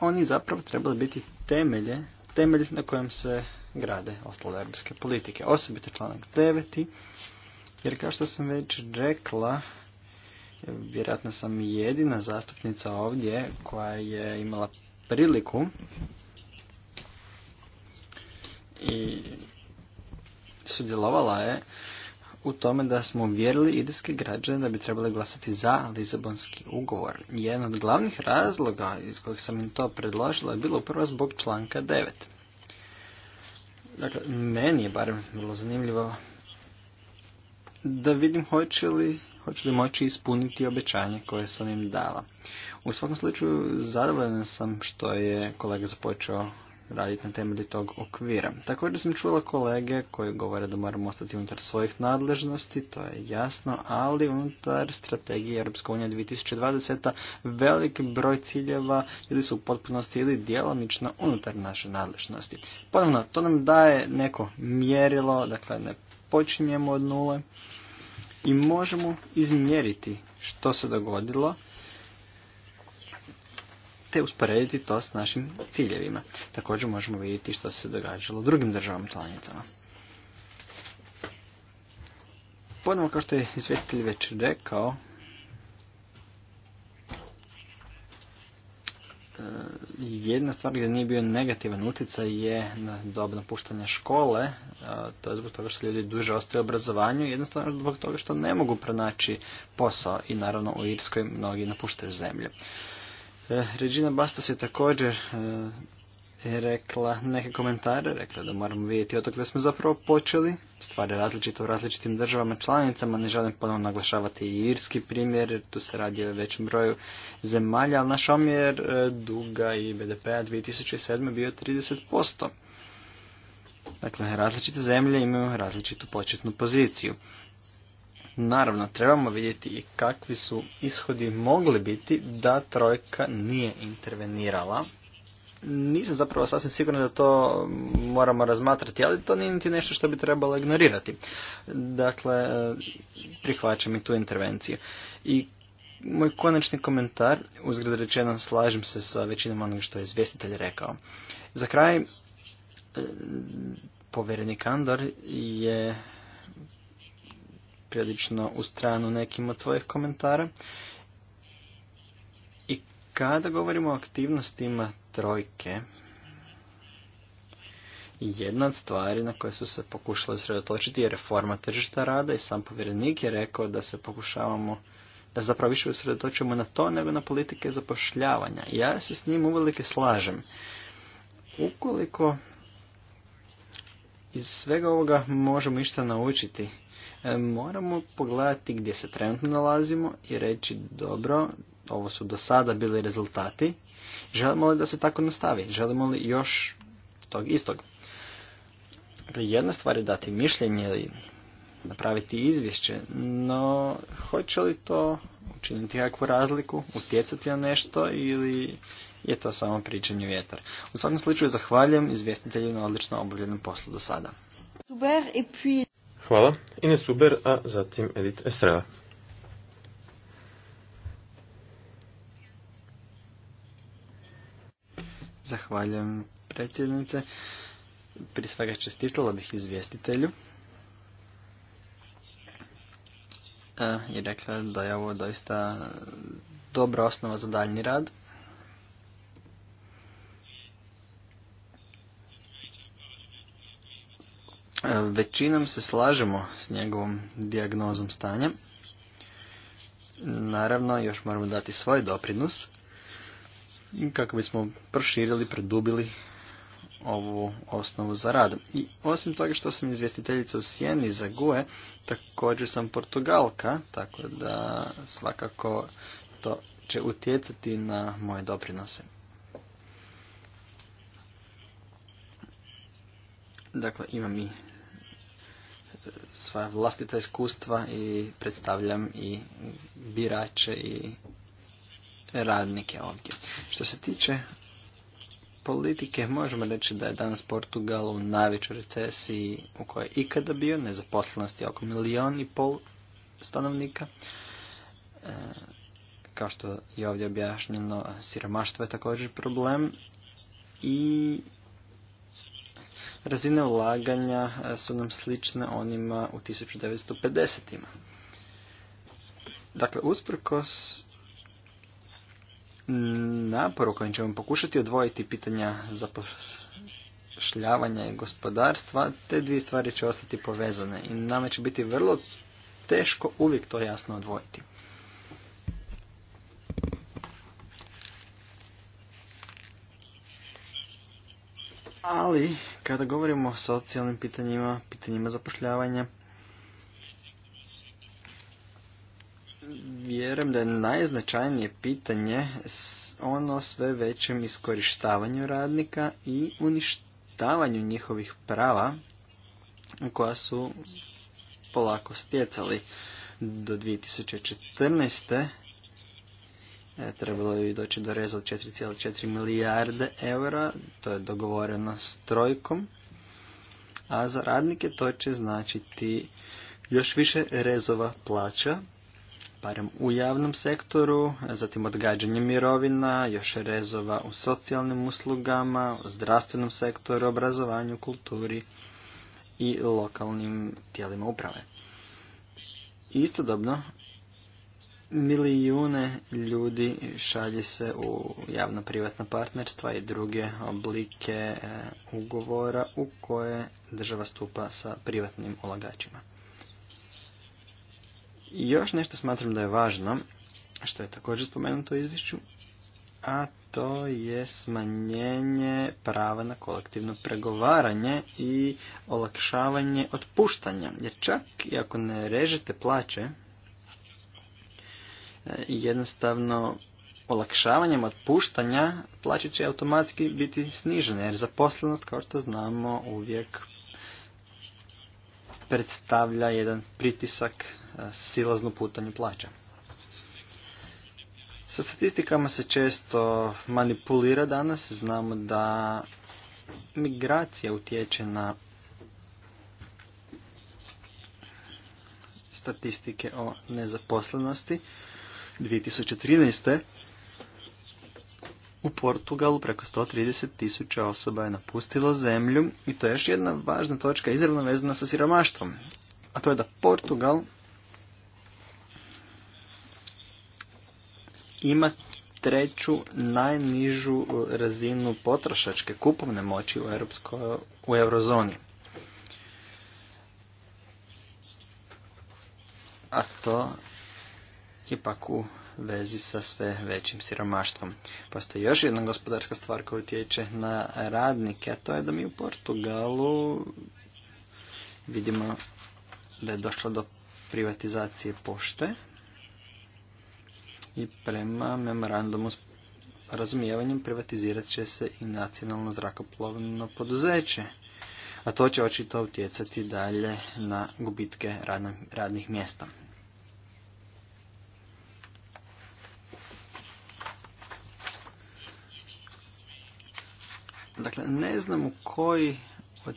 [SPEAKER 3] oni zapravo trebali biti temelje, temelj na kojem se grade ostale europske politike. Osobito članak 9. Jer kao što sam već rekla, vjerojatno sam jedina zastupnica ovdje koja je imala priliku i sudjelovala je u tome da smo uvjerili irske građane da bi trebali glasati za Lizabonski ugovor. Jedan od glavnih razloga iz kojeg sam im to predložila je bilo upravo zbog članka 9. Dakle, meni je barem bilo zanimljivo da vidim hoće li, hoće li moći ispuniti obećanje koje sam im dala. U svakom slučaju zadovoljan sam što je kolega započeo raditi na temelju tog okvira. Također sam čula kolege koji govore da moramo ostati unutar svojih nadležnosti, to je jasno, ali unutar strategije Europska unija 2020. velik broj ciljeva ili su u potpunosti ili djelomično unutar naše nadležnosti. Ponovno, to nam daje neko mjerilo, dakle ne počinjemo od nule i možemo izmjeriti što se dogodilo te usporediti to s našim ciljevima. Također možemo vidjeti što se događalo u drugim državama članicama. ponovno kao što je izvjetitelj već rekao, e, jedna stvar gdje nije bio negativan utjecaj je na dobu napuštanja škole, to je zbog toga što ljudi duže ostaju u obrazovanju, jednostavno zbog toga što ne mogu pronaći posao i naravno u Irskoj mnogi napuštaju zemlju. E, Regina Bastos je također e, rekla neke komentare, rekla da moramo vidjeti otok smo zapravo počeli. Stvari različite u različitim državama članicama, ne želim ponovno naglašavati i irski primjer, jer tu se radi o većem broju zemalja, ali naš omjer e, duga i BDP-a 2007. bio 30%. Dakle, različite zemlje imaju različitu početnu poziciju. Naravno, trebamo vidjeti i kakvi su ishodi mogli biti da trojka nije intervenirala. Nisam zapravo sasvim siguran da to moramo razmatrati, ali to nije niti nešto što bi trebalo ignorirati. Dakle, prihvaćam i tu intervenciju. I moj konačni komentar, uzgled rečeno, slažem se sa većinom onog što je izvjestitelj rekao. Za kraj, e, povjerenik Andor je prilično u stranu nekim od svojih komentara. I kada govorimo o aktivnostima trojke, jedna od stvari na koje su se pokušali usredotočiti je reforma tržišta rada i sam povjerenik je rekao da se pokušavamo da zapravo više usredotočujemo na to nego na politike zapošljavanja. Ja se s njim uvelike slažem. Ukoliko iz svega ovoga možemo išta naučiti, E, moramo pogledati gdje se trenutno nalazimo i reći dobro, ovo su do sada bili rezultati, želimo li da se tako nastavi, želimo li još tog istog. Jedna stvar je dati mišljenje ili napraviti izvješće, no hoće li to učiniti kakvu razliku, utjecati na nešto ili je to samo pričanje vjetar. U svakom slučaju zahvaljujem izvjestitelju na odlično obavljenom poslu do sada. Hvala. Ines Uber, a zatim Edith Estrela. Zahvaljujem predsjednice. Prije svega čestitala bih izvjestitelju. E, I rekla da je ovo doista dobra osnova za daljni rad. Većinom se slažemo s njegovom dijagnozom stanja. Naravno, još moramo dati svoj doprinos kako bismo proširili, produbili ovu osnovu za rad. I osim toga što sam izvjestiteljica u Sijeni za GUE, također sam Portugalka, tako da svakako to će utjecati na moje doprinose. Dakle, imam i svoja vlastita iskustva i predstavljam i birače i radnike ovdje. Što se tiče politike, možemo reći da je danas Portugal u najvećoj recesiji u kojoj je ikada bio, nezaposlenost je oko milijon i pol stanovnika. E, kao što je ovdje objašnjeno, siromaštvo je također problem i razine ulaganja e, su nam slične onima u 1950-ima. Dakle, usprkos naporu kojim ćemo pokušati odvojiti pitanja zapošljavanja i gospodarstva, te dvije stvari će ostati povezane i nama će biti vrlo teško uvijek to jasno odvojiti. Ali, kada govorimo o socijalnim pitanjima, pitanjima zapošljavanja, vjerujem da je najznačajnije pitanje ono sve većem iskorištavanju radnika i uništavanju njihovih prava koja su polako stjecali do 2014. E, trebalo bi doći do reza od 4,4 milijarde eura, to je dogovoreno s trojkom, a za radnike to će značiti još više rezova plaća, barem u javnom sektoru, zatim odgađanje mirovina, još rezova u socijalnim uslugama, u zdravstvenom sektoru, obrazovanju, kulturi i lokalnim tijelima uprave. Istodobno, milijune ljudi šalje se u javno-privatna partnerstva i druge oblike e, ugovora u koje država stupa sa privatnim ulagačima. Još nešto smatram da je važno, što je također spomenuto u izvješću, a to je smanjenje prava na kolektivno pregovaranje i olakšavanje otpuštanja. Jer čak i ako ne režete plaće, jednostavno olakšavanjem otpuštanja plaće će automatski biti snižene jer zaposlenost kao što znamo uvijek predstavlja jedan pritisak e, silaznu putanju plaća. Sa statistikama se često manipulira danas, znamo da migracija utječe na statistike o nezaposlenosti. 2013. U Portugalu preko 130 tisuća osoba je napustilo zemlju i to je još jedna važna točka izravno vezana sa siromaštvom. A to je da Portugal ima treću najnižu razinu potrošačke kupovne moći u, Europsko, u eurozoni. A to ipak u vezi sa sve većim siromaštvom. Postoji još jedna gospodarska stvar koja utječe na radnike, a to je da mi u Portugalu vidimo da je došlo do privatizacije pošte i prema memorandumu s razumijevanjem privatizirat će se i nacionalno zrakoplovno poduzeće a to će očito utjecati dalje na gubitke radnih mjesta. Ne znam u koji od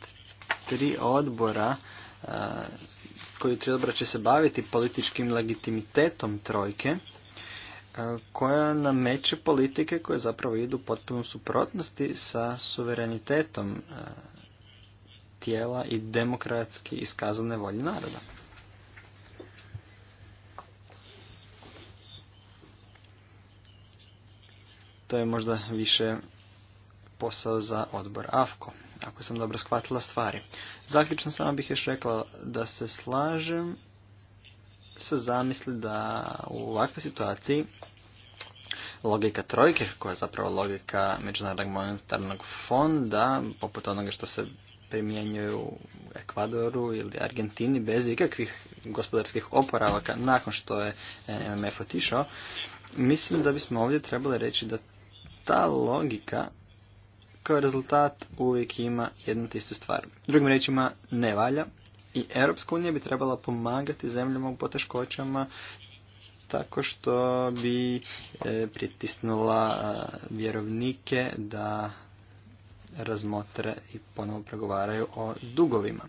[SPEAKER 3] tri odbora e, koji tri odbora će se baviti političkim legitimitetom trojke e, koja nameće politike koje zapravo idu potpuno suprotnosti sa suverenitetom e, tijela i demokratski iskazane volje naroda. To je možda više posao za odbor AFKO, ako sam dobro shvatila stvari. Zaključno samo bih još rekla da se slažem sa zamisli da u ovakvoj situaciji logika trojke, koja je zapravo logika Međunarodnog monetarnog fonda, poput onoga što se primjenjuju u Ekvadoru ili Argentini bez ikakvih gospodarskih oporavaka nakon što je MMF otišao, mislim da bismo ovdje trebali reći da ta logika kao rezultat uvijek ima jednu tistu stvar. Drugim riječima, ne valja i Europska unija bi trebala pomagati zemljama u poteškoćama tako što bi e, pritisnula e, vjerovnike da razmotre i ponovo pregovaraju o dugovima.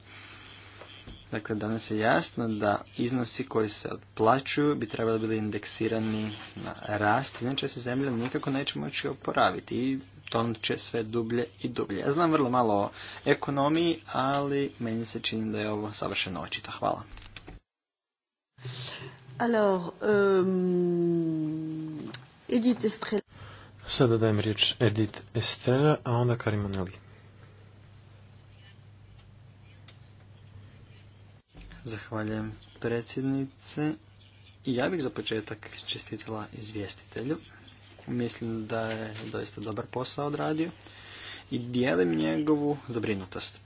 [SPEAKER 3] Dakle, danas je jasno da iznosi koji se otplaćuju bi trebali biti indeksirani na rast, inače se zemlja nikako neće moći oporaviti. I tonče sve dublje i dublje. Ja znam vrlo malo o ekonomiji, ali meni se čini da je ovo savršeno očito. Hvala.
[SPEAKER 1] Euh,
[SPEAKER 2] Sada dajem riječ Edith Estrella, a onda Karim
[SPEAKER 3] Zahvaljujem predsjednice. Ja bih za početak čestitila izvjestitelju. Mislim da je doista dobar posao odradio i dijelim njegovu zabrinutost.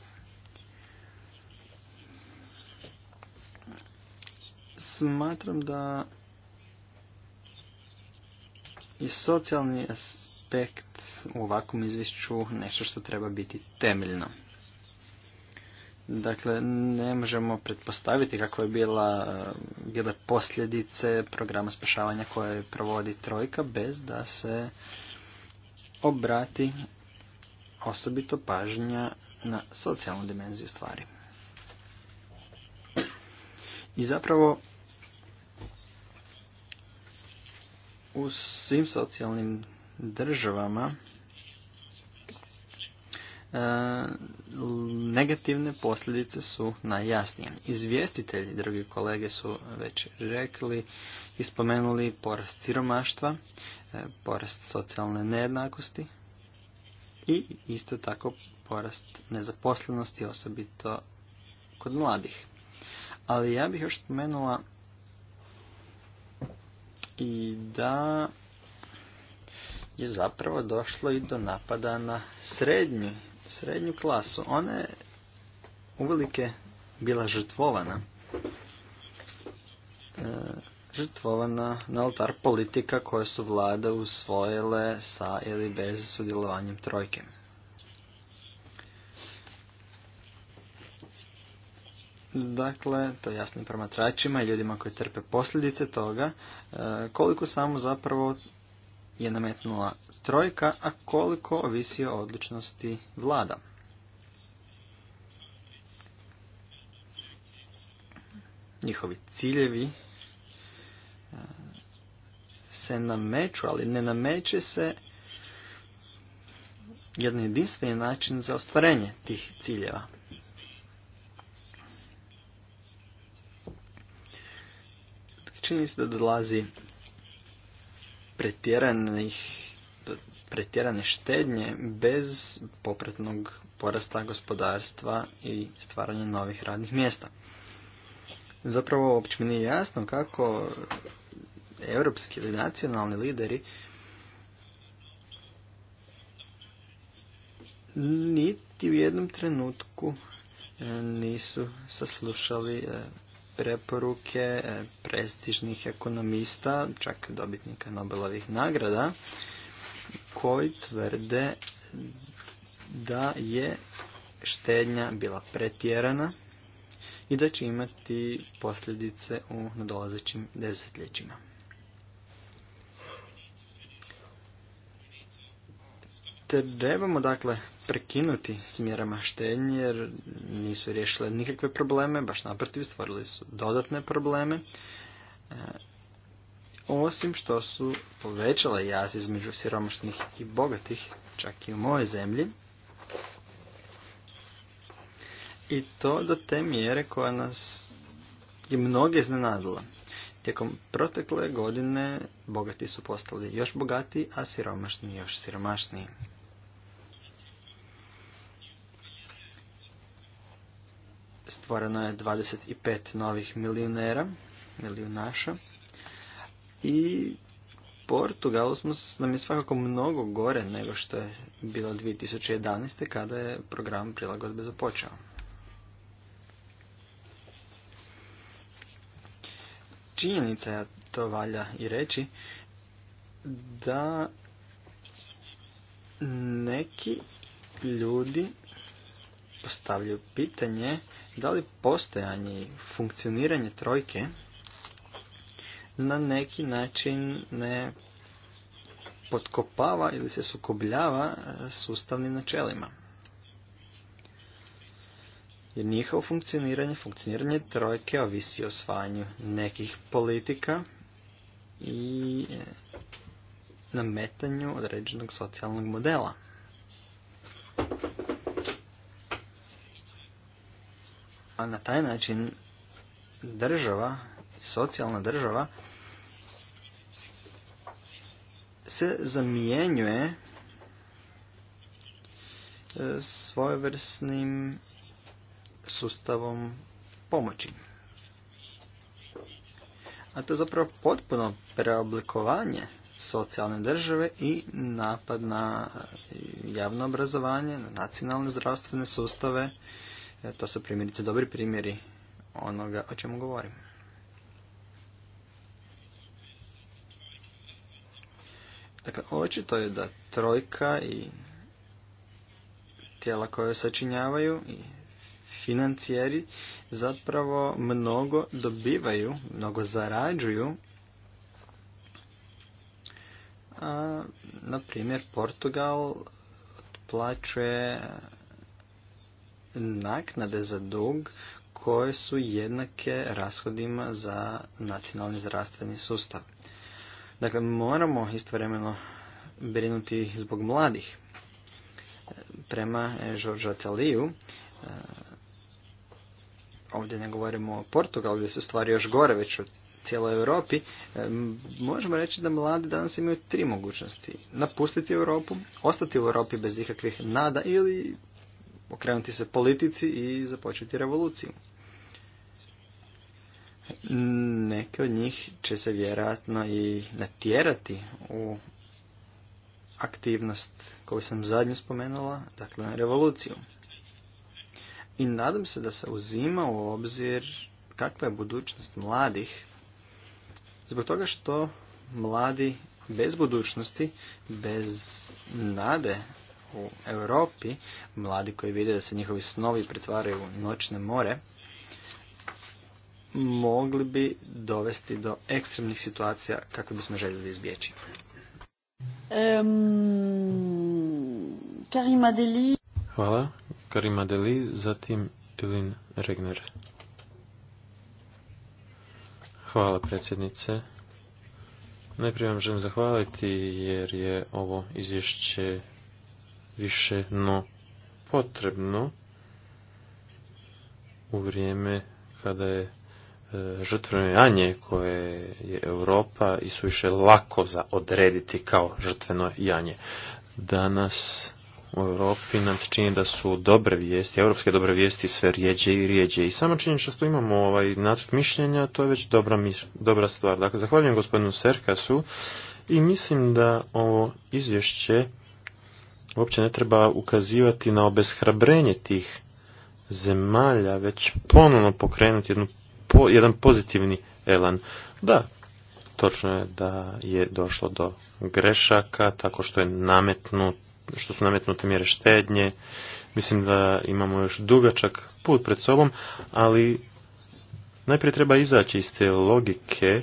[SPEAKER 3] Smatram da i socijalni aspekt u ovakvom izvješću nešto što treba biti temeljno. Dakle, ne možemo pretpostaviti kako je bila, eh, bile posljedice programa spašavanja koje provodi Trojka bez da se obrati osobito pažnja na socijalnu dimenziju stvari. I zapravo u svim socijalnim državama negativne posljedice su najjasnije. Izvjestitelji, drugi kolege su već rekli i spomenuli porast siromaštva, e, porast socijalne nejednakosti i isto tako porast nezaposlenosti, osobito kod mladih. Ali ja bih još spomenula i da je zapravo došlo i do napada na srednji srednju klasu. Ona je uvelike bila žrtvovana. E, žrtvovana na oltar politika koje su vlade usvojile sa ili bez sudjelovanjem trojke. Dakle, to jasnim jasno promatračima i ljudima koji trpe posljedice toga, e, koliko samo zapravo je nametnula trojka, a koliko ovisi o odličnosti vlada. Njihovi ciljevi e, se nameću, ali ne nameće se jedan jedinstveni način za ostvarenje tih ciljeva. Čini se da dolazi pretjeranih pretjerane štednje bez popretnog porasta gospodarstva i stvaranja novih radnih mjesta. Zapravo uopće mi nije jasno kako europski ili nacionalni lideri niti u jednom trenutku e, nisu saslušali e, preporuke e, prestižnih ekonomista, čak dobitnika Nobelovih nagrada, koji tvrde da je štednja bila pretjerana i da će imati posljedice u nadolazećim desetljećima. Trebamo dakle prekinuti s mjerama štednje jer nisu riješile nikakve probleme, baš naprotiv stvorili su dodatne probleme e, osim što su povećale jaz između siromašnih i bogatih, čak i u moje zemlji. I to do te mjere koja nas je mnoge iznenadila. Tijekom protekle godine bogati su postali još bogatiji, a siromašni još siromašniji. Stvoreno je 25 novih milionera, milijunaša, i Portugal smo, nam je svakako mnogo gore nego što je bilo 2011. kada je program prilagodbe započeo. Činjenica je, to valja i reći, da neki ljudi postavljaju pitanje da li postojanje i funkcioniranje trojke na neki način ne potkopava ili se sukobljava e, sustavnim načelima. Jer njihovo funkcioniranje, funkcioniranje trojke ovisi o svanju nekih politika i e, nametanju određenog socijalnog modela. A na taj način država, socijalna država, se zamjenjuje e, svojevrsnim sustavom pomoći. A to je zapravo potpuno preoblikovanje socijalne države i napad na javno obrazovanje, na nacionalne zdravstvene sustave. E, to su primjerice dobri primjeri onoga o čemu govorim. Dakle, očito je da trojka i tijela koje sačinjavaju i financijeri zapravo mnogo dobivaju, mnogo zarađuju. A, na primjer, Portugal plaćuje naknade za dug koje su jednake rashodima za nacionalni zdravstveni sustav. Dakle, moramo istovremeno brinuti zbog mladih. E, prema Žorža e, Taliju, e, ovdje ne govorimo o Portugalu, gdje se stvari još gore, već u cijeloj Europi, možemo reći da mladi danas imaju tri mogućnosti. Napustiti Europu, ostati u Europi bez ikakvih nada ili okrenuti se politici i započeti revoluciju. Neke od njih će se vjerojatno i natjerati u aktivnost koju sam zadnju spomenula, dakle na revoluciju. I nadam se da se uzima u obzir kakva je budućnost mladih, zbog toga što mladi bez budućnosti, bez nade u Europi, mladi koji vide da se njihovi snovi pretvaraju u noćne more, mogli bi dovesti do ekstremnih situacija kako bismo željeli izbjeći. Um,
[SPEAKER 1] Karima Deli.
[SPEAKER 2] Hvala. Karima Deli, zatim Ilin Regner. Hvala predsjednice. Najprije vam želim zahvaliti jer je ovo izvješće više no potrebno u vrijeme kada je E, žrtveno janje koje je Europa i više lako za odrediti kao žrtveno janje. Danas u Europi nam čini da su dobre vijesti, europske dobre vijesti sve rijeđe i rijeđe. I samo čini što imamo ovaj nacrt mišljenja, to je već dobra, dobra stvar. Dakle, zahvaljujem gospodinu Serkasu i mislim da ovo izvješće uopće ne treba ukazivati na obeshrabrenje tih zemalja, već ponovno pokrenuti jednu po, jedan pozitivni elan. Da, točno je da je došlo do grešaka, tako što je nametnut što su nametnute mjere štednje. Mislim da imamo još dugačak put pred sobom, ali najprije treba izaći iz te logike,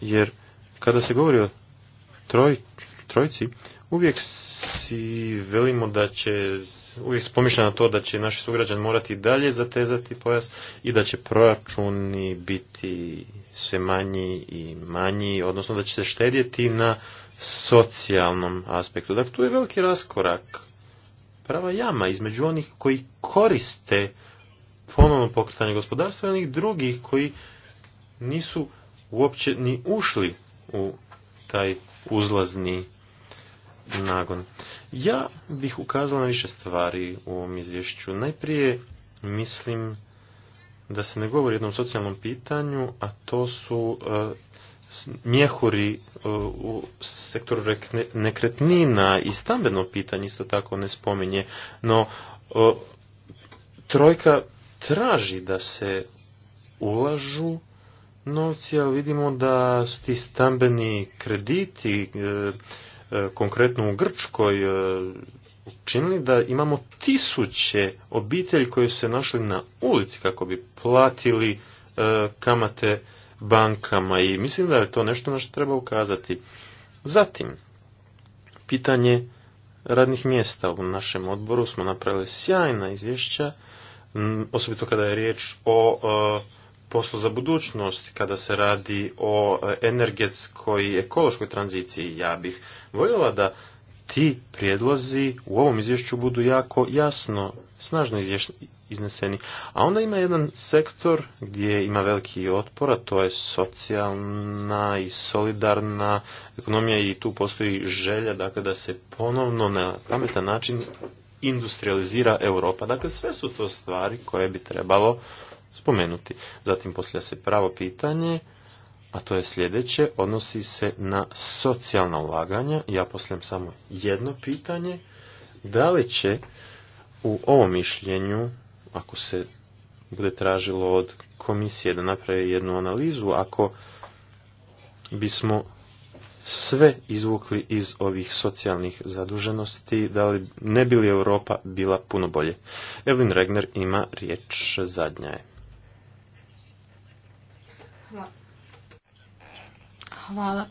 [SPEAKER 2] jer kada se govori o trojci, uvijek si velimo da će uvijek spomišljam na to da će naši sugrađani morati dalje zatezati pojas i da će proračuni biti sve manji i manji, odnosno da će se štedjeti na socijalnom aspektu. Dakle, tu je veliki raskorak, prava jama između onih koji koriste ponovno pokretanje gospodarstva i onih drugih koji nisu uopće ni ušli u taj uzlazni nagon. Ja bih ukazala na više stvari u ovom izvješću. Najprije mislim da se ne govori o jednom socijalnom pitanju, a to su e, mjehuri e, u sektoru nekretnina i stambeno pitanje isto tako ne spominje. No, e, trojka traži da se ulažu novci, ali vidimo da su ti stambeni krediti E, konkretno u Grčkoj učinili e, da imamo tisuće obitelji koje su se našli na ulici kako bi platili e, kamate bankama i mislim da je to nešto na što treba ukazati. Zatim, pitanje radnih mjesta u našem odboru smo napravili sjajna izvješća, osobito kada je riječ o poslu za budućnost kada se radi o e, energetskoj i ekološkoj tranziciji. Ja bih voljela da ti prijedlozi u ovom izvješću budu jako jasno, snažno izneseni. A onda ima jedan sektor gdje ima veliki otpor, a to je socijalna i solidarna ekonomija i tu postoji želja dakle, da se ponovno na pametan način industrializira Europa. Dakle, sve su to stvari koje bi trebalo spomenuti. Zatim poslija se pravo pitanje, a to je sljedeće, odnosi se na socijalna ulaganja. Ja postavljam samo jedno pitanje. Da li će u ovom mišljenju, ako se bude tražilo od komisije da napravi jednu analizu, ako bismo sve izvukli iz ovih socijalnih zaduženosti, da li ne bi li Europa bila puno bolje. Evelyn Regner ima riječ zadnja je.
[SPEAKER 4] Hvala.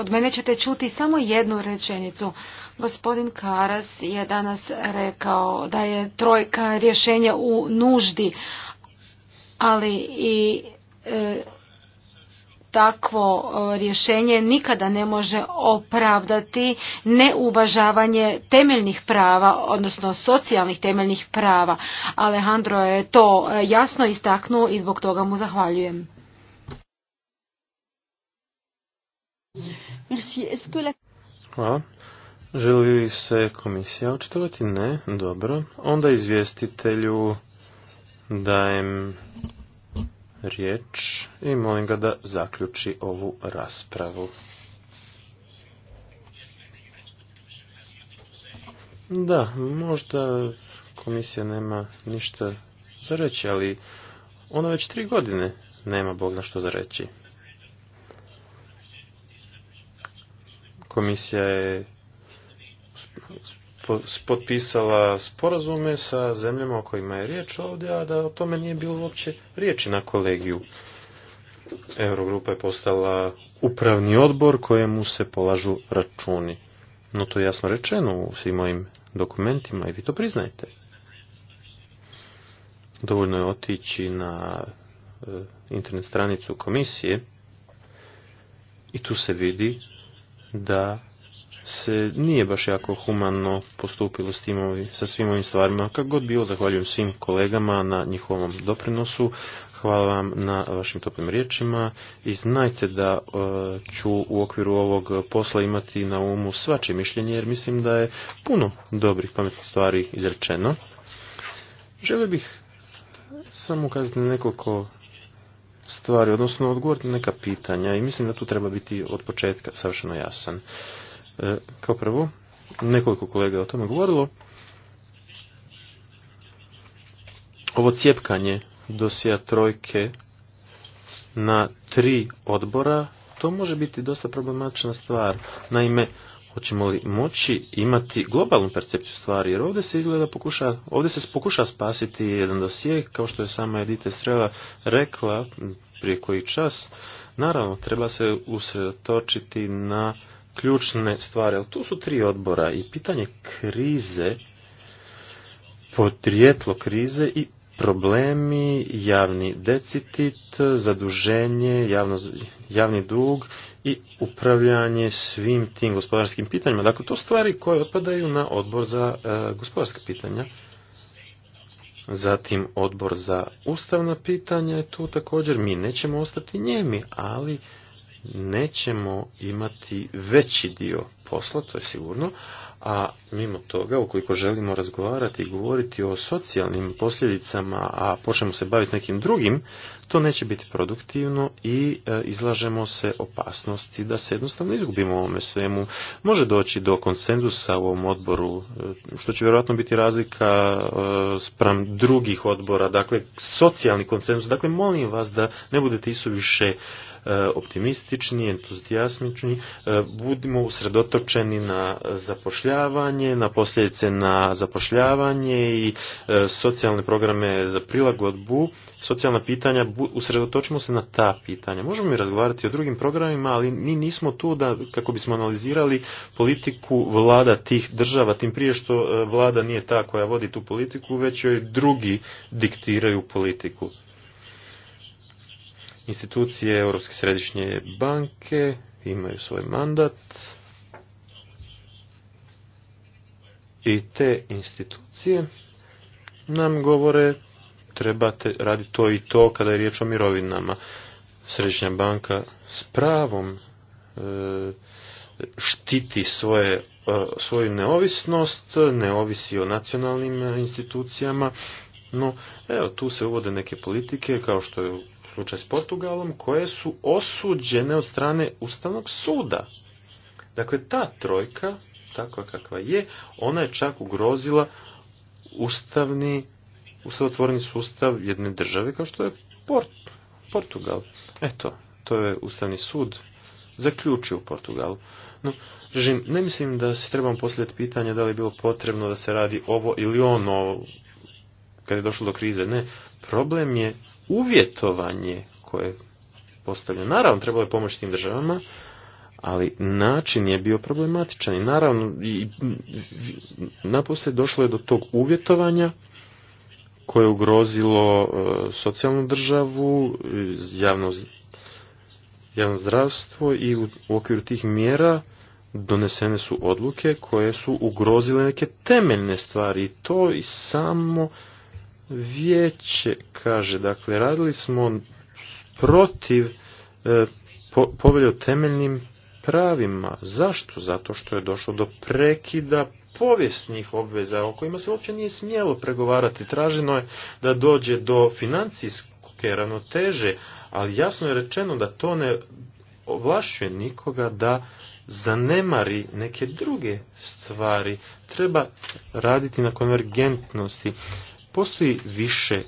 [SPEAKER 4] Od mene ćete čuti samo jednu rečenicu. Gospodin Karas je danas rekao da je trojka rješenja u nuždi, ali i e, takvo e, rješenje nikada ne može opravdati neuvažavanje temeljnih prava, odnosno socijalnih temeljnih prava. Alejandro je to e, jasno istaknuo i zbog toga mu zahvaljujem.
[SPEAKER 2] Hvala. Želi li se komisija očitovati? Ne. Dobro. Onda izvjestitelju dajem riječ i molim ga da zaključi ovu raspravu. Da, možda komisija nema ništa za reći, ali ona već tri godine nema Bog na što za reći. Komisija je potpisala sporazume sa zemljama o kojima je riječ ovdje, a da o tome nije bilo uopće riječi na kolegiju. Eurogrupa je postala upravni odbor kojemu se polažu računi. No to je jasno rečeno u svim mojim dokumentima i vi to priznajte. Dovoljno je otići na e, internet stranicu komisije i tu se vidi da se nije baš jako humano postupilo sa svim ovim stvarima. Kako god bilo, zahvaljujem svim kolegama na njihovom doprinosu. Hvala vam na vašim toplim riječima i znajte da e, ću u okviru ovog posla imati na umu svačije mišljenje jer mislim da je puno dobrih pametnih stvari izrečeno. Želio bih samo ukazati nekoliko stvari, odnosno odgovoriti na neka pitanja i mislim da tu treba biti od početka savršeno jasan. E, kao prvo, nekoliko kolega je o tome govorilo, ovo cijepkanje dosija trojke na tri odbora, to može biti dosta problematična stvar. Naime, Hoćemo li moći imati globalnu percepciju stvari? Jer ovdje se izgleda pokuša, ovdje se pokuša spasiti jedan dosije, kao što je sama Edite Strela rekla prije koji čas. Naravno, treba se usredotočiti na ključne stvari, ali tu su tri odbora i pitanje krize, podrijetlo krize i problemi, javni decitit, zaduženje, javno, javni dug i upravljanje svim tim gospodarskim pitanjima. Dakle, to stvari koje otpadaju na odbor za e, gospodarska pitanja. Zatim odbor za ustavna pitanja je tu također. Mi nećemo ostati njemi, ali nećemo imati veći dio posla, to je sigurno, a mimo toga, ukoliko želimo razgovarati i govoriti o socijalnim posljedicama, a počnemo se baviti nekim drugim, to neće biti produktivno i e, izlažemo se opasnosti da se jednostavno izgubimo ovome svemu. Može doći do konsenzusa u ovom odboru, e, što će vjerojatno biti razlika e, spram drugih odbora, dakle socijalni konsenzus. Dakle, molim vas da ne budete isuviše više E, optimistični, entuzijasmični, e, budimo usredotočeni na zapošljavanje, na posljedice na zapošljavanje i e, socijalne programe za prilagodbu, socijalna pitanja, usredotočimo se na ta pitanja. Možemo i razgovarati o drugim programima, ali mi nismo tu da, kako bismo analizirali politiku vlada tih država, tim prije što vlada nije ta koja vodi tu politiku, već joj drugi diktiraju politiku. Institucije Europske središnje banke imaju svoj mandat i te institucije nam govore trebate raditi to i to kada je riječ o mirovinama. Središnja banka s pravom e, štiti svoje, e, svoju neovisnost, ne ovisi o nacionalnim e, institucijama, no evo tu se uvode neke politike kao što je slučaj s Portugalom, koje su osuđene od strane Ustavnog suda. Dakle, ta trojka, takva kakva je, ona je čak ugrozila ustavni, ustavotvorni sustav jedne države kao što je Portugal. Eto, to je Ustavni sud zaključio u Portugalu. No, režim, ne mislim da se trebamo posljeti pitanje da li je bilo potrebno da se radi ovo ili ono kad je došlo do krize. Ne, problem je uvjetovanje koje postavljeno. Naravno, trebalo je pomoći tim državama, ali način je bio problematičan i naravno i, došlo je do tog uvjetovanja koje je ugrozilo e, socijalnu državu, javno, javno zdravstvo i u okviru tih mjera donesene su odluke koje su ugrozile neke temeljne stvari i to i samo Vijeće kaže, dakle, radili smo protiv e, povelje o temeljnim pravima. Zašto? Zato što je došlo do prekida povijesnih obveza o kojima se uopće nije smjelo pregovarati. Traženo je da dođe do financijske ravnoteže, ali jasno je rečeno da to ne ovlašuje nikoga da zanemari neke druge stvari. Treba raditi na konvergentnosti. Postoji više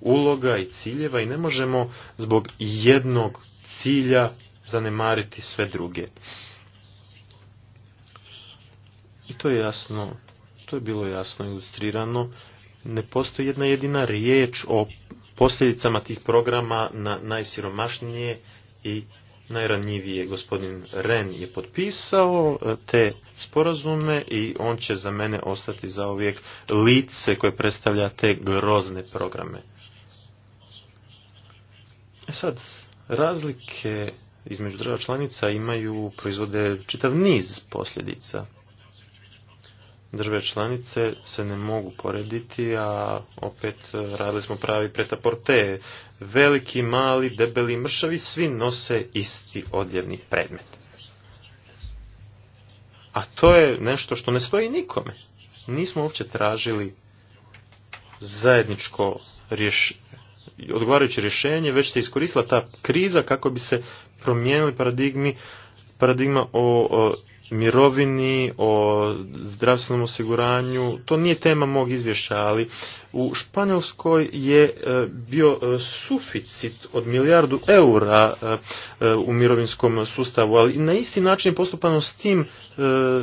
[SPEAKER 2] uloga i ciljeva i ne možemo zbog jednog cilja zanemariti sve druge. I to je jasno, to je bilo jasno ilustrirano. Ne postoji jedna jedina riječ o posljedicama tih programa na najsiromašnije i najranjivije gospodin Ren je potpisao e, te sporazume i on će za mene ostati za uvijek lice koje predstavlja te grozne programe. E sad, razlike između država članica imaju, proizvode čitav niz posljedica države članice se ne mogu porediti, a opet e, radili smo pravi pretaporte. Veliki, mali, debeli, mršavi, svi nose isti odljevni predmet. A to je nešto što ne stoji nikome. Nismo uopće tražili zajedničko rješenje, odgovarajuće rješenje, već se iskoristila ta kriza kako bi se promijenili paradigmi, paradigma o mirovini, o zdravstvenom osiguranju. To nije tema mog izvješća, ali u Španjolskoj je e, bio e, suficit od milijardu eura e, u mirovinskom sustavu, ali na isti način je postupano s tim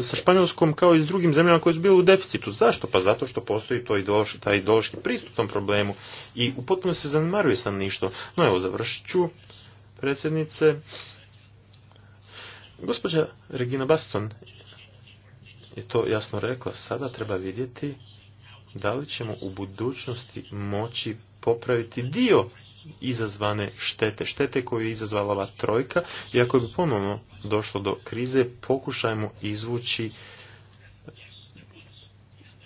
[SPEAKER 2] sa Španjolskom kao i s drugim zemljama koje su bile u deficitu. Zašto? Pa zato što postoji to ideološki, taj ideološki pristup tom problemu i u potpuno se zanemaruje sam ništo. No evo, završit ću predsjednice. Gospođa Regina Baston je to jasno rekla, sada treba vidjeti da li ćemo u budućnosti moći popraviti dio izazvane štete, štete koju je izazvala ova trojka i ako bi ponovno došlo do krize, pokušajmo izvući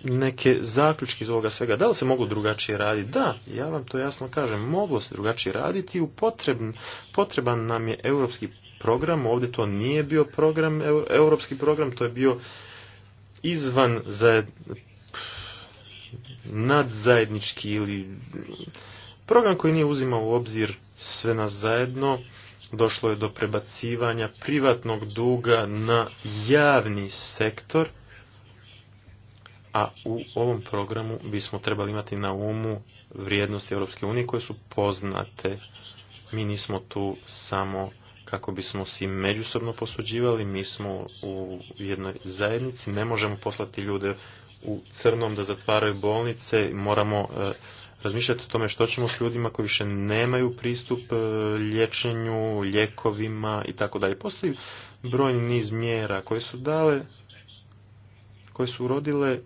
[SPEAKER 2] neke zaključke iz ovoga svega. Da li se moglo drugačije raditi? Da, ja vam to jasno kažem, moglo se drugačije raditi potreban, potreban nam je europski program, ovdje to nije bio program, europski program, to je bio izvan za nadzajednički ili program koji nije uzimao u obzir sve nas zajedno, došlo je do prebacivanja privatnog duga na javni sektor, a u ovom programu bismo trebali imati na umu vrijednosti Europske unije koje su poznate. Mi nismo tu samo kako bismo si međusobno posuđivali, mi smo u jednoj zajednici, ne možemo poslati ljude u crnom da zatvaraju bolnice, moramo e, razmišljati o tome što ćemo s ljudima koji više nemaju pristup e, liječenju, lijekovima i tako dalje. Postoji brojni niz mjera koje su dale, koje su urodile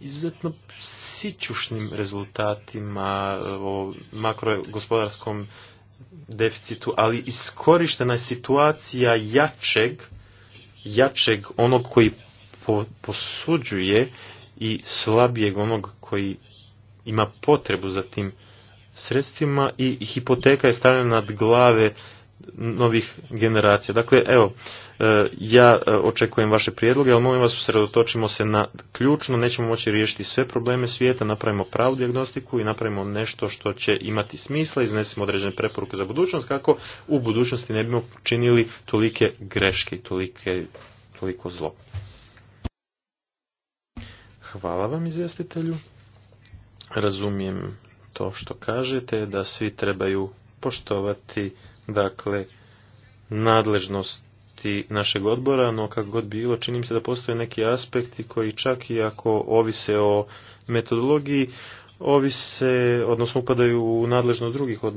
[SPEAKER 2] izuzetno sićušnim rezultatima, e, o makrogospodarskom deficitu, ali iskorištena je situacija jačeg, jačeg onog koji posuđuje i slabijeg onog koji ima potrebu za tim sredstvima i hipoteka je stavljena nad glave novih generacija. Dakle, evo, e, ja e, očekujem vaše prijedloge, ali molim vas usredotočimo se na ključno, nećemo moći riješiti sve probleme svijeta, napravimo pravu diagnostiku i napravimo nešto što će imati smisla, iznesimo određene preporuke za budućnost, kako u budućnosti ne bimo činili tolike greške i toliko zlo. Hvala vam izvjestitelju. Razumijem to što kažete, da svi trebaju poštovati dakle, nadležnosti našeg odbora, no kako god bilo, čini mi se da postoje neki aspekti koji čak i ako ovise o metodologiji, ovise, odnosno upadaju u nadležnost drugih, od,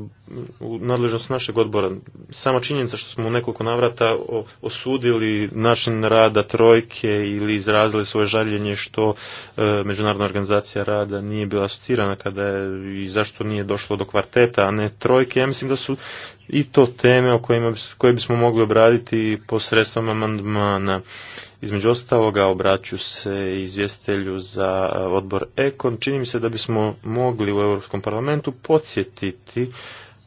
[SPEAKER 2] u nadležnost našeg odbora. Sama činjenica što smo u nekoliko navrata osudili način rada trojke ili izrazili svoje žaljenje što e, Međunarodna organizacija rada nije bila asocirana kada je i zašto nije došlo do kvarteta, a ne trojke. Ja mislim da su i to teme o kojima, koje bismo mogli obraditi posredstvom amandmana. Između ostaloga obraću se izvjestelju za eh, odbor Ekon. Čini mi se da bismo mogli u Europskom parlamentu podsjetiti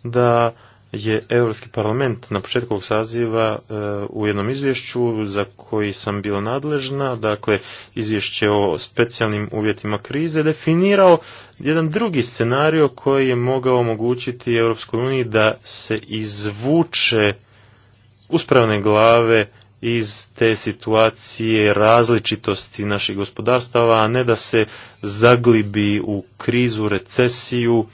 [SPEAKER 2] da je Europski parlament na početku ovog saziva eh, u jednom izvješću za koji sam bila nadležna, dakle izvješće o specijalnim uvjetima krize, definirao jedan drugi scenario koji je mogao omogućiti Europskoj uniji da se izvuče uspravne glave iz te situacije različitosti naših gospodarstava, a ne da se zaglibi u krizu, recesiju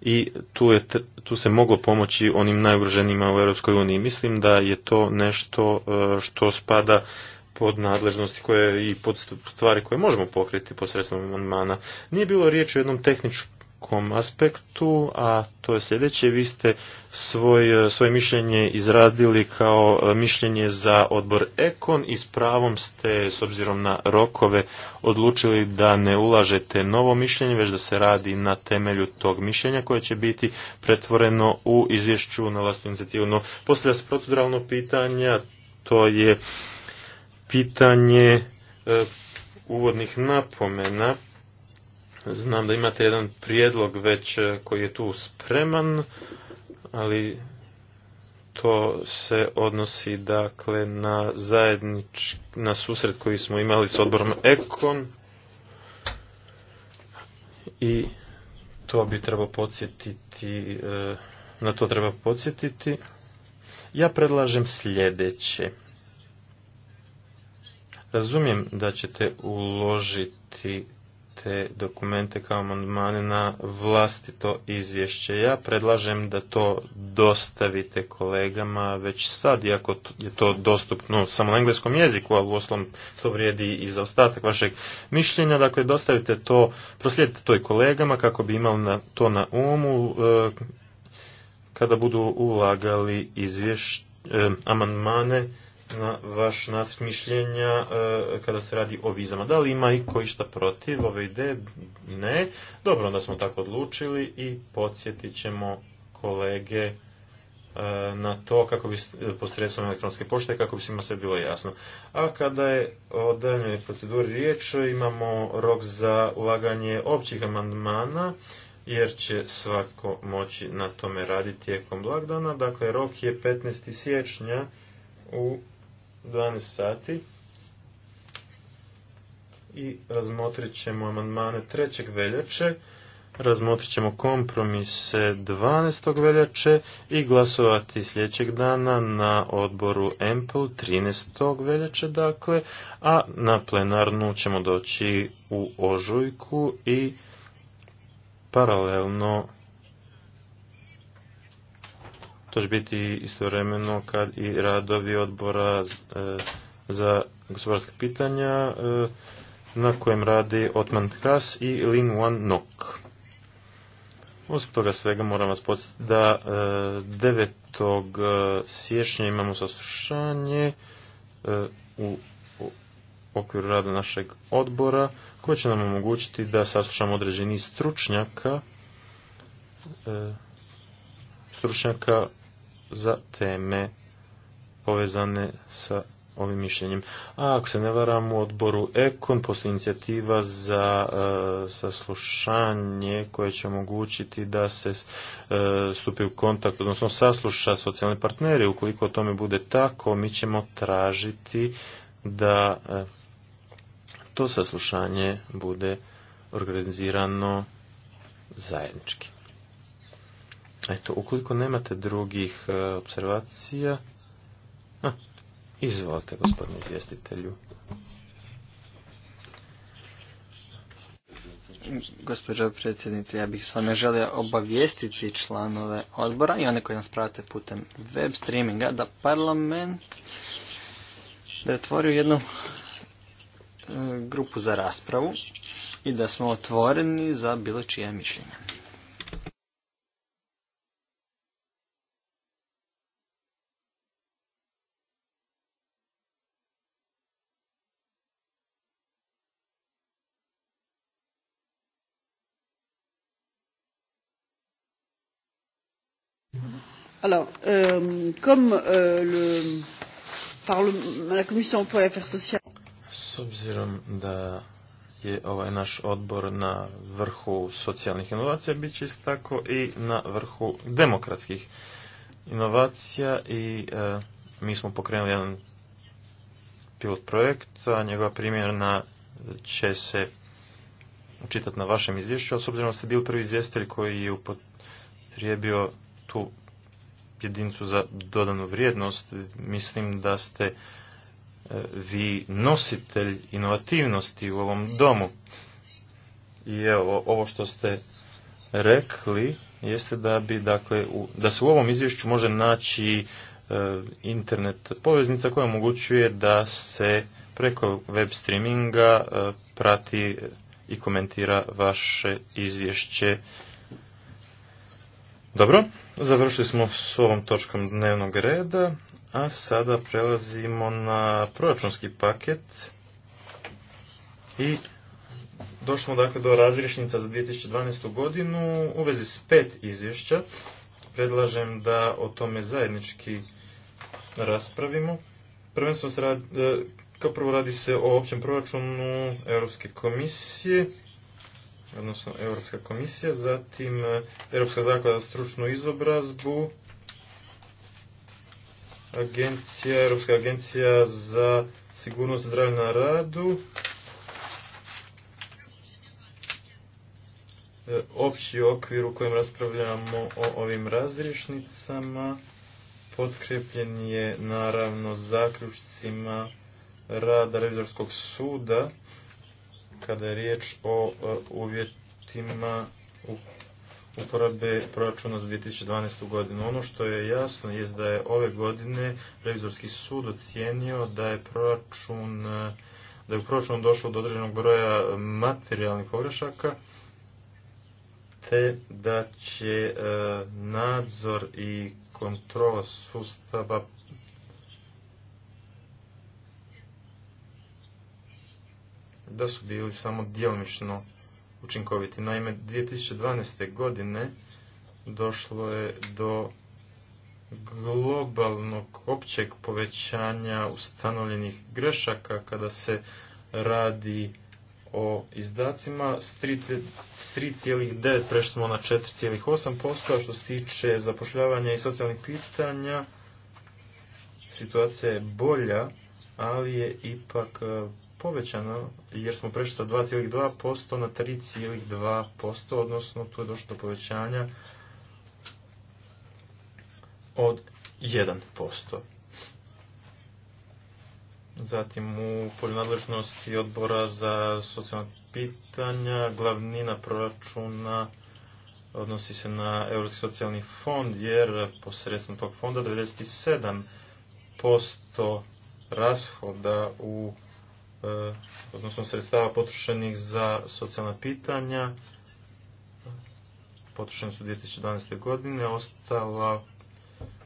[SPEAKER 2] i tu, je, tu se moglo pomoći onim najugroženijima u Europskoj uniji. Mislim da je to nešto e, što spada pod nadležnosti koje i pod stvari koje možemo pokriti posredstvom amandmana. Nije bilo riječ o jednom tehničkom nekom aspektu, a to je sljedeće. Vi ste svoj, e, svoje mišljenje izradili kao e, mišljenje za odbor Ekon i s pravom ste, s obzirom na rokove, odlučili da ne ulažete novo mišljenje, već da se radi na temelju tog mišljenja koje će biti pretvoreno u izvješću na vlastnu inicijativu. No, postavlja se pitanje, to je pitanje e, uvodnih napomena Znam da imate jedan prijedlog već e, koji je tu spreman, ali to se odnosi dakle na zajednički, na susret koji smo imali s odborom Ekon i to bi trebao podsjetiti, e, na to treba podsjetiti. Ja predlažem sljedeće. Razumijem da ćete uložiti te dokumente kao amandmane na vlastito izvješće. Ja predlažem da to dostavite kolegama već sad, iako je to dostupno samo na engleskom jeziku, ali u to vrijedi i za ostatak vašeg mišljenja. Dakle, dostavite to, proslijedite to i kolegama kako bi imali na, to na umu e, kada budu ulagali izvješće, amandmane na vaš nacrt mišljenja e, kada se radi o vizama. Da li ima i koji šta protiv ove ideje? Ne. Dobro, onda smo tako odlučili i podsjetit ćemo kolege e, na to kako bi posredstvom elektronske pošte kako bi svima sve bilo jasno. A kada je o daljnjoj proceduri riječ, imamo rok za ulaganje općih amandmana jer će svatko moći na tome raditi tijekom blagdana. Dakle, rok je 15. siječnja u 12 sati i razmotrit ćemo amandmane 3. veljače, razmotrit ćemo kompromise 12. veljače i glasovati sljedećeg dana na odboru EMPL 13. veljače, dakle, a na plenarnu ćemo doći u ožujku i paralelno to će biti istovremeno kad i radovi odbora e, za gospodarske pitanja e, na kojem radi Otman Kras i Lin Wan Nok. Osim toga svega moram vas podsjetiti da 9. E, siječnja imamo saslušanje u okviru rada našeg odbora koje će nam omogućiti da saslušamo određeni stručnjaka stručnjaka za teme povezane sa ovim mišljenjem. A ako se ne varam u odboru Ekon postoji inicijativa za e, saslušanje koje će omogućiti da se e, stupi u kontakt, odnosno sasluša socijalne partnere. Ukoliko tome bude tako, mi ćemo tražiti da e, to saslušanje bude organizirano zajednički. Eto, ukoliko nemate drugih e, observacija... izvolite, gospodine izvjestitelju.
[SPEAKER 3] Gospođo predsjednice, ja bih samo želio obavijestiti članove odbora i one koji nas prate putem web streaminga da parlament da je otvorio jednu e, grupu za raspravu i da smo otvoreni za bilo čije mišljenje.
[SPEAKER 1] comme
[SPEAKER 2] S obzirom da je ovaj naš odbor na vrhu socijalnih inovacija, bit će tako i na vrhu demokratskih inovacija i e, mi smo pokrenuli jedan pilot projekt, a njegova primjerna će se učitati na vašem izvješću, a s obzirom da ste bili prvi izvjestitelj koji je upotrijebio tu jedinicu za dodanu vrijednost, mislim da ste e, vi nositelj inovativnosti u ovom domu. I evo, ovo što ste rekli jeste da bi, dakle, da se u ovom izvješću može naći e, internet poveznica koja omogućuje da se preko web streaminga e, prati i komentira vaše izvješće dobro, završili smo s ovom točkom dnevnog reda, a sada prelazimo na proračunski paket i došli smo dakle do razrišnica za 2012. godinu u vezi s pet izvješća. Predlažem da o tome zajednički raspravimo. Prvenstveno se radi, e, kao prvo radi se o općem proračunu Europske komisije odnosno Europska komisija, zatim e, Europska zaklada za stručnu izobrazbu, agencija, Europska agencija za sigurnost zdravlja na radu, e, opći okvir u kojem raspravljamo o ovim razrišnicama, potkrepljen je naravno zaključcima rada revizorskog suda kada je riječ o e, uvjetima uporabe proračuna za 2012. godinu. Ono što je jasno je da je ove godine revizorski sud ocijenio da je proračun e, da je u proračunu došlo do određenog broja materijalnih pogrešaka te da će e, nadzor i kontrola sustava da su bili samo djelomično učinkoviti. Naime, 2012. godine došlo je do globalnog općeg povećanja ustanovljenih grešaka kada se radi o izdacima s 3,9 prešli smo na 4,8%, a što se tiče zapošljavanja i socijalnih pitanja situacija je bolja, ali je ipak povećano jer smo prešli sa 2,2% na 3,2%, odnosno tu je došlo do povećanja od 1%. Zatim u poljonadležnosti odbora za socijalna pitanja glavnina proračuna odnosi se na Europski socijalni fond jer posredstvom tog fonda 97% rashoda u E, odnosno sredstava potrošenih za socijalna pitanja potrošeni su 2012. godine, ostala,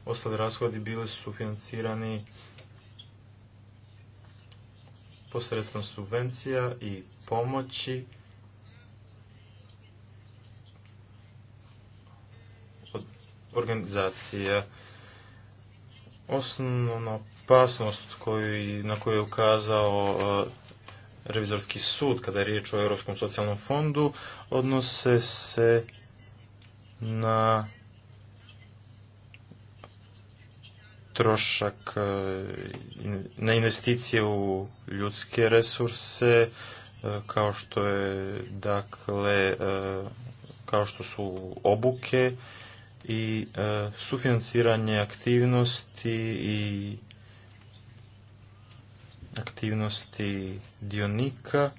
[SPEAKER 2] ostali rashodi bili su financirani posredstvom subvencija i pomoći od organizacija. Osnovno opasnost koju, na koju je ukazao e, revizorski sud kada je riječ o Europskom socijalnom fondu odnose se na trošak e, na investicije u ljudske resurse e, kao što je dakle kao što su obuke i sufinanciranje aktivnosti i aktivnosti dionika,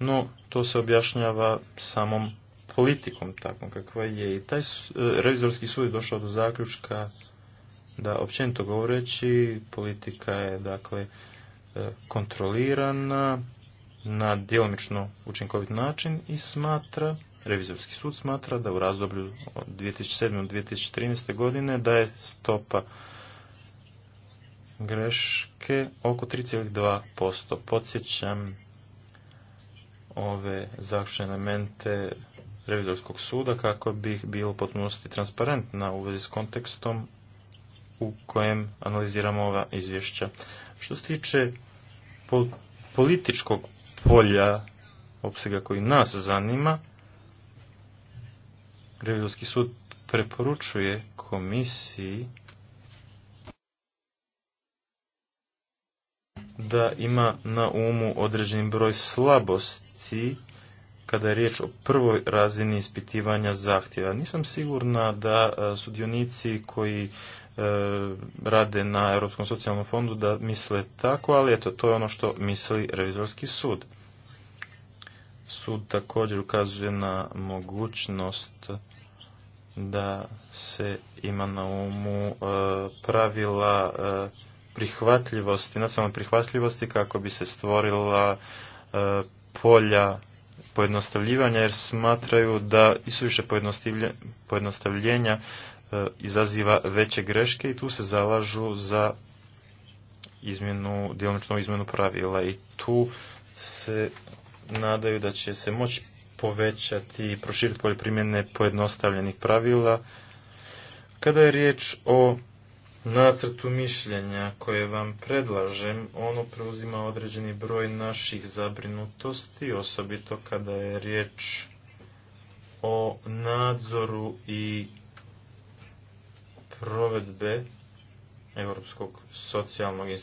[SPEAKER 2] no to se objašnjava samom politikom takvom kakva je. I taj e, revizorski sud je došao do zaključka da općenito govoreći politika je dakle e, kontrolirana na djelomično učinkovit način i smatra, revizorski sud smatra da u razdoblju od 2007. do 2013. godine da je stopa greške oko 3,2%. Podsjećam ove završene elemente revizorskog suda kako bi bilo potpunosti transparentna u vezi s kontekstom u kojem analiziramo ova izvješća. Što se tiče političkog polja opsega koji nas zanima, revizorski sud preporučuje komisiji da ima na umu određeni broj slabosti kada je riječ o prvoj razini ispitivanja zahtjeva. Nisam sigurna da e, sudionici koji e, rade na Europskom socijalnom fondu da misle tako, ali eto, to je ono što misli revizorski sud. Sud također ukazuje na mogućnost da se ima na umu e, pravila prihvatljivosti, nacionalne prihvatljivosti kako bi se stvorila e, polja pojednostavljivanja jer smatraju da isuviše pojednostavljenja e, izaziva veće greške i tu se zalažu za izmjenu, djelomično izmjenu pravila i tu se nadaju da će se moći povećati i proširiti polje primjene pojednostavljenih pravila. Kada je riječ o nacrtu mišljenja koje vam predlažem, ono preuzima određeni broj naših zabrinutosti, osobito kada je riječ o nadzoru i provedbe Europskog socijalnog e,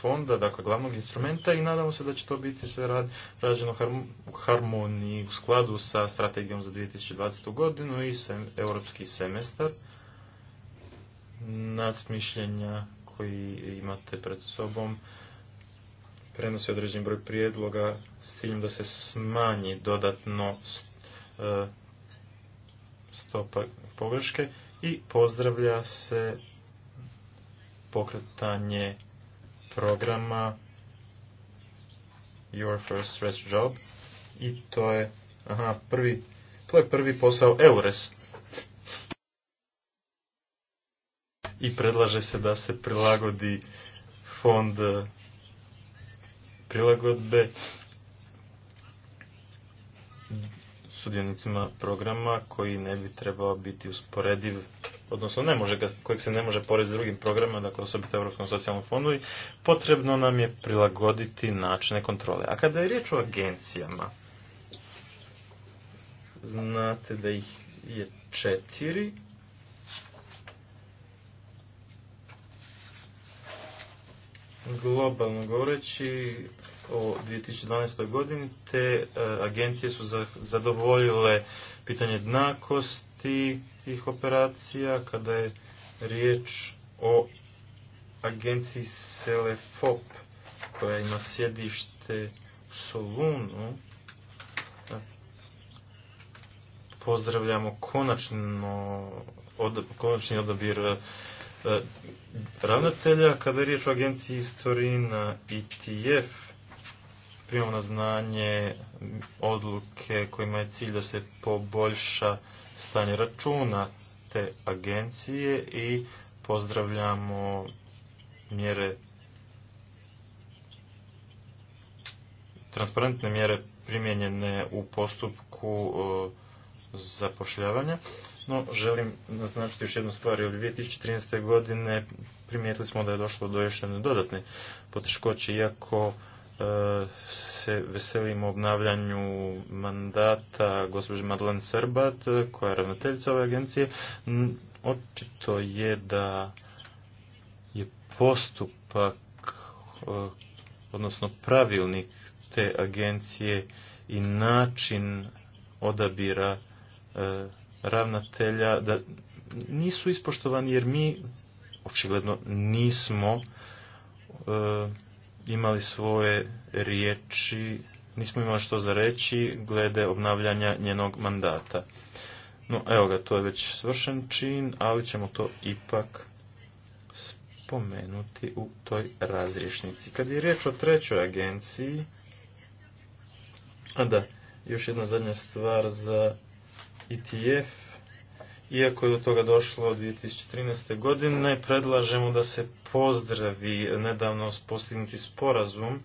[SPEAKER 2] fonda, dakle glavnog instrumenta i nadamo se da će to biti sve rađeno u harmoniji u skladu sa strategijom za 2020. godinu i sem, europski semestar nasmišljenja koji imate pred sobom prenosi određen broj prijedloga s ciljem da se smanji dodatno e, stopa pogreške i pozdravlja se pokretanje programa Your First Rest Job i to je aha, prvi, to je prvi posao EURES i predlaže se da se prilagodi fond e, prilagodbe sudionicima programa koji ne bi trebao biti usporediv odnosno ne može kojeg se ne može porediti drugim programima, dakle osobito Europskom socijalnom fondu i potrebno nam je prilagoditi načine kontrole. A kada je riječ o agencijama, znate da ih je četiri, globalno govoreći o 2012. godini te e, agencije su zadovoljile pitanje jednakosti tih operacija kada je riječ o agenciji Selefop koja ima sjedište u Solunu. Pozdravljamo konačno, konačni odabir E, ravnatelja. Kada je riječ o agenciji Istorina ITF, primamo na znanje odluke kojima je cilj da se poboljša stanje računa te agencije i pozdravljamo mjere transparentne mjere primijenjene u postupku e, zapošljavanja. No, želim naznačiti još jednu stvar. Od 2013. godine primijetili smo da je došlo do još jedne dodatne poteškoće, iako e, se veselimo obnavljanju mandata gospođe Madeleine Srbat, koja je ravnateljica ove agencije. Očito je da je postupak, e, odnosno pravilnik te agencije i način odabira e, ravnatelja da nisu ispoštovani jer mi očigledno nismo e, imali svoje riječi, nismo imali što za reći glede obnavljanja njenog mandata. No, evo ga, to je već svršen čin, ali ćemo to ipak spomenuti u toj razriješnici. Kad je riječ o trećoj agenciji, a da, još jedna zadnja stvar za ETF, iako je do toga došlo od 2013. godine, predlažemo da se pozdravi nedavno postignuti sporazum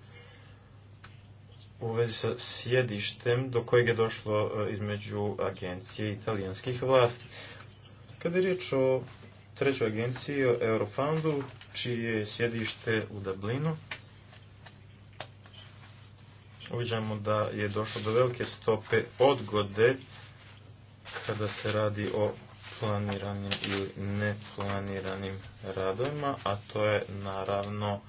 [SPEAKER 2] u vezi sa sjedištem do kojeg je došlo e, između agencije italijanskih vlasti. Kada je riječ o trećoj agenciji, o Eurofoundu, čije je sjedište u Dublinu, uviđamo da je došlo do velike stope odgode kada se radi o planiranim ili neplaniranim radovima, a to je naravno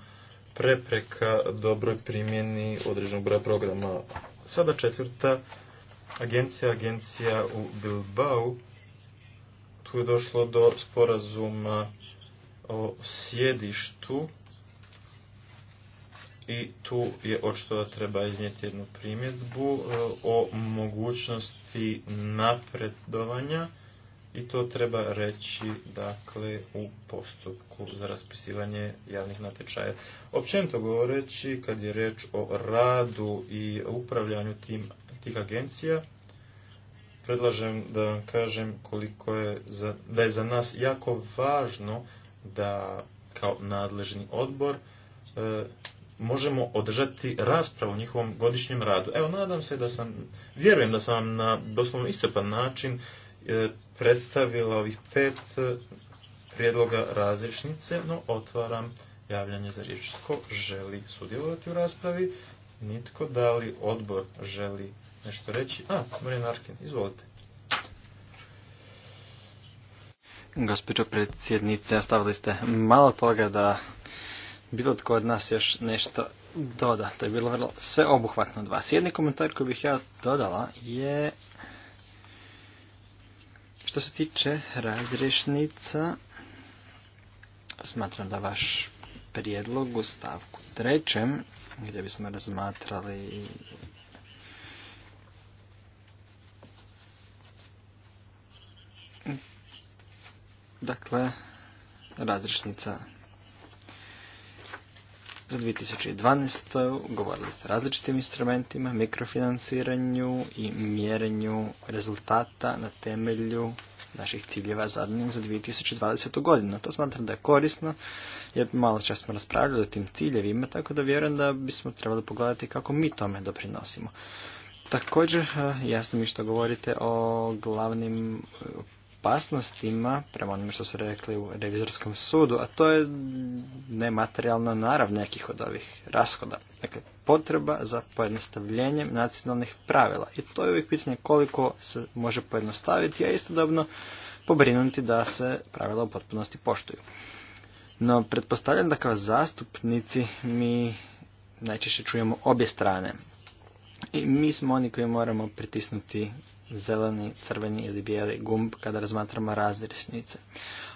[SPEAKER 2] prepreka dobroj primjeni određenog broja programa. Sada četvrta agencija, agencija u Bilbao, tu je došlo do sporazuma o sjedištu i tu je očito da treba iznijeti jednu primjedbu e, o mogućnosti napredovanja i to treba reći dakle u postupku za raspisivanje javnih natječaja. Općenito govoreći kad je reč o radu i upravljanju tim, tih agencija, predlažem da vam kažem koliko je za, da je za nas jako važno da kao nadležni odbor e, možemo održati raspravu o njihovom godišnjem radu. Evo, nadam se da sam, vjerujem da sam vam na doslovno istrpan način e, predstavila ovih pet e, prijedloga različnice, no otvaram javljanje za riječ. Tko želi sudjelovati u raspravi? Nitko. Da li odbor želi nešto reći? A, Marijan Arkin, izvolite.
[SPEAKER 3] Gospođo predsjednice, ostavili ste malo toga da bilo tko od nas još nešto doda. To je bilo vrlo sveobuhvatno od vas. Jedni komentar koji bih ja dodala je što se tiče razrješnica smatram da vaš prijedlog u stavku trećem gdje bismo razmatrali dakle razrešnica za 2012. govorili ste o različitim instrumentima, mikrofinanciranju i mjerenju rezultata na temelju naših ciljeva zadnjih za 2020. godinu. To smatram da je korisno, jer malo čas smo raspravljali o tim ciljevima, tako da vjerujem da bismo trebali pogledati kako mi tome doprinosimo. Također, e, jasno mi što govorite o glavnim opasnostima, prema onome što su rekli u revizorskom sudu, a to je nematerijalna narav nekih od ovih rashoda. Dakle, potreba za pojednostavljenjem nacionalnih pravila. I to je uvijek pitanje koliko se može pojednostaviti, a istodobno pobrinuti da se pravila u potpunosti poštuju. No, pretpostavljam da kao zastupnici mi najčešće čujemo obje strane. I mi smo oni koji moramo pritisnuti zeleni, crveni ili bijeli gumb kada razmatramo razrisnice.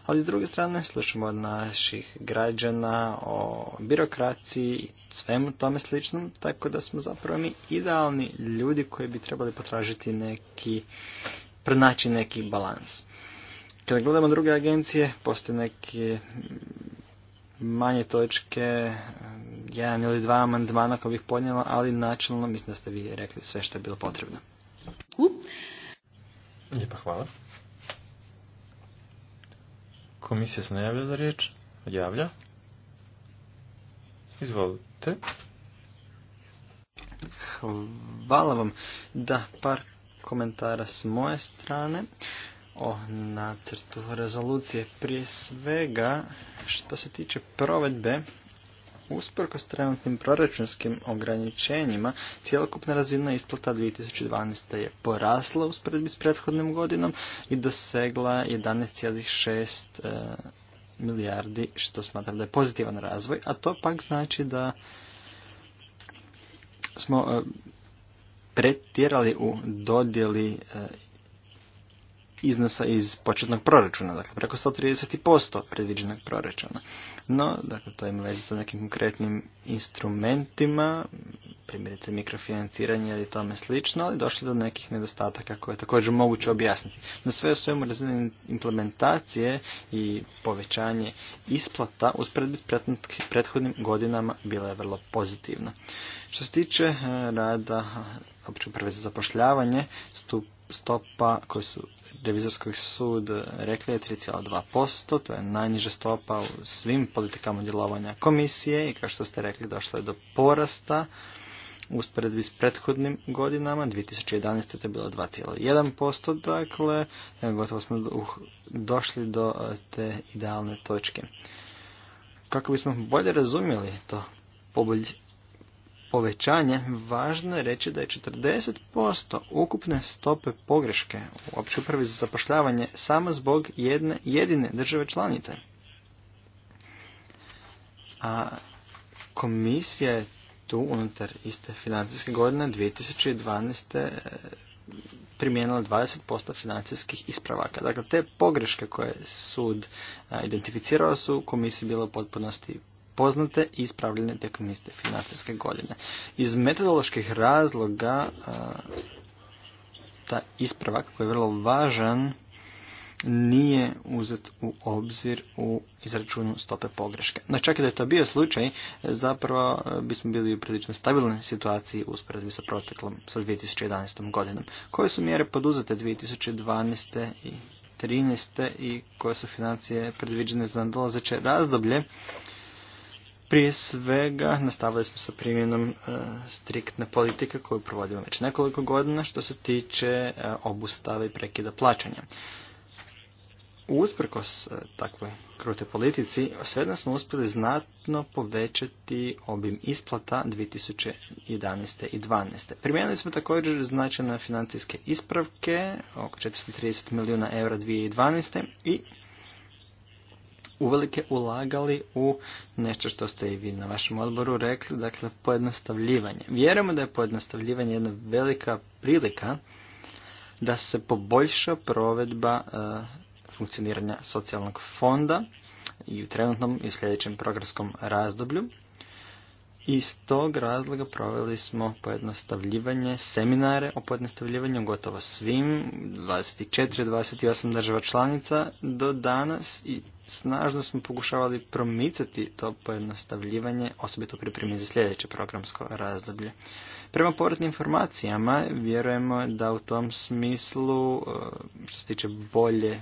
[SPEAKER 3] Ali s druge strane slušamo od naših građana o birokraciji i svemu tome sličnom, tako da smo zapravo mi idealni ljudi koji bi trebali potražiti neki, pronaći neki balans. Kada gledamo druge agencije, postoje neke manje točke, jedan ili dva amandmana koji bih podnijela, ali načelno mislim da ste vi rekli sve što je bilo potrebno. Lijepa hvala. Komisija se najavlja za riječ. Odjavlja. Izvolite. Hvala vam. Da, par komentara s moje strane o nacrtu rezolucije. Prije svega, što se tiče provedbe, Usprkos trenutnim proračunskim ograničenjima, cjelokupna razina isplata 2012. je porasla usporedbi s prethodnim godinom i dosegla 11,6 e, milijardi, što smatram da je pozitivan razvoj, a to pak znači da smo e, pretjerali u dodjeli e, iznosa iz početnog proračuna, dakle preko 130% predviđenog proračuna. No, dakle, to ima veze sa nekim konkretnim instrumentima, primjerice mikrofinanciranje ili tome slično, ali došli do nekih nedostataka koje je također moguće objasniti. Na sve o svemu razine implementacije i povećanje isplata uspred prethodnim godinama bila je vrlo pozitivna. Što se tiče eh, rada opće uprave za zapošljavanje, stup stopa koje su revizorskog sud rekli je 3,2%, to je najniža stopa u svim politikama djelovanja komisije i kao što ste rekli došlo je do porasta usporedbi s prethodnim godinama, 2011. to je bilo 2,1%, dakle gotovo smo došli do e, te idealne točke. Kako bismo bolje razumjeli to povećanje, važno je reći da je 40% ukupne stope pogreške u općoj upravi za zapošljavanje samo zbog jedne jedine države članice. A komisija je tu unutar iste financijske godine 2012 e, primijenila 20% financijskih ispravaka. Dakle, te pogreške koje sud identificirao su komisiji bilo u potpunosti poznate i ispravljene tijekom iste financijske godine. Iz metodoloških razloga e, ta ispravak koji je vrlo važan nije uzet u obzir u izračunu stope pogreške. No čak i da je to bio slučaj, zapravo e, bismo bili u prilično stabilnoj situaciji u usporedbi sa proteklom, sa 2011. godinom. Koje su mjere poduzete 2012. i 2013. i koje su financije predviđene za nadolazeće razdoblje prije svega nastavili smo sa primjenom e, striktne politike koju provodimo već nekoliko godina što se tiče e, obustave i prekida plaćanja. Usprkos e, takvoj krute politici, svejedno smo uspjeli znatno povećati obim isplata 2011. i 2012. Primijenili smo također značajne financijske ispravke, oko 430 milijuna eura 2012. i uvelike ulagali u nešto što ste i vi na vašem odboru rekli, dakle pojednostavljivanje. Vjerujemo da je pojednostavljivanje jedna velika prilika da se poboljša provedba e, funkcioniranja socijalnog fonda i u trenutnom i u sljedećem programskom razdoblju. Iz tog razloga proveli smo pojednostavljivanje, seminare o pojednostavljivanju gotovo svim, 24-28 država članica do danas i snažno smo pokušavali promicati to pojednostavljivanje, osobito pripremi za sljedeće programsko razdoblje. Prema povratnim informacijama vjerujemo da u tom smislu, e, što se tiče bolje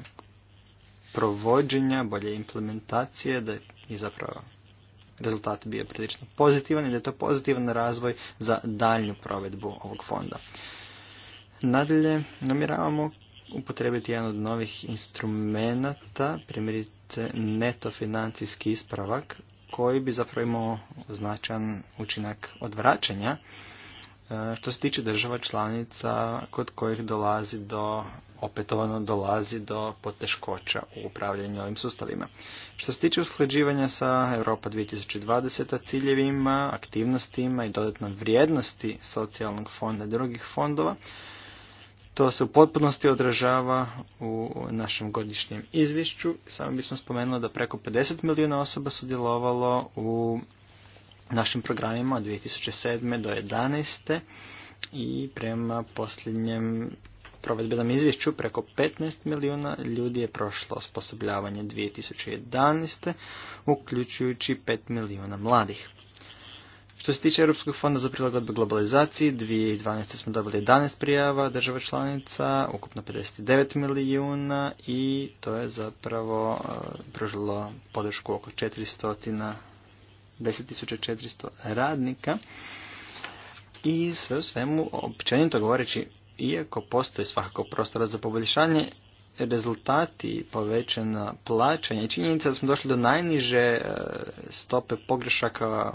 [SPEAKER 3] provođenja, bolje implementacije, da i zapravo rezultat bio prilično pozitivan i da je to pozitivan razvoj za daljnju provedbu ovog fonda. Nadalje, namjeravamo upotrebiti jedan od novih instrumenata, primjerice neto financijski ispravak, koji bi zapravo imao značajan učinak odvraćanja e, što se tiče država članica kod kojih dolazi do opetovano dolazi do poteškoća u upravljanju ovim sustavima. Što se tiče usklađivanja sa Europa 2020 ciljevima, aktivnostima i dodatnom vrijednosti socijalnog fonda i drugih fondova, to se u potpunosti odražava u našem godišnjem izvješću. Samo bismo spomenuli da preko 50 milijuna osoba sudjelovalo u našim programima od 2007. do 2011. i prema posljednjem provedbenom izvješću preko 15 milijuna ljudi je prošlo osposobljavanje 2011. uključujući 5 milijuna mladih. Što se tiče Europskog fonda za prilagodbu globalizaciji, 2012. smo dobili 11 prijava država članica, ukupno 59 milijuna i to je zapravo e, pružilo podršku oko 400, 10.400 radnika. I sve u svemu, općenito govoreći, iako postoji svakako prostora za poboljšanje, rezultati povećena plaćanja i činjenica da smo došli do najniže e, stope pogrešaka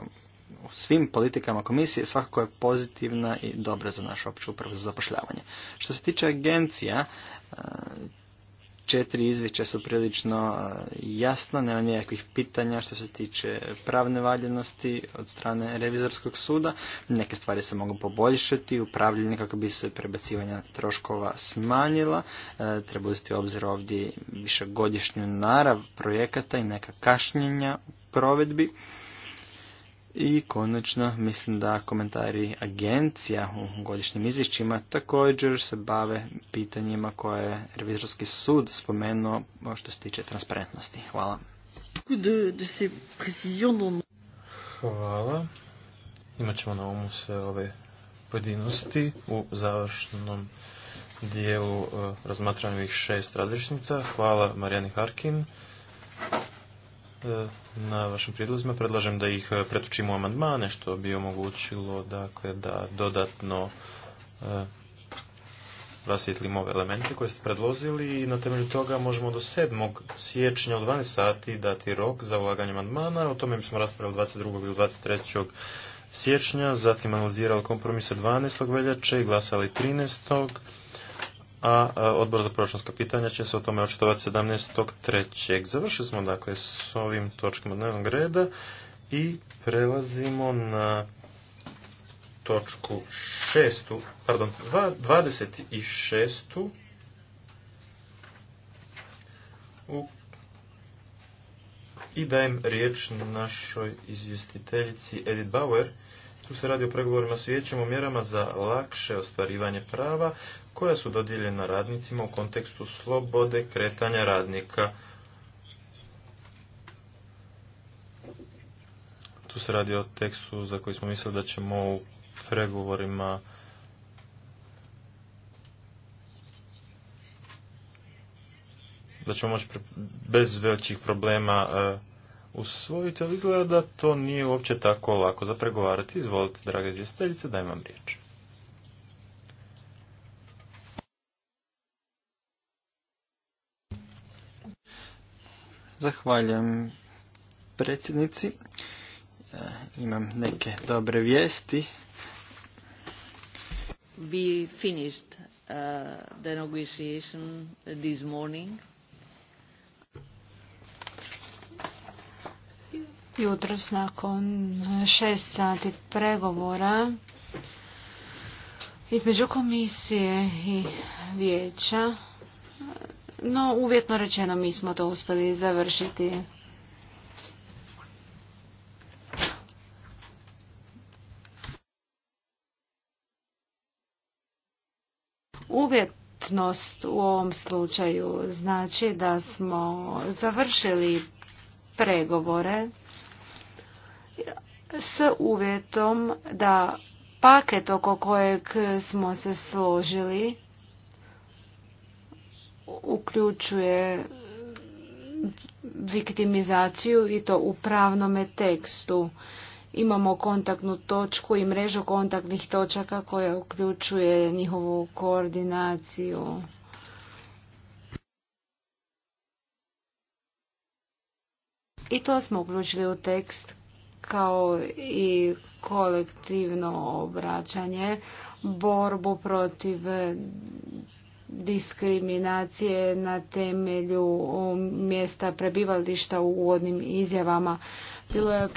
[SPEAKER 3] u svim politikama komisije svakako je pozitivna i dobra za našu opću upravu za zapošljavanje. Što se tiče agencija, e, četiri izvješća su prilično jasna, nema nikakvih pitanja što se tiče pravne valjenosti od strane revizorskog suda. Neke stvari se mogu poboljšati, upravljanje kako bi se prebacivanja troškova smanjila. treba uzeti obzir ovdje višegodišnju narav projekata i neka kašnjenja u provedbi. I konačno mislim da komentari agencija u godišnjim izvješćima također se bave pitanjima koje je revizorski sud spomenuo što se tiče transparentnosti. Hvala.
[SPEAKER 2] Hvala. Imaćemo na umu sve ove pojedinosti u završnom dijelu e, razmatranih šest različnica. Hvala Marijani Harkin na vašim prijedlozima. Predlažem da ih eh, pretučimo u amandmane, što bi omogućilo dakle, da dodatno eh, rasvjetlimo ove elemente koje ste predložili i na temelju toga možemo do 7. siječnja u 12 sati dati rok za ulaganje amandmana. O tome bismo raspravili 22. ili 23. siječnja, zatim analizirali kompromise 12. veljače i glasali 13 a odbor za proračunska pitanja će se o tome očitovati 17.3. Završili smo dakle s ovim točkama dnevnog reda i prelazimo na točku 6. Pardon, 26. i dajem riječ našoj izvjestiteljici Edith Bauer tu se radi o pregovorima s vijećem o mjerama za lakše ostvarivanje prava koja su dodijeljena radnicima u kontekstu slobode kretanja radnika. Tu se radi o tekstu za koji smo mislili da ćemo u pregovorima da ćemo moći bez većih problema e, usvojiti, ali izgleda da to nije uopće tako lako za pregovarati. Izvolite, draga izvjestiteljice, dajem vam riječ.
[SPEAKER 3] Zahvaljujem predsjednici. E, imam neke dobre vijesti.
[SPEAKER 1] We finished uh, the negotiation this morning.
[SPEAKER 4] Jutros nakon šest sati pregovora između komisije i vijeća, no uvjetno rečeno mi smo to uspjeli završiti. Uvjetnost u ovom slučaju znači da smo završili pregovore s uvjetom da paket oko kojeg smo se složili uključuje viktimizaciju i to u pravnome tekstu. Imamo kontaktnu točku i mrežu kontaktnih točaka koja uključuje njihovu koordinaciju. I to smo uključili u tekst kao i kolektivno obraćanje, borbu protiv diskriminacije na temelju mjesta prebivališta u uvodnim izjavama. Bilo je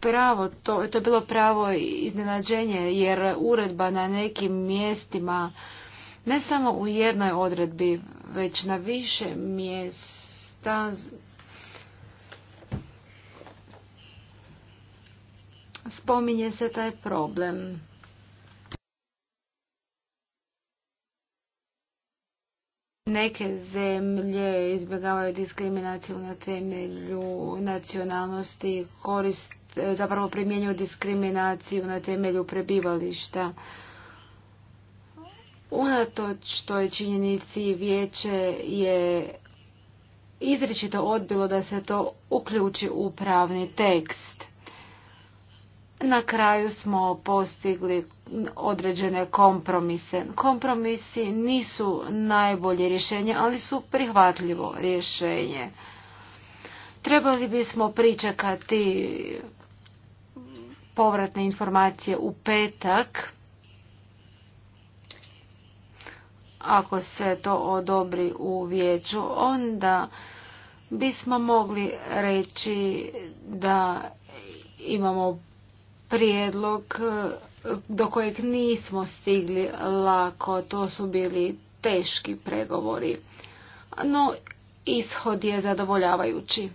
[SPEAKER 4] pravo, to, to je bilo pravo iznenađenje jer uredba na nekim mjestima ne samo u jednoj odredbi, već na više mjesta spominje se taj problem. Neke zemlje izbjegavaju diskriminaciju na temelju nacionalnosti, korist, zapravo primjenjuju diskriminaciju na temelju prebivališta. Unatoč toj činjenici vijeće je izričito odbilo da se to uključi u pravni tekst na kraju smo postigli određene kompromise. Kompromisi nisu najbolje rješenje, ali su prihvatljivo rješenje. Trebali bismo pričekati povratne informacije u petak. Ako se to odobri u vijeću, onda bismo mogli reći da imamo prijedlog e, do kojeg nismo stigli lako, to su bili teški pregovori, no ishod je zadovoljavajući.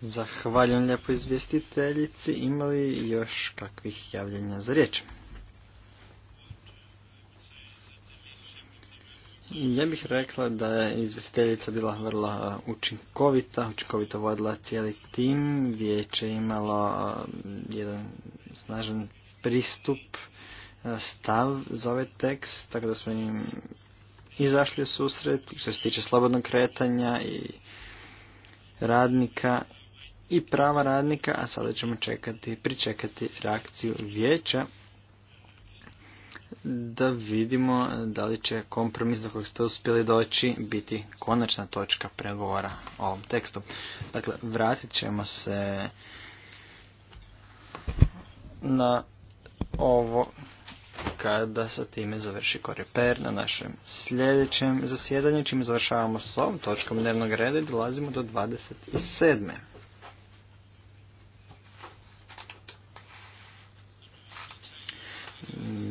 [SPEAKER 3] Zahvaljujem lijepo izvjestiteljici. Imali još kakvih javljenja za riječ? Ja bih rekla da je izvjestiteljica bila vrlo učinkovita, učinkovito vodila cijeli tim, vijeće je imalo jedan snažan pristup, stav za ovaj tekst, tako da smo im izašli u susret što se tiče slobodnog kretanja i radnika i prava radnika, a sada ćemo čekati, pričekati reakciju vijeća da vidimo da li će kompromis do kojeg ste uspjeli doći biti konačna točka pregovora o ovom tekstu. Dakle, vratit ćemo se na ovo kada sa time završi Koreper na našem sljedećem zasjedanju, Čim završavamo s ovom točkom dnevnog reda dolazimo do 27.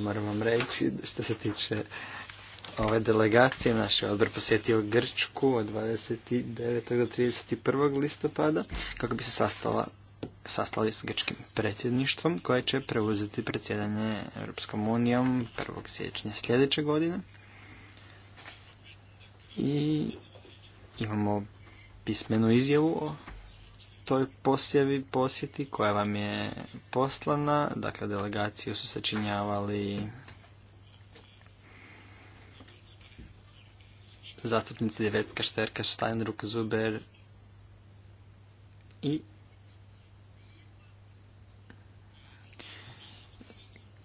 [SPEAKER 3] moram vam reći što se tiče ove delegacije. Naš odbor posjetio Grčku od 29. do 31. listopada kako bi se sastala sastali s grčkim predsjedništvom koje će preuzeti predsjedanje Europskom unijom 1. siječnja sljedeće godine. I imamo pismenu izjavu o toj posjevi, posjeti koja vam je poslana. Dakle, delegaciju su sačinjavali zastupnici Devetska, Šterka, Steinruck, Zuber i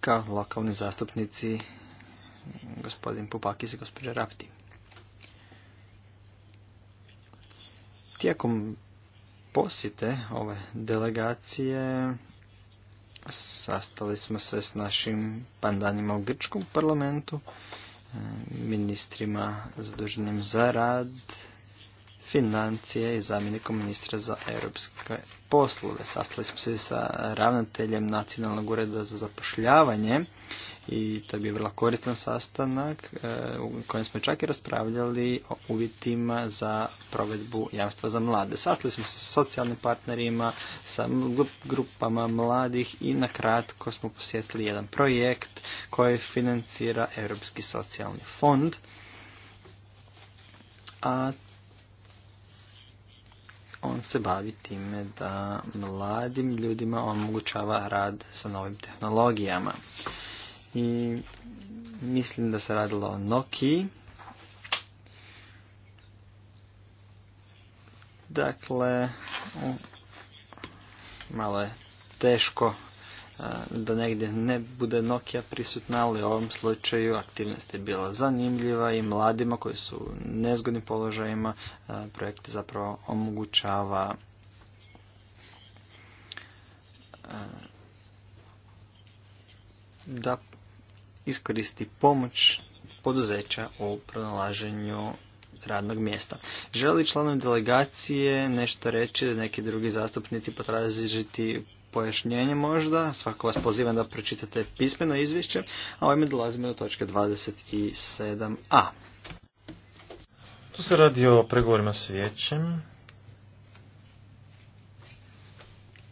[SPEAKER 3] kao lokalni zastupnici gospodin Pupakis i gospođa Rapti. Tijekom posjete ove delegacije sastali smo se s našim pandanima u Grčkom parlamentu, e, ministrima zaduženim za rad, financije i zamjenikom ministra za europske poslove. Sastali smo se sa ravnateljem Nacionalnog ureda za zapošljavanje i to je bio vrlo koristan sastanak e, u kojem smo čak i raspravljali o uvjetima za provedbu jamstva za mlade. Sastali smo se sa socijalnim partnerima, sa grupama mladih i na kratko smo posjetili jedan projekt koji financira Europski socijalni fond. A on se bavi time da mladim ljudima omogućava rad sa novim tehnologijama i mislim da se radilo o Nokiji. Dakle, malo je teško da negdje ne bude Nokia prisutna, ali u ovom slučaju aktivnost je bila zanimljiva i mladima koji su u nezgodnim položajima projekt zapravo omogućava da iskoristi pomoć poduzeća u pronalaženju radnog mjesta. Želi članovi delegacije nešto reći da neki drugi zastupnici potražiti pojašnjenje možda. Svako vas pozivam da pročitate pismeno izvješće, a ovime dolazimo do točke 27a.
[SPEAKER 2] Tu se radi o pregovorima s vijećem,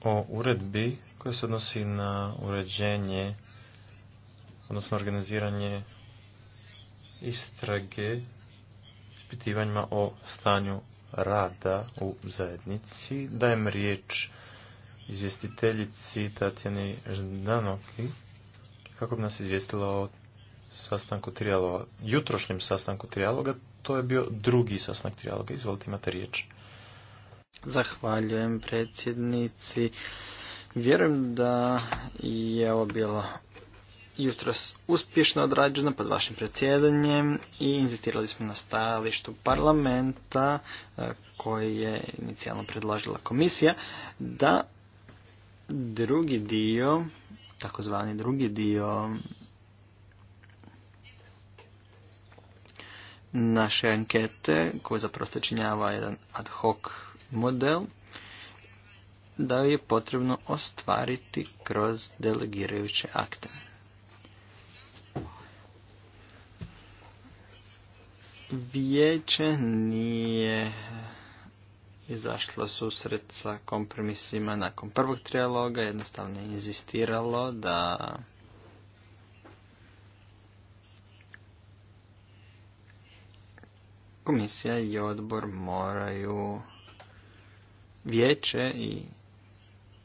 [SPEAKER 2] o uredbi koja se odnosi na uređenje odnosno organiziranje istrage ispitivanjima o stanju rada u zajednici. Dajem riječ izvjestiteljici Tatjani Ždanoki kako bi nas izvijestila o sastanku trijaloga, jutrošnjem sastanku trijaloga, to je bio drugi sastanak trijaloga. Izvolite, imate riječ.
[SPEAKER 3] Zahvaljujem predsjednici. Vjerujem da je ovo bilo jutros uspješno odrađeno pod vašim predsjedanjem i inzistirali smo na stajalištu parlamenta e, koji je inicijalno predložila komisija da drugi dio, takozvani drugi dio naše ankete koje zapravo sačinjava jedan ad hoc model da je potrebno ostvariti kroz delegirajuće akte. Vijeće nije izašlo susret sa kompromisima nakon prvog trijaloga, jednostavno je inzistiralo da komisija i odbor moraju vijeće i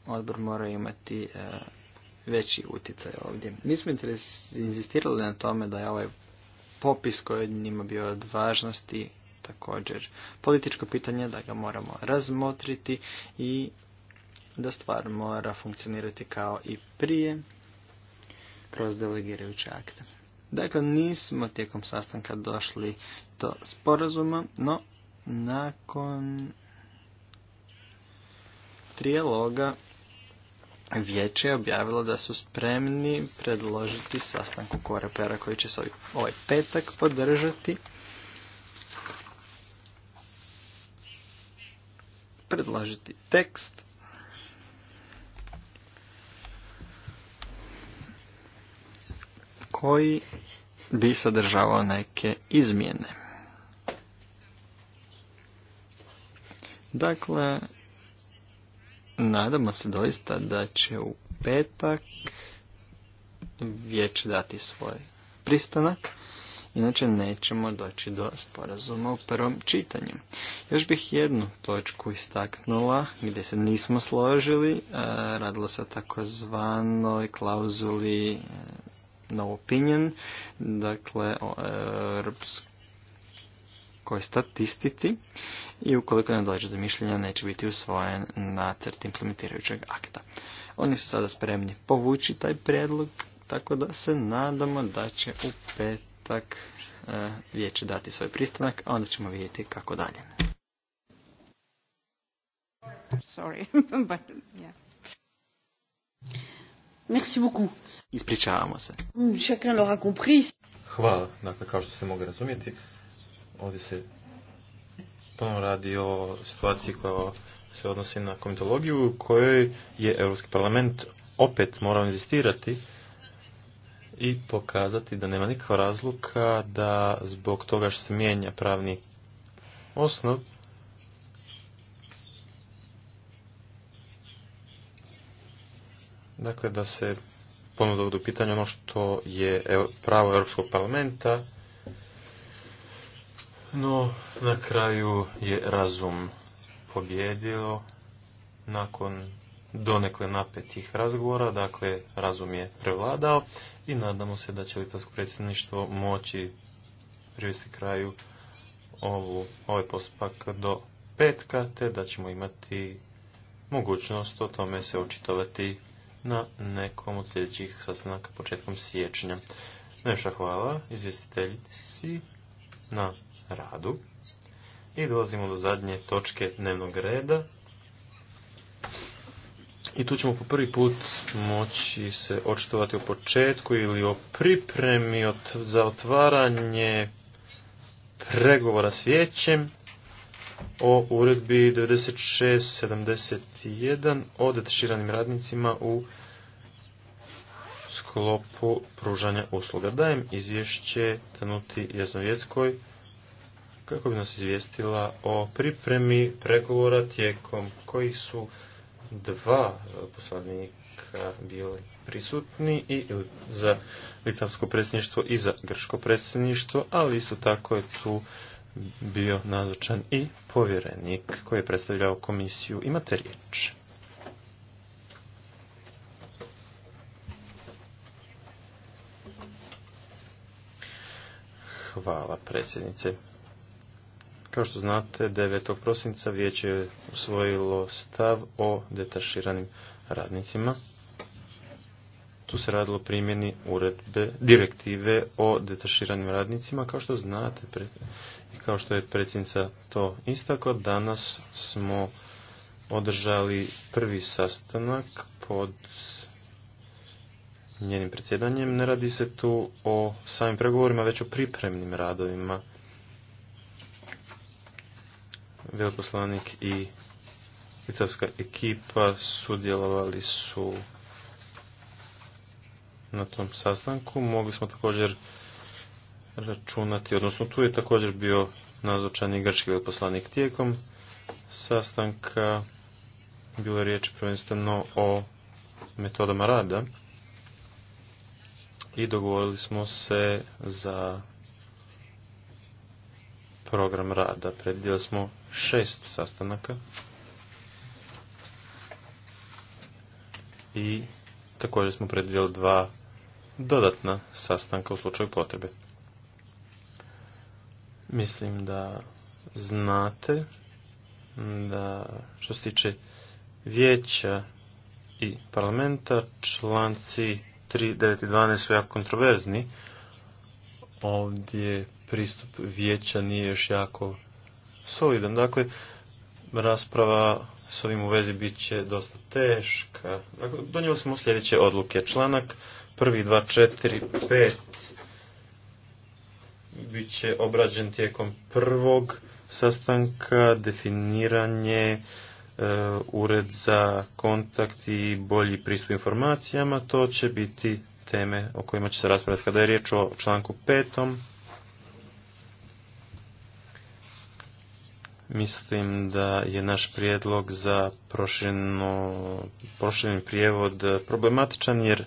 [SPEAKER 3] odbor mora imati e, veći utjecaj ovdje. Mi smo inzistirali na tome da je ovaj popis koji je njima bio od važnosti također političko pitanje da ga moramo razmotriti i da stvar mora funkcionirati kao i prije kroz delegirajuće akte. Dakle, nismo tijekom sastanka došli do sporazuma, no nakon trijeloga vijeće je objavilo da su spremni predložiti sastanku korepera koji će se ovaj petak podržati. Predložiti tekst. koji bi sadržavao neke izmjene. Dakle, Nadamo se doista da će u petak vijeće dati svoj pristanak, inače nećemo doći do sporazuma u prvom čitanju. Još bih jednu točku istaknula gdje se nismo složili, e, radilo se o takozvanoj klauzuli e, no opinion, dakle nekoj statistici i ukoliko ne dođe do mišljenja neće biti usvojen nacrt implementirajućeg akta. Oni su sada spremni povući taj predlog tako da se nadamo da će u petak e, vijeće dati svoj pristanak, a onda ćemo vidjeti kako dalje. Sorry, Merci beaucoup. Ispričavamo se.
[SPEAKER 2] Hvala, dakle, kao što ste mogli razumjeti, Ovdje se ponovno radi o situaciji koja se odnosi na komitologiju u kojoj je Europski parlament opet morao inzistirati i pokazati da nema nikakva razluka da zbog toga što se mijenja pravni osnov dakle da se ponovno dovodi u pitanje ono što je pravo Europskog parlamenta no, na kraju je razum pobjedio nakon donekle napetih razgovora, dakle razum je prevladao i nadamo se da će Litavsko predsjedništvo moći privesti kraju ovu, ovaj postupak do petka, te da ćemo imati mogućnost o tome se očitovati na nekom od sljedećih sastanaka početkom siječnja. Najviša hvala izvjestiteljici na radu. I dolazimo do zadnje točke dnevnog reda. I tu ćemo po prvi put moći se očitovati o početku ili o pripremi za otvaranje pregovora s vijećem o uredbi 9671 o detaširanim radnicima u sklopu pružanja usluga. Dajem izvješće tenuti Jeznovjetskoj kako bi nas izvijestila o pripremi pregovora tijekom kojih su dva poslanika bili prisutni i za litavsko predsjedništvo i za grško predsjedništvo, ali isto tako je tu bio nazočan i povjerenik koji je predstavljao komisiju. Imate riječ. Hvala predsjednice. Kao što znate, 9. prosinca vijeće je usvojilo stav o detaširanim radnicima. Tu se radilo primjeni uredbe, direktive o detaširanim radnicima. Kao što znate i kao što je predsjednica to istakla, danas smo održali prvi sastanak pod njenim predsjedanjem. Ne radi se tu o samim pregovorima, već o pripremnim radovima veleposlanik i litavska ekipa sudjelovali su na tom sastanku. Mogli smo također računati, odnosno tu je također bio nazočan i grčki veleposlanik tijekom sastanka. Bilo je riječ prvenstveno o metodama rada i dogovorili smo se za program rada. Predvidjeli smo šest sastanaka i također smo predvidjeli dva dodatna sastanka u slučaju potrebe. Mislim da znate da što se tiče vijeća i parlamenta članci 3, 9 i 12 su jako kontroverzni. Ovdje pristup vijeća nije još jako solidan. Dakle, rasprava s ovim u vezi bit će dosta teška. Dakle, donijeli smo sljedeće odluke. Članak 1, 2, 4, 5 bit će obrađen tijekom prvog sastanka, definiranje, e, ured za kontakt i bolji pristup informacijama, to će biti teme o kojima će se raspravljati. Kada je riječ o članku petom, Mislim da je naš prijedlog za prošireni prijevod problematičan jer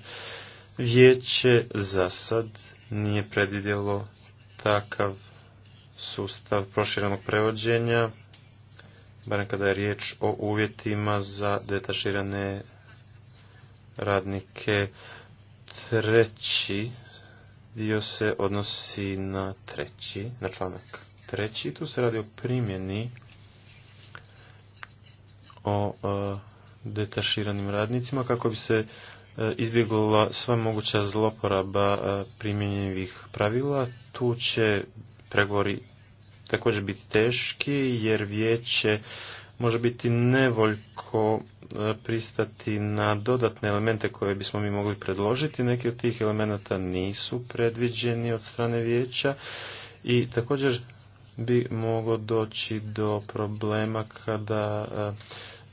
[SPEAKER 2] vijeće za sad nije predvidjelo takav sustav proširenog prevođenja, barem kada je riječ o uvjetima za detaširane radnike. Treći dio se odnosi na treći, na članak treći. Tu se radi o primjeni o e, detaširanim radnicima kako bi se e, izbjegla sva moguća zloporaba e, primjenjivih pravila. Tu će pregovori također biti teški jer vijeće može biti nevoljko pristati na dodatne elemente koje bismo mi mogli predložiti. Neki od tih elemenata nisu predviđeni od strane vijeća i također bi moglo doći do problema kada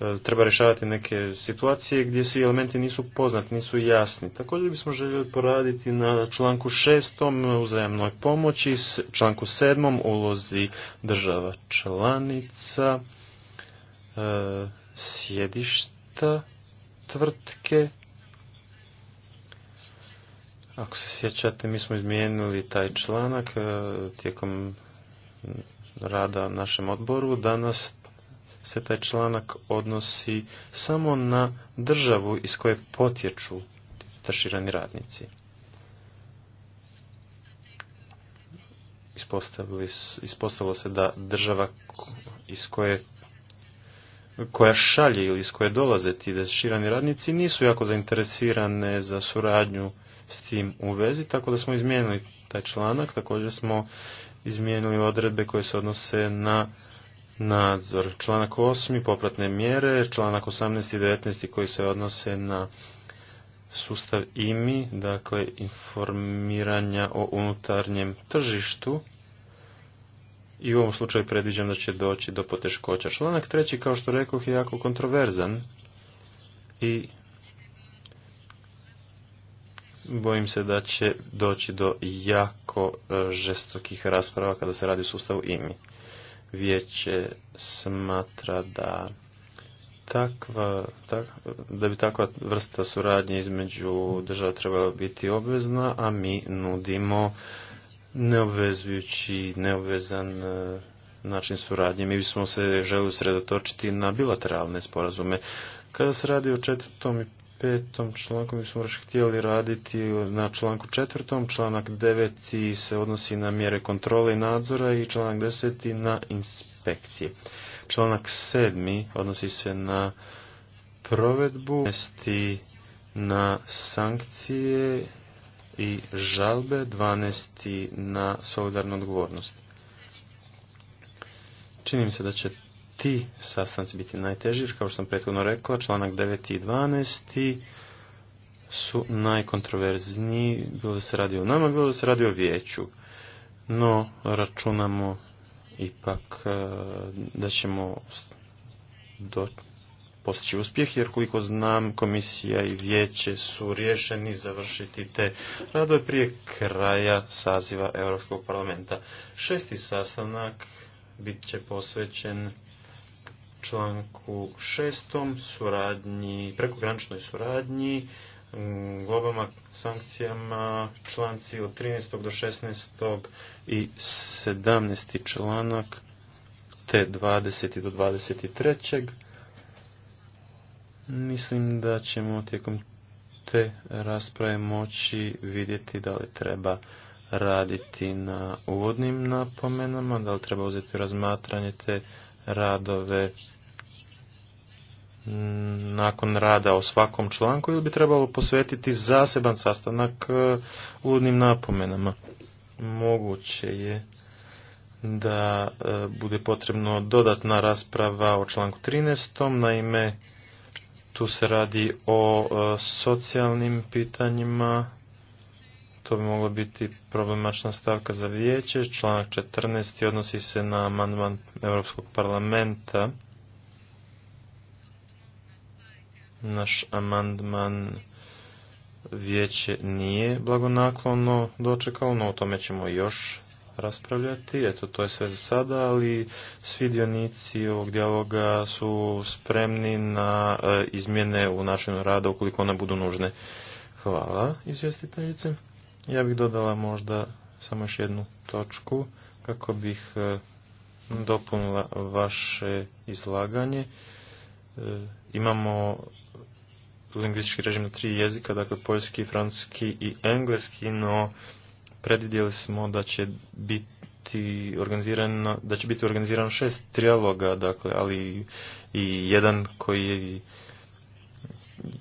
[SPEAKER 2] e, e, treba rješavati neke situacije gdje svi elementi nisu poznati, nisu jasni. Također bismo željeli poraditi na članku šestom uzajamnoj pomoći, članku sedmom ulozi država članica, e, sjedišta tvrtke. Ako se sjećate, mi smo izmijenili taj članak tijekom rada našem odboru. Danas se taj članak odnosi samo na državu iz koje potječu taširani radnici. Ispostavilo se da država iz koje koja šalje ili iz koje dolaze ti deširani radnici nisu jako zainteresirane za suradnju s tim u vezi, tako da smo izmijenili taj članak, također smo izmijenili odredbe koje se odnose na nadzor. Članak 8. popratne mjere, članak 18. i 19. koji se odnose na sustav IMI, dakle informiranja o unutarnjem tržištu. I u ovom slučaju predviđam da će doći do poteškoća. Članak treći, kao što rekoh, je jako kontroverzan i bojim se da će doći do jako e, žestokih rasprava kada se radi o sustavu IMI. Vijeće smatra da takva, tak, da bi takva vrsta suradnje između država trebala biti obvezna, a mi nudimo neobvezujući, neobvezan e, način suradnje. Mi bismo se želi sredotočiti na bilateralne sporazume. Kada se radi o četvrtom i petom članku bismo smo još htjeli raditi na članku četvrtom, članak deveti se odnosi na mjere kontrole i nadzora i članak deseti na inspekcije. Članak sedmi odnosi se na provedbu, mjesti na sankcije i žalbe, Dvanesti na solidarnu odgovornost. Čini se da će ti sastanci biti najteži, kao što sam prethodno rekla, članak 9. i 12. su najkontroverzniji, bilo da se radi o nama, bilo da se radi o vijeću. No, računamo ipak e, da ćemo do, postići uspjeh, jer koliko znam, komisija i vijeće su rješeni završiti te radove prije kraja saziva Europskog parlamenta. Šesti sastanak bit će posvećen članku šestom suradnji, prekograničnoj suradnji, mm, globama, sankcijama, članci od 13. do 16. i 17. članak te 20. do 23. Mislim da ćemo tijekom te rasprave moći vidjeti da li treba raditi na uvodnim napomenama, da li treba uzeti razmatranje te radove nakon rada o svakom članku ili bi trebalo posvetiti zaseban sastanak e, uvodnim napomenama. Moguće je da e, bude potrebno dodatna rasprava o članku 13. Naime, tu se radi o e, socijalnim pitanjima to bi moglo biti problemačna stavka za vijeće. Članak 14. odnosi se na amandman Europskog parlamenta. Naš amandman vijeće nije blagonaklonno dočekalo, no o tome ćemo još raspravljati. Eto, to je sve za sada, ali svi dionici ovog dijaloga su spremni na e, izmjene u načinu rada ukoliko one budu nužne. Hvala izvjestiteljice. Ja bih dodala možda samo još jednu točku kako bih e, dopunila vaše izlaganje. E, imamo lingvistički režim na tri jezika, dakle poljski, francuski i engleski, no predvidjeli smo da će biti organizirano, da će biti organizirano šest trijaloga, dakle, ali i jedan koji je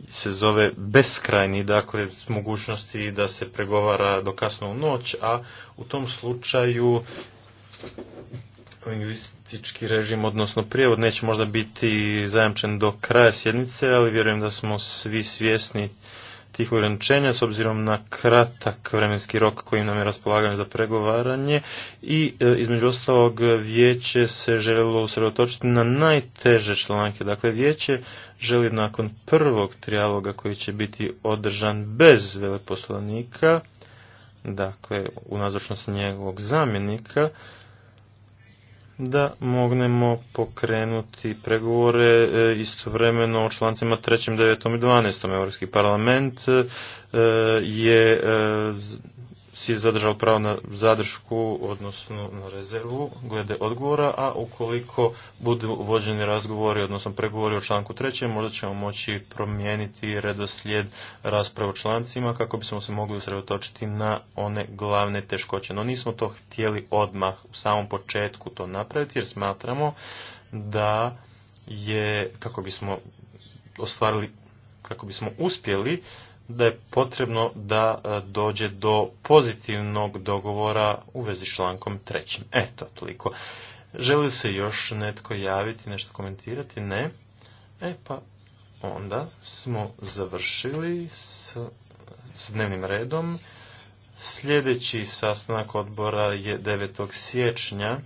[SPEAKER 2] se zove beskrajni, dakle s mogućnosti da se pregovara do kasno u noć, a u tom slučaju lingvistički režim, odnosno prijevod, neće možda biti zajamčen do kraja sjednice, ali vjerujem da smo svi svjesni tih ograničenja s obzirom na kratak vremenski rok koji nam je raspolagan za pregovaranje i e, između ostalog vijeće se željelo usredotočiti na najteže članke. Dakle, vijeće želi nakon prvog trijaloga koji će biti održan bez veleposlanika, dakle u nazočnosti njegovog zamjenika, da mognemo pokrenuti pregovore e, istovremeno o člancima 3., 9. i 12. Europski parlament e, je e, si je zadržao pravo na zadršku, odnosno na rezervu, glede odgovora, a ukoliko budu vođeni razgovori, odnosno pregovori o članku trećem, možda ćemo moći promijeniti redoslijed rasprave o člancima kako bismo se mogli usredotočiti na one glavne teškoće. No nismo to htjeli odmah u samom početku to napraviti jer smatramo da je kako bismo ostvarili kako bismo uspjeli da je potrebno da e, dođe do pozitivnog dogovora u vezi s člankom trećim. Eto, toliko. Želi se još netko javiti, nešto komentirati? Ne. E pa onda smo završili s, s dnevnim redom. Sljedeći sastanak odbora je 9. siječnja.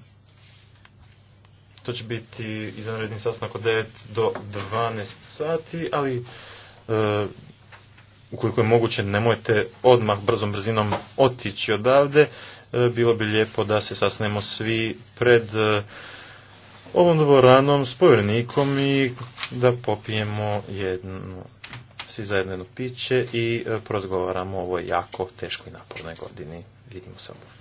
[SPEAKER 2] To će biti izvanredni sastanak od 9 do 12 sati, ali e, ukoliko je moguće, nemojte odmah brzom brzinom otići odavde. E, bilo bi lijepo da se sasnemo svi pred e, ovom dvoranom s povjerenikom i da popijemo jednu svi zajedno jedno piće i e, prozgovaramo o ovoj jako teškoj napornoj godini. Vidimo se